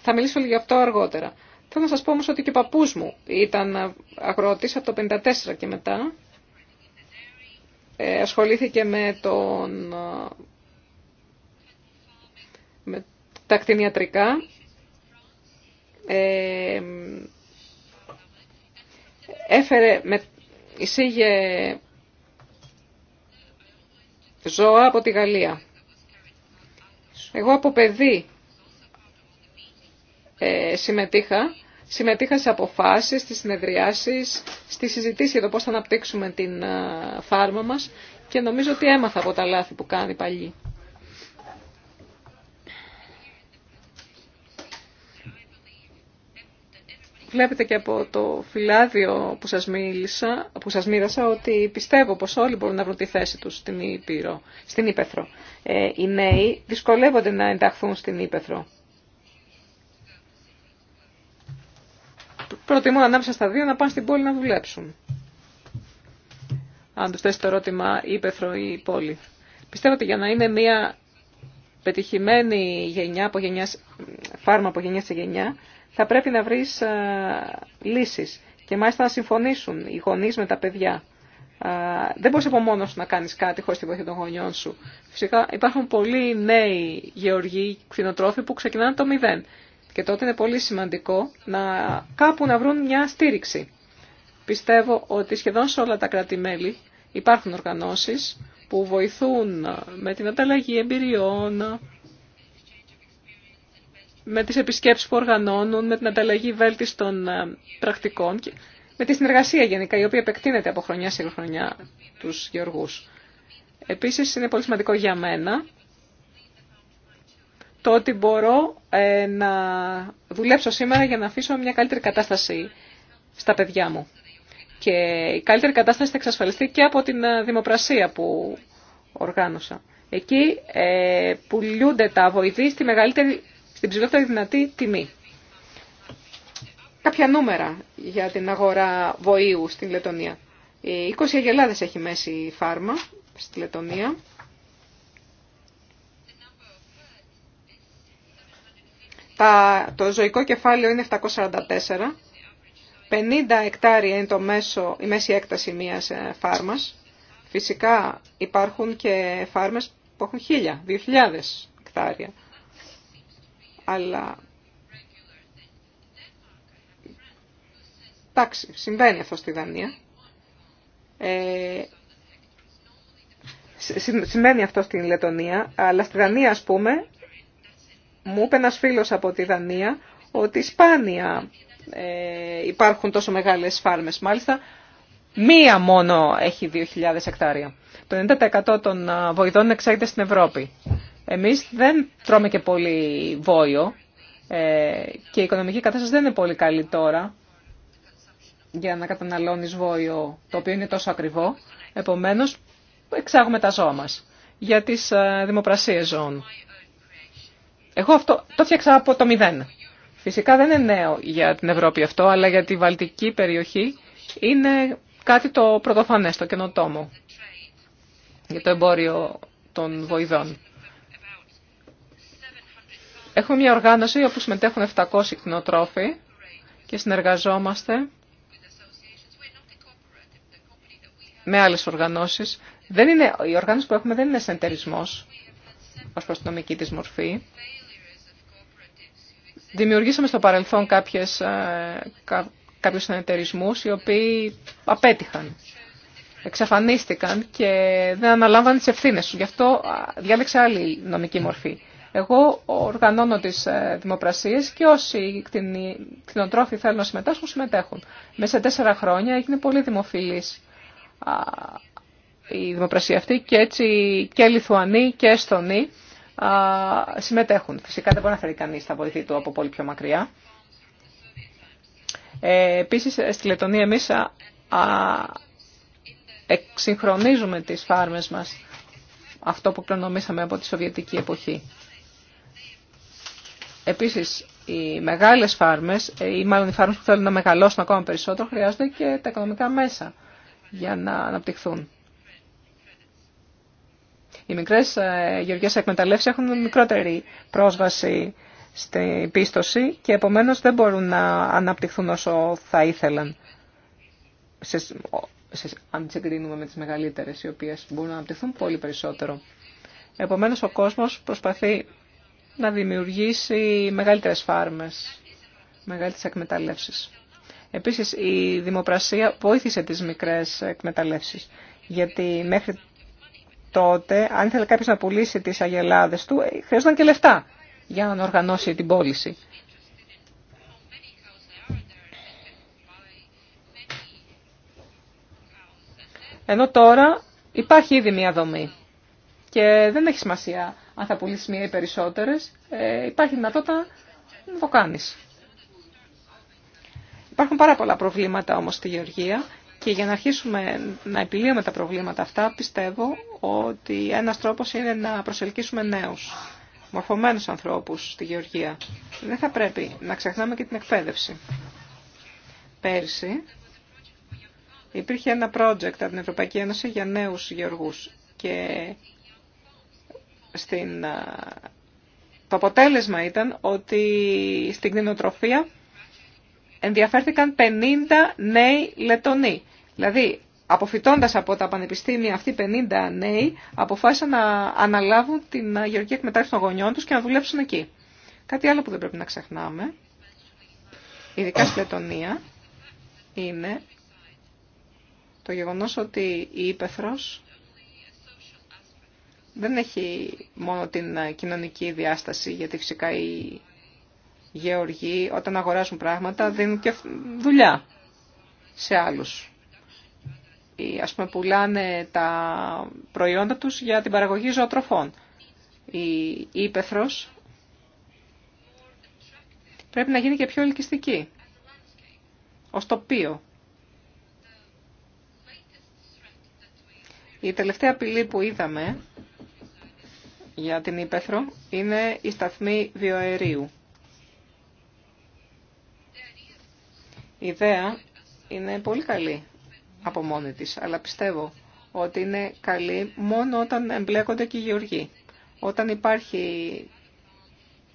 Θα μιλήσω λίγο αυτό αργότερα. Θέλω να σας πω όμως ότι και ο παππούς μου ήταν αγρότης από το 1954 και μετά. Ε, ασχολήθηκε με, τον, ε, με τα κτηνιατρικά. Ε, έφερε, με, εισήγε ζώα από τη Γαλλία. Εγώ από παιδί ε, συμμετείχα. Συμμετείχα σε αποφάσεις, στις συνεδριάσεις, στη συζητήση για το πώς θα αναπτύξουμε την ε, φάρμα μας και νομίζω ότι έμαθα από τα λάθη που κάνει παλιή. Βλέπετε και από το φυλάδιο που σας, μίλησα, που σας μοίρασα ότι πιστεύω πως όλοι μπορούν να βρουν τη θέση τους στην, Ήπειρο, στην Ήπεθρο. Ε, οι νέοι δυσκολεύονται να ενταχθούν στην Ήπεθρο. προτιμούν ανάμεσα στα δύο να πάνε στην πόλη να δουλέψουν. Αν του θέσει το ερώτημα η η πολη Πιστεύω ότι για να είναι μια πετυχημένη γενιά, από γενιά φάρμα από γενιά σε γενιά, θα πρέπει να βρεις λύσει λύσεις και μάλιστα να συμφωνήσουν οι γονείς με τα παιδιά. Α, ε, δεν μπορεί από μόνος να κάνεις κάτι χωρίς τη βοήθεια των γονιών σου. Φυσικά υπάρχουν πολλοί νέοι γεωργοί κτηνοτρόφοι που ξεκινάνε το μηδέν και τότε είναι πολύ σημαντικό να κάπου να βρουν μια στήριξη. Πιστεύω ότι σχεδόν σε όλα τα κράτη-μέλη υπάρχουν οργανώσεις που βοηθούν ε, με την ανταλλαγή εμπειριών, ε, με τις επισκέψεις που οργανώνουν, με την ανταλλαγή βέλτιστων ε, πρακτικών, και με τη συνεργασία γενικά, η οποία επεκτείνεται από χρονιά σε χρονιά τους γεωργούς. Επίσης, είναι πολύ σημαντικό για μένα το ότι μπορώ ε, να δουλέψω σήμερα για να αφήσω μια καλύτερη κατάσταση στα παιδιά μου. Και η καλύτερη κατάσταση θα εξασφαλιστεί και από την ε, δημοπρασία που οργάνωσα. Εκεί ε, πουλούνται τα βοηθή στη μεγαλύτερη, στην ψηλότερη δυνατή τιμή. Κάποια νούμερα για την αγορά βοήου στην Λετωνία. 20 ε, αγελάδες έχει μέση φάρμα στη Λετωνία. το ζωικό κεφάλαιο είναι 744, 50 εκτάρια είναι το μέσο, η μέση έκταση μιας ε, φάρμας. Φυσικά υπάρχουν και φάρμες που έχουν 1.000, 2.000 εκτάρια. Αλλά Εντάξει, συμβαίνει αυτό στη Δανία. Ε, συμβαίνει αυτό στην Λετωνία, αλλά στη Δανία, ας πούμε, μου είπε ένας φίλος από τη Δανία ότι σπάνια ε, υπάρχουν τόσο μεγάλες φάρμες. Μάλιστα, μία μόνο έχει 2.000 εκτάρια. Το 90% των ε, βοηδών εξάγεται στην Ευρώπη. Εμείς δεν τρώμε και πολύ βόλιο ε, και η οικονομική κατάσταση δεν είναι πολύ καλή τώρα για να καταναλώνεις βόλιο το οποίο είναι τόσο ακριβό. Επομένως, εξάγουμε τα ζώα μας για τις ε, δημοπρασίες ζώων. Εγώ αυτό το φτιάξα από το μηδέν. Φυσικά δεν είναι νέο για την Ευρώπη αυτό, αλλά για τη βαλτική περιοχή είναι κάτι το πρωτοφανέ, το καινοτόμο για το εμπόριο των βοηδών. Έχουμε μια οργάνωση όπου συμμετέχουν 700 κτηνοτρόφοι και συνεργαζόμαστε με άλλες οργανώσεις. Δεν είναι, η οργάνωση που έχουμε δεν είναι συνεταιρισμός ως προς τη νομική της μορφή. Δημιουργήσαμε στο παρελθόν κάποιες, ε, κάποιους συνεταιρισμούς οι οποίοι απέτυχαν, εξαφανίστηκαν και δεν αναλάμβανε τις ευθύνες τους. Γι' αυτό διάλεξα άλλη νομική μορφή. Εγώ οργανώνω τις ε, δημοπρασίες και όσοι κτηνοτρόφοι θέλουν να συμμετάσχουν, συμμετέχουν. Μέσα σε τέσσερα χρόνια έγινε πολύ δημοφιλής η δημοπρασία αυτή και έτσι και Λιθουανοί και Εστονοί συμμετέχουν. Φυσικά δεν μπορεί να φέρει κανεί τα βοηθή του από πολύ πιο μακριά. Ε, επίσης, στη Λετωνία εμείς α, εξυγχρονίζουμε τις φάρμες μας, αυτό που προνομήσαμε από τη Σοβιετική εποχή. Επίσης, οι μεγάλες φάρμες, ε, ή μάλλον οι φάρμες που θέλουν να μεγαλώσουν ακόμα περισσότερο, χρειάζονται και τα οικονομικά μέσα για να αναπτυχθούν. Οι μικρές ε, γεωργίες εκμεταλλεύσεις έχουν μικρότερη πρόσβαση στην πίστοση και επομένως δεν μπορούν να αναπτυχθούν όσο θα ήθελαν. Σε, σε, αν τις εγκρίνουμε με τις μεγαλύτερες, οι οποίες μπορούν να αναπτυχθούν πολύ περισσότερο. Επομένως ο κόσμος προσπαθεί να δημιουργήσει μεγαλύτερες φάρμες, μεγαλύτερες εκμεταλλεύσεις. Επίσης η δημοπρασία βοήθησε τις μικρές εκμεταλλεύσεις, γιατί μέχρι τότε, αν ήθελε κάποιο να πουλήσει τι αγελάδε του, ε, χρειάζονταν και λεφτά για να οργανώσει την πώληση. Ενώ τώρα υπάρχει ήδη μία δομή και δεν έχει σημασία αν θα πουλήσει μία ή περισσότερες, ε, υπάρχει δυνατότητα να το κάνεις. Υπάρχουν πάρα πολλά προβλήματα όμως στη Γεωργία και για να αρχίσουμε να επιλύουμε τα προβλήματα αυτά, πιστεύω ότι ένας τρόπος είναι να προσελκύσουμε νέους, μορφωμένους ανθρώπους στη Γεωργία. Δεν θα πρέπει να ξεχνάμε και την εκπαίδευση. Πέρσι υπήρχε ένα project από την Ευρωπαϊκή Ένωση για νέους γεωργούς και στην... το αποτέλεσμα ήταν ότι στην κτηνοτροφία ενδιαφέρθηκαν 50 νέοι Λετονοί. Δηλαδή, αποφυτώντα από τα πανεπιστήμια αυτοί 50 νέοι, αποφάσισαν να αναλάβουν την ε, γεωργική εκμετάλλευση των γονιών του και να δουλέψουν εκεί. Κάτι άλλο που δεν πρέπει να ξεχνάμε, ειδικά στη Λετωνία, είναι το γεγονός ότι η Ήπεθρος δεν έχει μόνο την ε, κοινωνική διάσταση, γιατί φυσικά η γεωργοί όταν αγοράζουν πράγματα δίνουν και δουλειά σε άλλους. Ή, ας πούμε πουλάνε τα προϊόντα τους για την παραγωγή ζωοτροφών. Η ύπεθρος πρέπει να γίνει και πιο ελκυστική ως τοπίο. Η τελευταία απειλή που είδαμε για την Ήπεθρο είναι η σταθμή βιοαερίου. Η ιδέα είναι πολύ καλή από μόνη της, αλλά πιστεύω ότι είναι καλή μόνο όταν εμπλέκονται και οι γεωργοί. Όταν υπάρχει,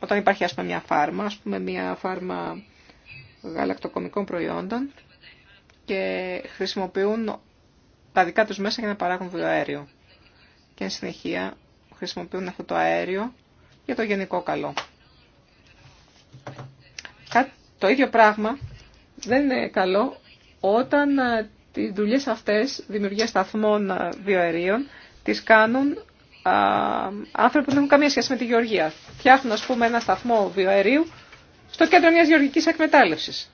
όταν υπάρχει ας πούμε, μια φάρμα, ας πούμε μια φάρμα γαλακτοκομικών προϊόντων και χρησιμοποιούν τα δικά τους μέσα για να παράγουν βιοαέριο. Και εν συνεχεία χρησιμοποιούν αυτό το αέριο για το γενικό καλό. Το ίδιο πράγμα δεν είναι καλό όταν τις ε, δουλειές αυτές, δημιουργία σταθμών ε, βιοαερίων, τις κάνουν άνθρωποι που δεν έχουν καμία σχέση με τη γεωργία. Φτιάχνουν, ας πούμε, ένα σταθμό βιοαερίου στο κέντρο μιας γεωργικής εκμετάλλευσης.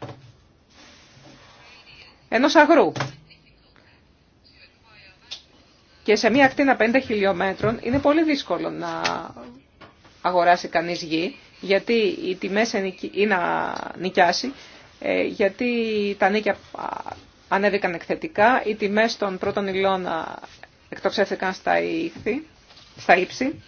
Ενός αγρού. Και σε μια ακτίνα 50 χιλιόμετρων είναι πολύ δύσκολο να αγοράσει κανείς γη, γιατί οι τιμές είναι να νοικιάσει ε, γιατί τα νίκια ανέβηκαν εκθετικά, οι τιμές των πρώτων υλών εκτοξεύθηκαν στα, ύψη.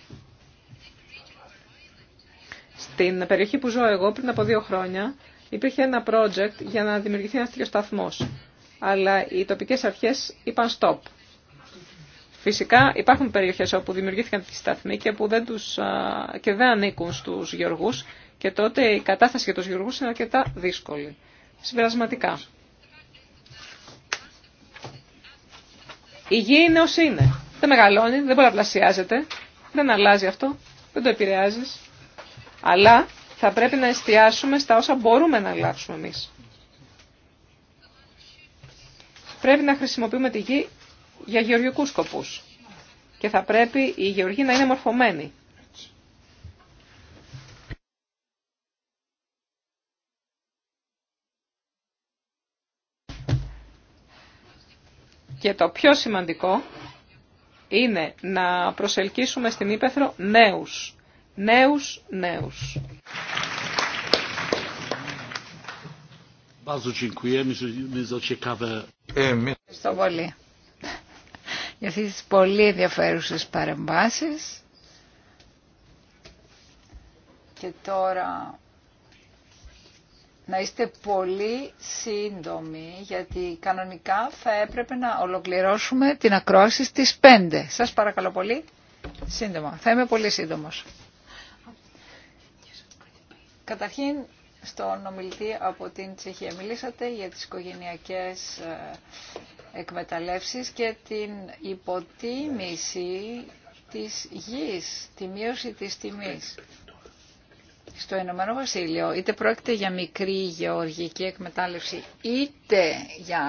Στην περιοχή που ζω εγώ πριν από δύο χρόνια υπήρχε ένα project για να δημιουργηθεί ένας τέτοιος σταθμός. Αλλά οι τοπικές αρχές είπαν stop. Φυσικά υπάρχουν περιοχές όπου δημιουργήθηκαν τέτοιοι σταθμοί και που δεν τους, και δεν ανήκουν στους γεωργούς και τότε η κατάσταση για τους γεωργούς είναι αρκετά δύσκολη. Συμπερασματικά. Η γη είναι ως είναι. Δεν μεγαλώνει, δεν πολλαπλασιάζεται, δεν αλλάζει αυτό, δεν το επηρεάζει. Αλλά θα πρέπει να εστιάσουμε στα όσα μπορούμε να αλλάξουμε εμείς. Πρέπει να χρησιμοποιούμε τη γη για γεωργικούς σκοπούς. Και θα πρέπει η γεωργία να είναι μορφωμένη. Και το πιο σημαντικό είναι να προσελκύσουμε στην Ήπεθρο νέους. Νέους, νέους. Ε, Ευχαριστώ πολύ για αυτές τις πολύ ενδιαφέρουσες παρεμβάσεις. Και τώρα να είστε πολύ σύντομοι, γιατί κανονικά θα έπρεπε να ολοκληρώσουμε την ακρόαση στις 5. Σας παρακαλώ πολύ, σύντομα. Θα είμαι πολύ σύντομος. Καταρχήν, στον ομιλητή από την Τσεχία μιλήσατε για τις οικογενειακές ε, εκμεταλλεύσεις και την υποτίμηση της γης, τη μείωση της τιμής στο Ηνωμένο Βασίλειο, είτε πρόκειται για μικρή γεωργική εκμετάλλευση, είτε για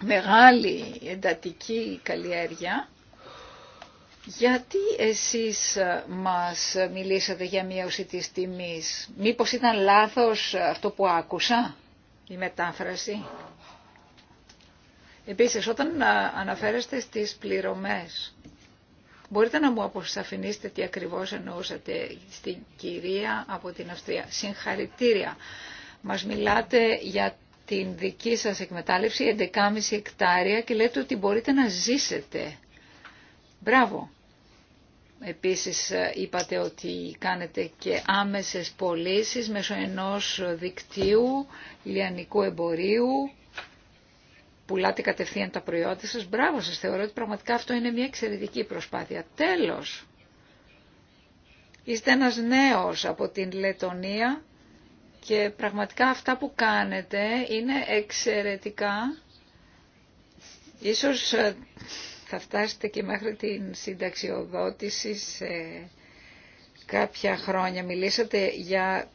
μεγάλη εντατική καλλιέργεια, γιατί εσείς μας μιλήσατε για μείωση της τιμής. Μήπως ήταν λάθος αυτό που άκουσα, η μετάφραση. Επίσης, όταν αναφέρεστε στις πληρωμές, Μπορείτε να μου αποσαφηνίσετε τι ακριβώς εννοούσατε στην κυρία από την Αυστρία. Συγχαρητήρια. Μας μιλάτε για την δική σας εκμετάλλευση 11,5 εκτάρια και λέτε ότι μπορείτε να ζήσετε. Μπράβο. Επίσης ε, είπατε ότι κάνετε και άμεσες πωλήσεις μέσω ενός δικτύου λιανικού εμπορίου πουλάτε κατευθείαν τα προϊόντα σας. Μπράβο σας, θεωρώ ότι πραγματικά αυτό είναι μια εξαιρετική προσπάθεια. Τέλος, είστε ένας νέος από την Λετωνία και πραγματικά αυτά που κάνετε είναι εξαιρετικά. Ίσως ε, θα φτάσετε και μέχρι την συνταξιοδότηση σε κάποια χρόνια. Μιλήσατε για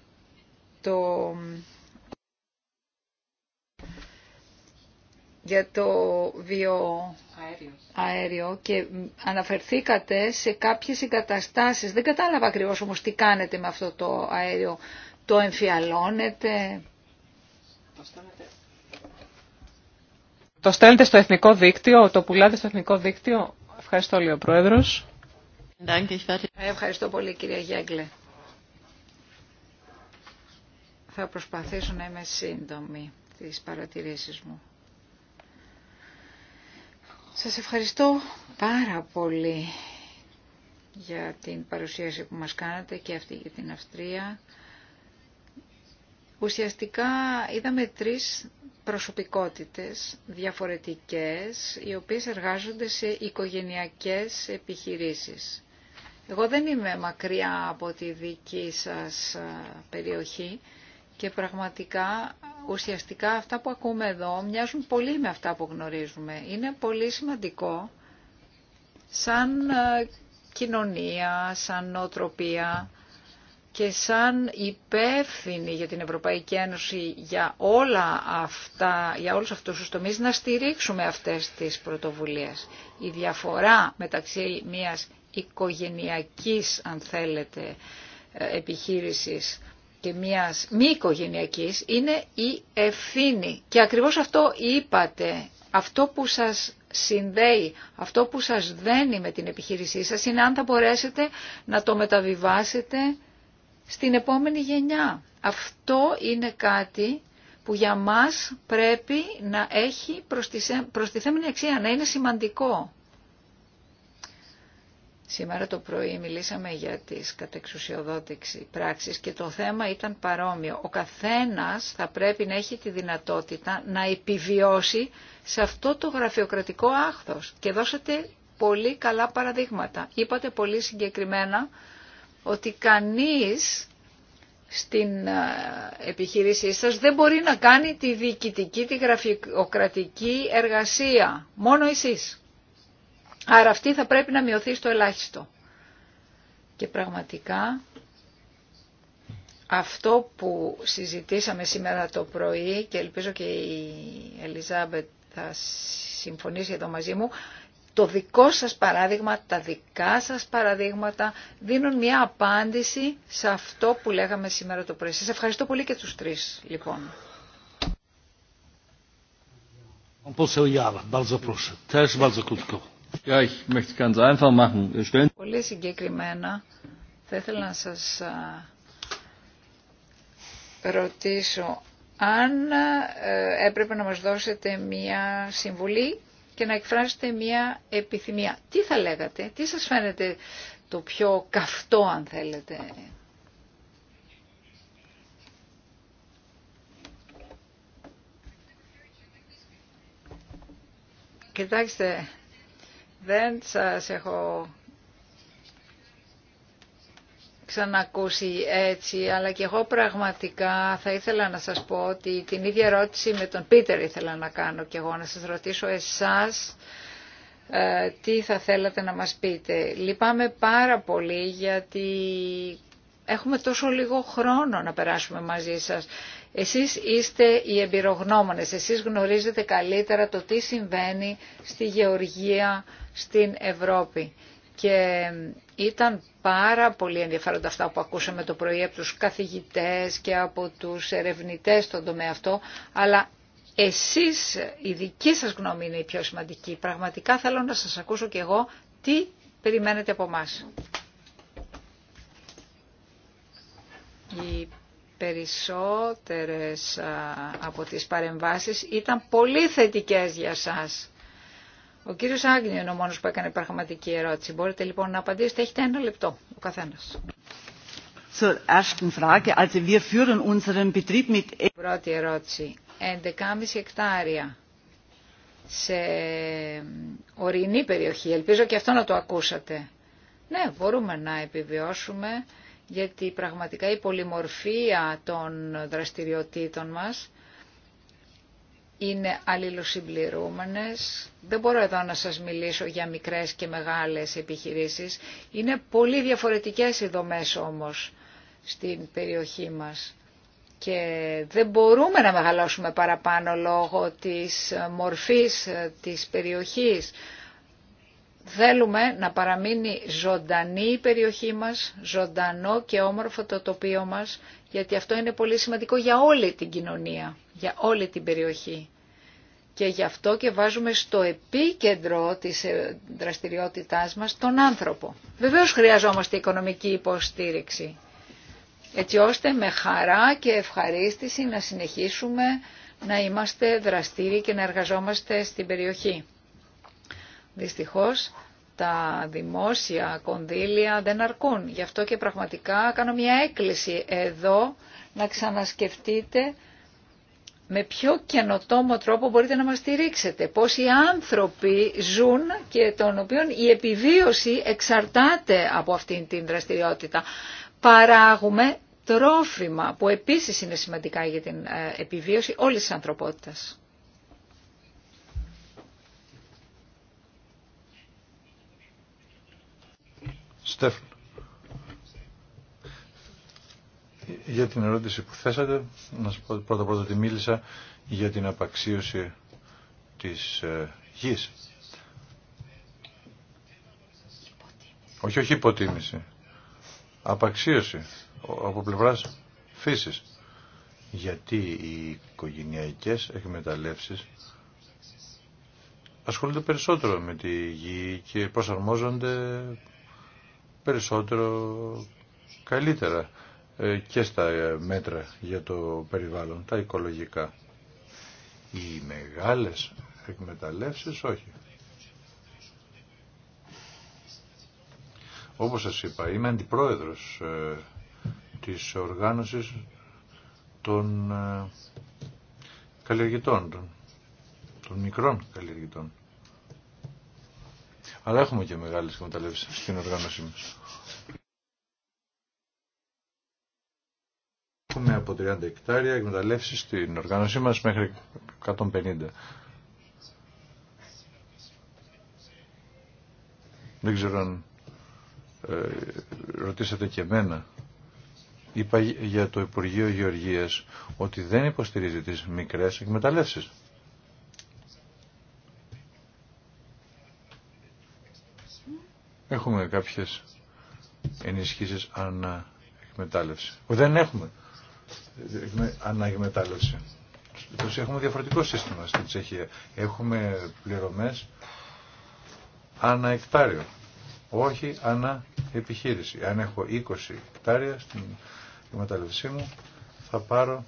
το για το βιοαέριο αέριο και αναφερθήκατε σε κάποιες εγκαταστάσεις Δεν κατάλαβα ακριβώς όμως τι κάνετε με αυτό το αέριο. Το εμφιαλώνετε. Το στέλνετε. το στο εθνικό δίκτυο, το πουλάτε στο εθνικό δίκτυο. Ευχαριστώ λέει ο Πρόεδρος. Ευχαριστώ πολύ κυρία Γέγκλε. Θα προσπαθήσω να είμαι σύντομη τις παρατηρήσεις μου. Σας ευχαριστώ πάρα πολύ για την παρουσίαση που μας κάνατε και αυτή για την Αυστρία. Ουσιαστικά είδαμε τρεις προσωπικότητες διαφορετικές, οι οποίες εργάζονται σε οικογενειακές επιχειρήσεις. Εγώ δεν είμαι μακριά από τη δική σας ε, περιοχή και πραγματικά ουσιαστικά αυτά που ακούμε εδώ μοιάζουν πολύ με αυτά που γνωρίζουμε. Είναι πολύ σημαντικό σαν ε, κοινωνία, σαν νοοτροπία και σαν υπεύθυνη για την Ευρωπαϊκή Ένωση για όλα αυτά, για όλους αυτούς τους τομείς να στηρίξουμε αυτές τις πρωτοβουλίες. Η διαφορά μεταξύ μιας οικογενειακής, αν θέλετε, ε, επιχείρησης και μιας μη οικογενειακής είναι η ευθύνη. Και ακριβώς αυτό είπατε, αυτό που σας συνδέει, αυτό που σας δένει με την επιχείρησή σας είναι αν θα μπορέσετε να το μεταβιβάσετε στην επόμενη γενιά. Αυτό είναι κάτι που για μας πρέπει να έχει προστιθέμενη αξία, να είναι σημαντικό. Σήμερα το πρωί μιλήσαμε για τις κατεξουσιοδότηξη πράξεις και το θέμα ήταν παρόμοιο. Ο καθένας θα πρέπει να έχει τη δυνατότητα να επιβιώσει σε αυτό το γραφειοκρατικό άχθος. Και δώσατε πολύ καλά παραδείγματα. Είπατε πολύ συγκεκριμένα ότι κανείς στην ε, επιχείρησή σας δεν μπορεί να κάνει τη διοικητική, τη γραφειοκρατική εργασία. Μόνο εσείς. Άρα αυτή θα πρέπει να μειωθεί στο ελάχιστο. Και πραγματικά αυτό που συζητήσαμε σήμερα το πρωί και ελπίζω και η Ελιζάμπετ θα συμφωνήσει εδώ μαζί μου, το δικό σας παράδειγμα, τα δικά σας παραδείγματα δίνουν μια απάντηση σε αυτό που λέγαμε σήμερα το πρωί. Σας ευχαριστώ πολύ και τους τρεις, λοιπόν. Πολύ συγκεκριμένα θα ήθελα να σας ρωτήσω αν ε, έπρεπε να μας δώσετε μία συμβουλή και να εκφράσετε μία επιθυμία. Τι θα λέγατε, τι σας φαίνεται το πιο καυτό αν θέλετε. Κοιτάξτε, δεν σας έχω ξανακούσει έτσι, αλλά και εγώ πραγματικά θα ήθελα να σας πω ότι την ίδια ερώτηση με τον Πίτερ ήθελα να κάνω και εγώ, να σας ρωτήσω εσάς ε, τι θα θέλατε να μας πείτε. Λυπάμαι πάρα πολύ γιατί Έχουμε τόσο λίγο χρόνο να περάσουμε μαζί σας. Εσείς είστε οι εμπειρογνώμονες, εσείς γνωρίζετε καλύτερα το τι συμβαίνει στη γεωργία στην Ευρώπη. Και ήταν πάρα πολύ ενδιαφέροντα αυτά που ακούσαμε το πρωί από τους καθηγητές και από τους ερευνητές στον τομέα αυτό, αλλά εσείς, η δική σας γνώμη είναι η πιο σημαντική. Πραγματικά θέλω να σας ακούσω κι εγώ τι περιμένετε από εμά. Οι περισσότερες από τις παρεμβάσεις ήταν πολύ θετικές για σας. Ο κύριος Άγνη είναι ο μόνος που έκανε πραγματική ερώτηση. Μπορείτε λοιπόν να απαντήσετε. Έχετε ένα λεπτό ο καθένας. Zur e- Πρώτη ερώτηση. 11,5 εκτάρια σε ορεινή περιοχή. Ελπίζω και αυτό να το ακούσατε. Ναι, μπορούμε να επιβιώσουμε γιατί πραγματικά η πολυμορφία των δραστηριοτήτων μας είναι αλληλοσυμπληρούμενες. Δεν μπορώ εδώ να σας μιλήσω για μικρές και μεγάλες επιχειρήσεις. Είναι πολύ διαφορετικές οι δομές όμως στην περιοχή μας. Και δεν μπορούμε να μεγαλώσουμε παραπάνω λόγω της μορφής της περιοχής. Θέλουμε να παραμείνει ζωντανή η περιοχή μας, ζωντανό και όμορφο το τοπίο μας, γιατί αυτό είναι πολύ σημαντικό για όλη την κοινωνία, για όλη την περιοχή. Και γι' αυτό και βάζουμε στο επίκεντρο της ε, δραστηριότητάς μας τον άνθρωπο. Βεβαίως χρειαζόμαστε οικονομική υποστήριξη, έτσι ώστε με χαρά και ευχαρίστηση να συνεχίσουμε να είμαστε δραστήριοι και να εργαζόμαστε στην περιοχή. Δυστυχώς τα δημόσια κονδύλια δεν αρκούν. Γι' αυτό και πραγματικά κάνω μια έκκληση εδώ να ξανασκεφτείτε με ποιο καινοτόμο τρόπο μπορείτε να μας στηρίξετε. Πώς οι άνθρωποι ζουν και τον οποίων η επιβίωση εξαρτάται από αυτήν την δραστηριότητα. Παράγουμε τρόφιμα που επίσης είναι σημαντικά για την ε, επιβίωση όλης της ανθρωπότητας. Στέφαν. Για την ερώτηση που θέσατε, να σας πω πρώτα πρώτα ότι μίλησα για την απαξίωση της ε, γης. Όχι, όχι υποτίμηση. Απαξίωση από πλευράς φύσης. Γιατί οι οικογενειακές εκμεταλλεύσεις ασχολούνται περισσότερο με τη γη και προσαρμόζονται περισσότερο καλύτερα ε, και στα ε, μέτρα για το περιβάλλον, τα οικολογικά. Οι μεγάλες εκμεταλλεύσεις όχι. Όπως σας είπα, είμαι αντιπρόεδρος ε, της οργάνωσης των καλλιεργητών, των, των μικρών καλλιεργητών. Αλλά έχουμε και μεγάλες εκμεταλλεύσεις στην οργάνωσή μας. Έχουμε από 30 εκτάρια εκμεταλλεύσεις στην οργάνωσή μας μέχρι 150. Δεν ξέρω αν ε, ρωτήσατε και εμένα. Είπα για το Υπουργείο Γεωργίας ότι δεν υποστηρίζει τις μικρές εκμεταλλεύσεις. έχουμε κάποιες ενισχύσεις αναεκμετάλλευση. Δεν έχουμε αναεκμετάλλευση. Τους έχουμε διαφορετικό σύστημα στην Τσεχία. Έχουμε πληρωμές ανά εκτάριο, όχι ανά επιχείρηση. Αν έχω 20 εκτάρια στην εκμεταλλευσή μου, θα πάρω,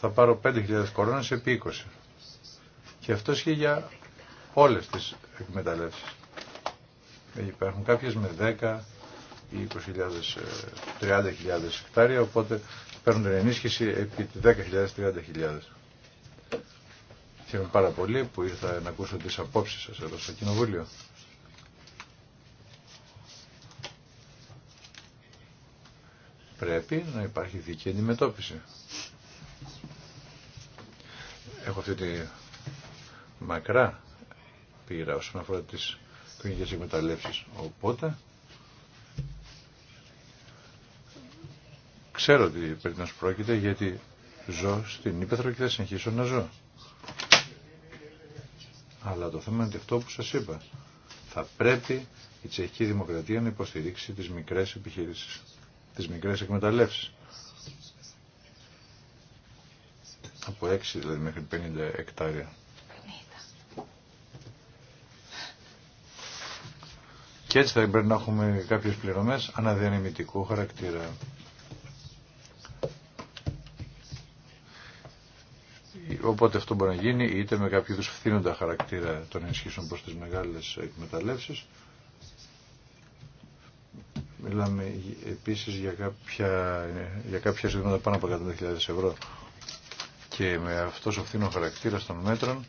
θα πάρω 5.000 κορώνες επί 20. Και αυτό ισχύει για όλες τις εκμεταλλεύσεις. Υπάρχουν κάποιες με 10 ή 20.000, 30.000 ε, εκτάρια, οπότε παίρνουν την ενίσχυση επί 10.000-30.000. Χαίρομαι πάρα πολύ που ήρθα να ακούσω τις απόψεις σας εδώ στο Κοινοβούλιο. Πρέπει να υπάρχει δίκαιη αντιμετώπιση. Έχω αυτή τη μακρά πείρα όσον αφορά τις κοινωνικές εκμεταλλεύσεις. Οπότε, ξέρω ότι περί να πρόκειται γιατί ζω στην Ήπεθρο και θα συνεχίσω να ζω. Αλλά το θέμα είναι αυτό που σας είπα. Θα πρέπει η τσεχική δημοκρατία να υποστηρίξει τις μικρές επιχειρήσεις, τις μικρές εκμεταλλεύσεις. Από 6 δηλαδή μέχρι 50 εκτάρια. Και έτσι θα πρέπει να έχουμε κάποιες πληρωμές αναδιανεμητικού χαρακτήρα. Οπότε αυτό μπορεί να γίνει είτε με κάποιο είδους φθήνοντα χαρακτήρα των ενισχύσεων προς τις μεγάλες εκμεταλλεύσεις. Μιλάμε επίσης για κάποια, για κάποια πάνω από 100.000 ευρώ και με αυτός ο φθήνο χαρακτήρα των μέτρων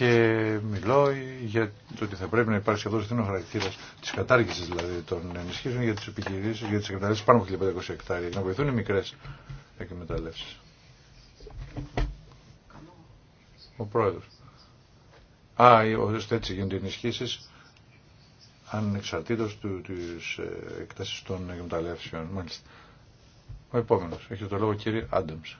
και μιλώ για το ότι θα πρέπει να υπάρξει αυτό ο χαρακτήρα τη κατάργηση δηλαδή των ενισχύσεων για τι επιχειρήσει, για τι εκμεταλλεύσει πάνω από 1500 εκτάρια, να βοηθούν οι μικρέ εκμεταλλεύσει. Ο πρόεδρο. Α, ώστε έτσι γίνονται οι ενισχύσει ανεξαρτήτω τη έκταση ε, των εκμεταλλεύσεων. Ο επόμενο. έχει το λόγο κύριε Άντεμς.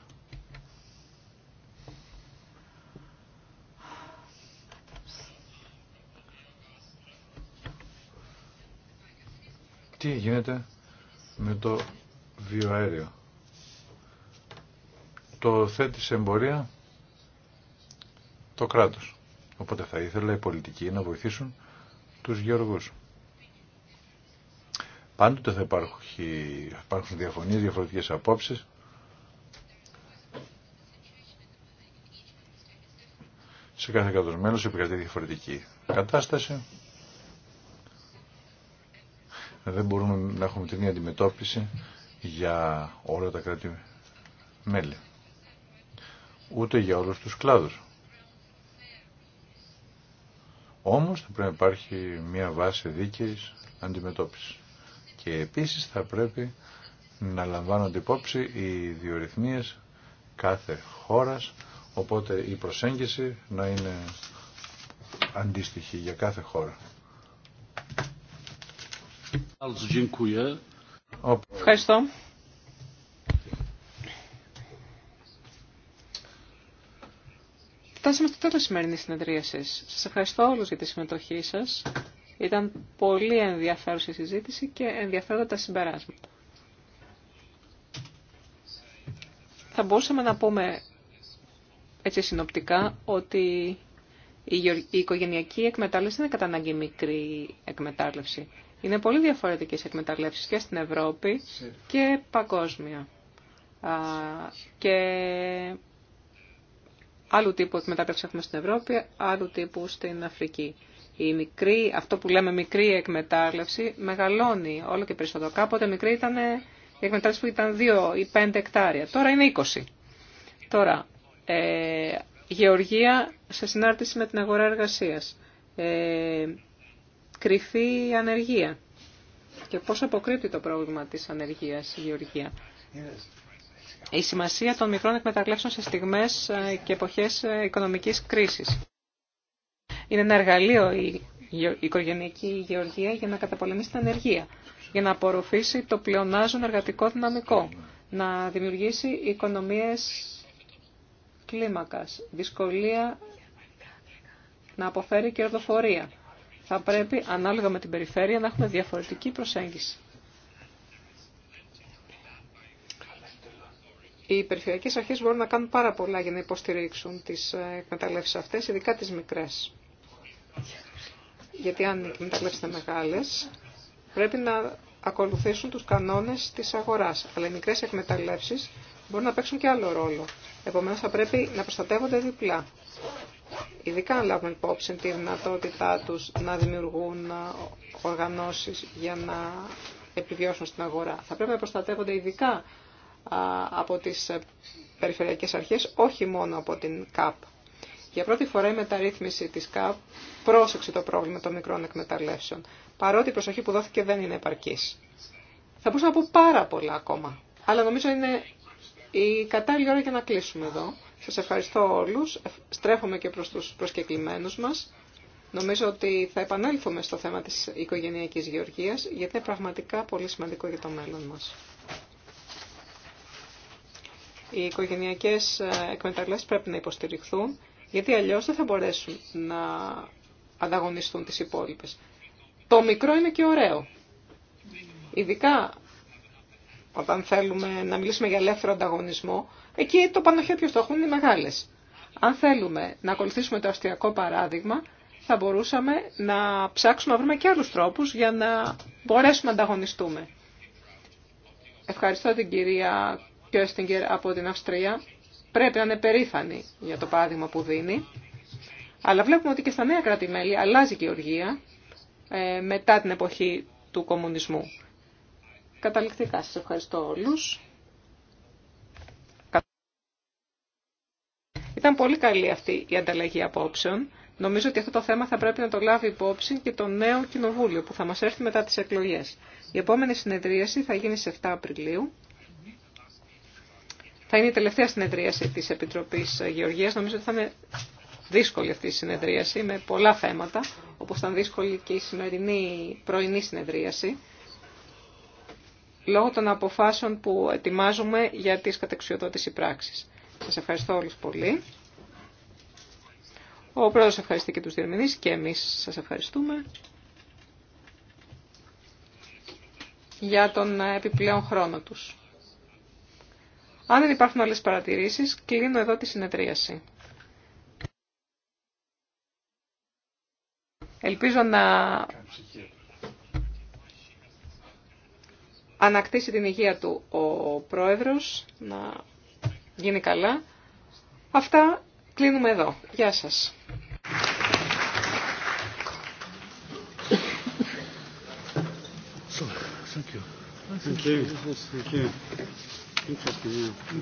τι γίνεται με το βιοαέριο. Το θέτει σε εμπορία το κράτος. Οπότε θα ήθελα οι πολιτικοί να βοηθήσουν τους γεωργούς. Πάντοτε θα υπάρχουν διαφωνίες, διαφορετικές απόψεις. Σε κάθε κράτος επικρατεί διαφορετική κατάσταση δεν μπορούμε να έχουμε την αντιμετώπιση για όλα τα κράτη-μέλη. Ούτε για όλους τους κλάδους. Όμως θα πρέπει να υπάρχει μια βάση δίκαιης αντιμετώπισης. Και επίσης θα πρέπει να λαμβάνονται υπόψη οι διορυθμίες κάθε χώρας, οπότε η προσέγγιση να είναι αντίστοιχη για κάθε χώρα. Ευχαριστώ. Φτάσαμε στο τέλος σημερινή συνεδρία συνεδρίασης. Σας ευχαριστώ όλους για τη συμμετοχή σας. Ήταν πολύ ενδιαφέρουσα η συζήτηση και ενδιαφέροντα τα συμπεράσματα. Θα μπορούσαμε να πούμε έτσι συνοπτικά ότι η οικογενειακή εκμετάλλευση δεν είναι κατά ανάγκη μικρή εκμετάλλευση. Είναι πολύ διαφορετικές εκμεταλλεύσεις και στην Ευρώπη και παγκόσμια. και άλλου τύπου εκμετάλλευση έχουμε στην Ευρώπη, άλλου τύπου στην Αφρική. Η μικρή, αυτό που λέμε μικρή εκμετάλλευση μεγαλώνει όλο και περισσότερο. Κάποτε μικρή ήταν η εκμετάλλευση που ήταν 2 ή 5 εκτάρια. Τώρα είναι 20. Τώρα, ε, γεωργία σε συνάρτηση με την αγορά εργασίας. Ε, κρυφή ανεργία και πώς αποκρύπτει το πρόβλημα της ανεργίας η γεωργία. Η σημασία των μικρών εκμεταλλεύσεων σε στιγμές ε, και εποχές ε, οικονομικής κρίσης. Είναι ένα εργαλείο η οικογενειακή γεωργία για να καταπολεμήσει την ανεργία, για να απορροφήσει το πλεονάζον εργατικό δυναμικό, να δημιουργήσει οικονομίες κλίμακας, δυσκολία να αποφέρει κερδοφορία θα πρέπει ανάλογα με την περιφέρεια να έχουμε διαφορετική προσέγγιση. Οι περιφερειακές αρχές μπορούν να κάνουν πάρα πολλά για να υποστηρίξουν τις ε, εκμεταλλεύσεις αυτές, ειδικά τις μικρές. Γιατί αν οι εκμεταλλεύσεις είναι μεγάλες, πρέπει να ακολουθήσουν τους κανόνες της αγοράς. Αλλά οι μικρές εκμεταλλεύσεις μπορούν να παίξουν και άλλο ρόλο. Επομένως θα πρέπει να προστατεύονται διπλά. Ειδικά αν λάβουμε υπόψη τη δυνατότητά τους να δημιουργούν οργανώσεις για να επιβιώσουν στην αγορά. Θα πρέπει να προστατεύονται ειδικά από τις περιφερειακές αρχές, όχι μόνο από την ΚΑΠ. Για πρώτη φορά η μεταρρύθμιση της ΚΑΠ πρόσεξε το πρόβλημα των μικρών εκμεταλλεύσεων, παρότι η προσοχή που δόθηκε δεν είναι επαρκής. Θα μπορούσα να πω πάρα πολλά ακόμα, αλλά νομίζω είναι η κατάλληλη ώρα για να κλείσουμε εδώ. Σας ευχαριστώ όλους. Ε, στρέφομαι και προς τους προσκεκλημένους μας. Νομίζω ότι θα επανέλθουμε στο θέμα της οικογενειακής γεωργίας, γιατί είναι πραγματικά πολύ σημαντικό για το μέλλον μας. Οι οικογενειακές ε, εκμεταλλεύσεις πρέπει να υποστηριχθούν, γιατί αλλιώς δεν θα μπορέσουν να ανταγωνιστούν τις υπόλοιπες. Το μικρό είναι και ωραίο. Ειδικά όταν θέλουμε να μιλήσουμε για ελεύθερο ανταγωνισμό, Εκεί το πανοχέτιο το έχουν είναι μεγάλες. Αν θέλουμε να ακολουθήσουμε το αστιακό παράδειγμα, θα μπορούσαμε να ψάξουμε να βρούμε και άλλους τρόπους για να μπορέσουμε να ανταγωνιστούμε. Ευχαριστώ την κυρία Κιώστιγκερ από την Αυστρία. Πρέπει να είναι περήφανη για το παράδειγμα που δίνει. Αλλά βλέπουμε ότι και στα νέα κράτη-μέλη αλλάζει η γεωργία ε, μετά την εποχή του κομμουνισμού. Καταληκτικά σας ευχαριστώ όλους. Ήταν πολύ καλή αυτή η ανταλλαγή απόψεων. Νομίζω ότι αυτό το θέμα θα πρέπει να το λάβει υπόψη και το νέο κοινοβούλιο που θα μας έρθει μετά τις εκλογές. Η επόμενη συνεδρίαση θα γίνει σε 7 Απριλίου. Θα είναι η τελευταία συνεδρίαση της Επιτροπής Γεωργίας. Νομίζω ότι θα είναι δύσκολη αυτή η συνεδρίαση με πολλά θέματα, όπως ήταν δύσκολη και η σημερινή πρωινή συνεδρίαση, λόγω των αποφάσεων που ετοιμάζουμε για τις κατεξιοδότηση πράξεις. Σας ευχαριστώ όλους πολύ. Ο πρόεδρος ευχαριστεί και τους διερμηνείς και εμείς σας ευχαριστούμε για τον επιπλέον χρόνο τους. Αν δεν υπάρχουν άλλες παρατηρήσεις, κλείνω εδώ τη συνεδρίαση. Ελπίζω να ανακτήσει την υγεία του ο πρόεδρος, να γίνει καλά. Αυτά κλείνουμε εδώ. Γεια σας. Thank you. Thank you. Thank you.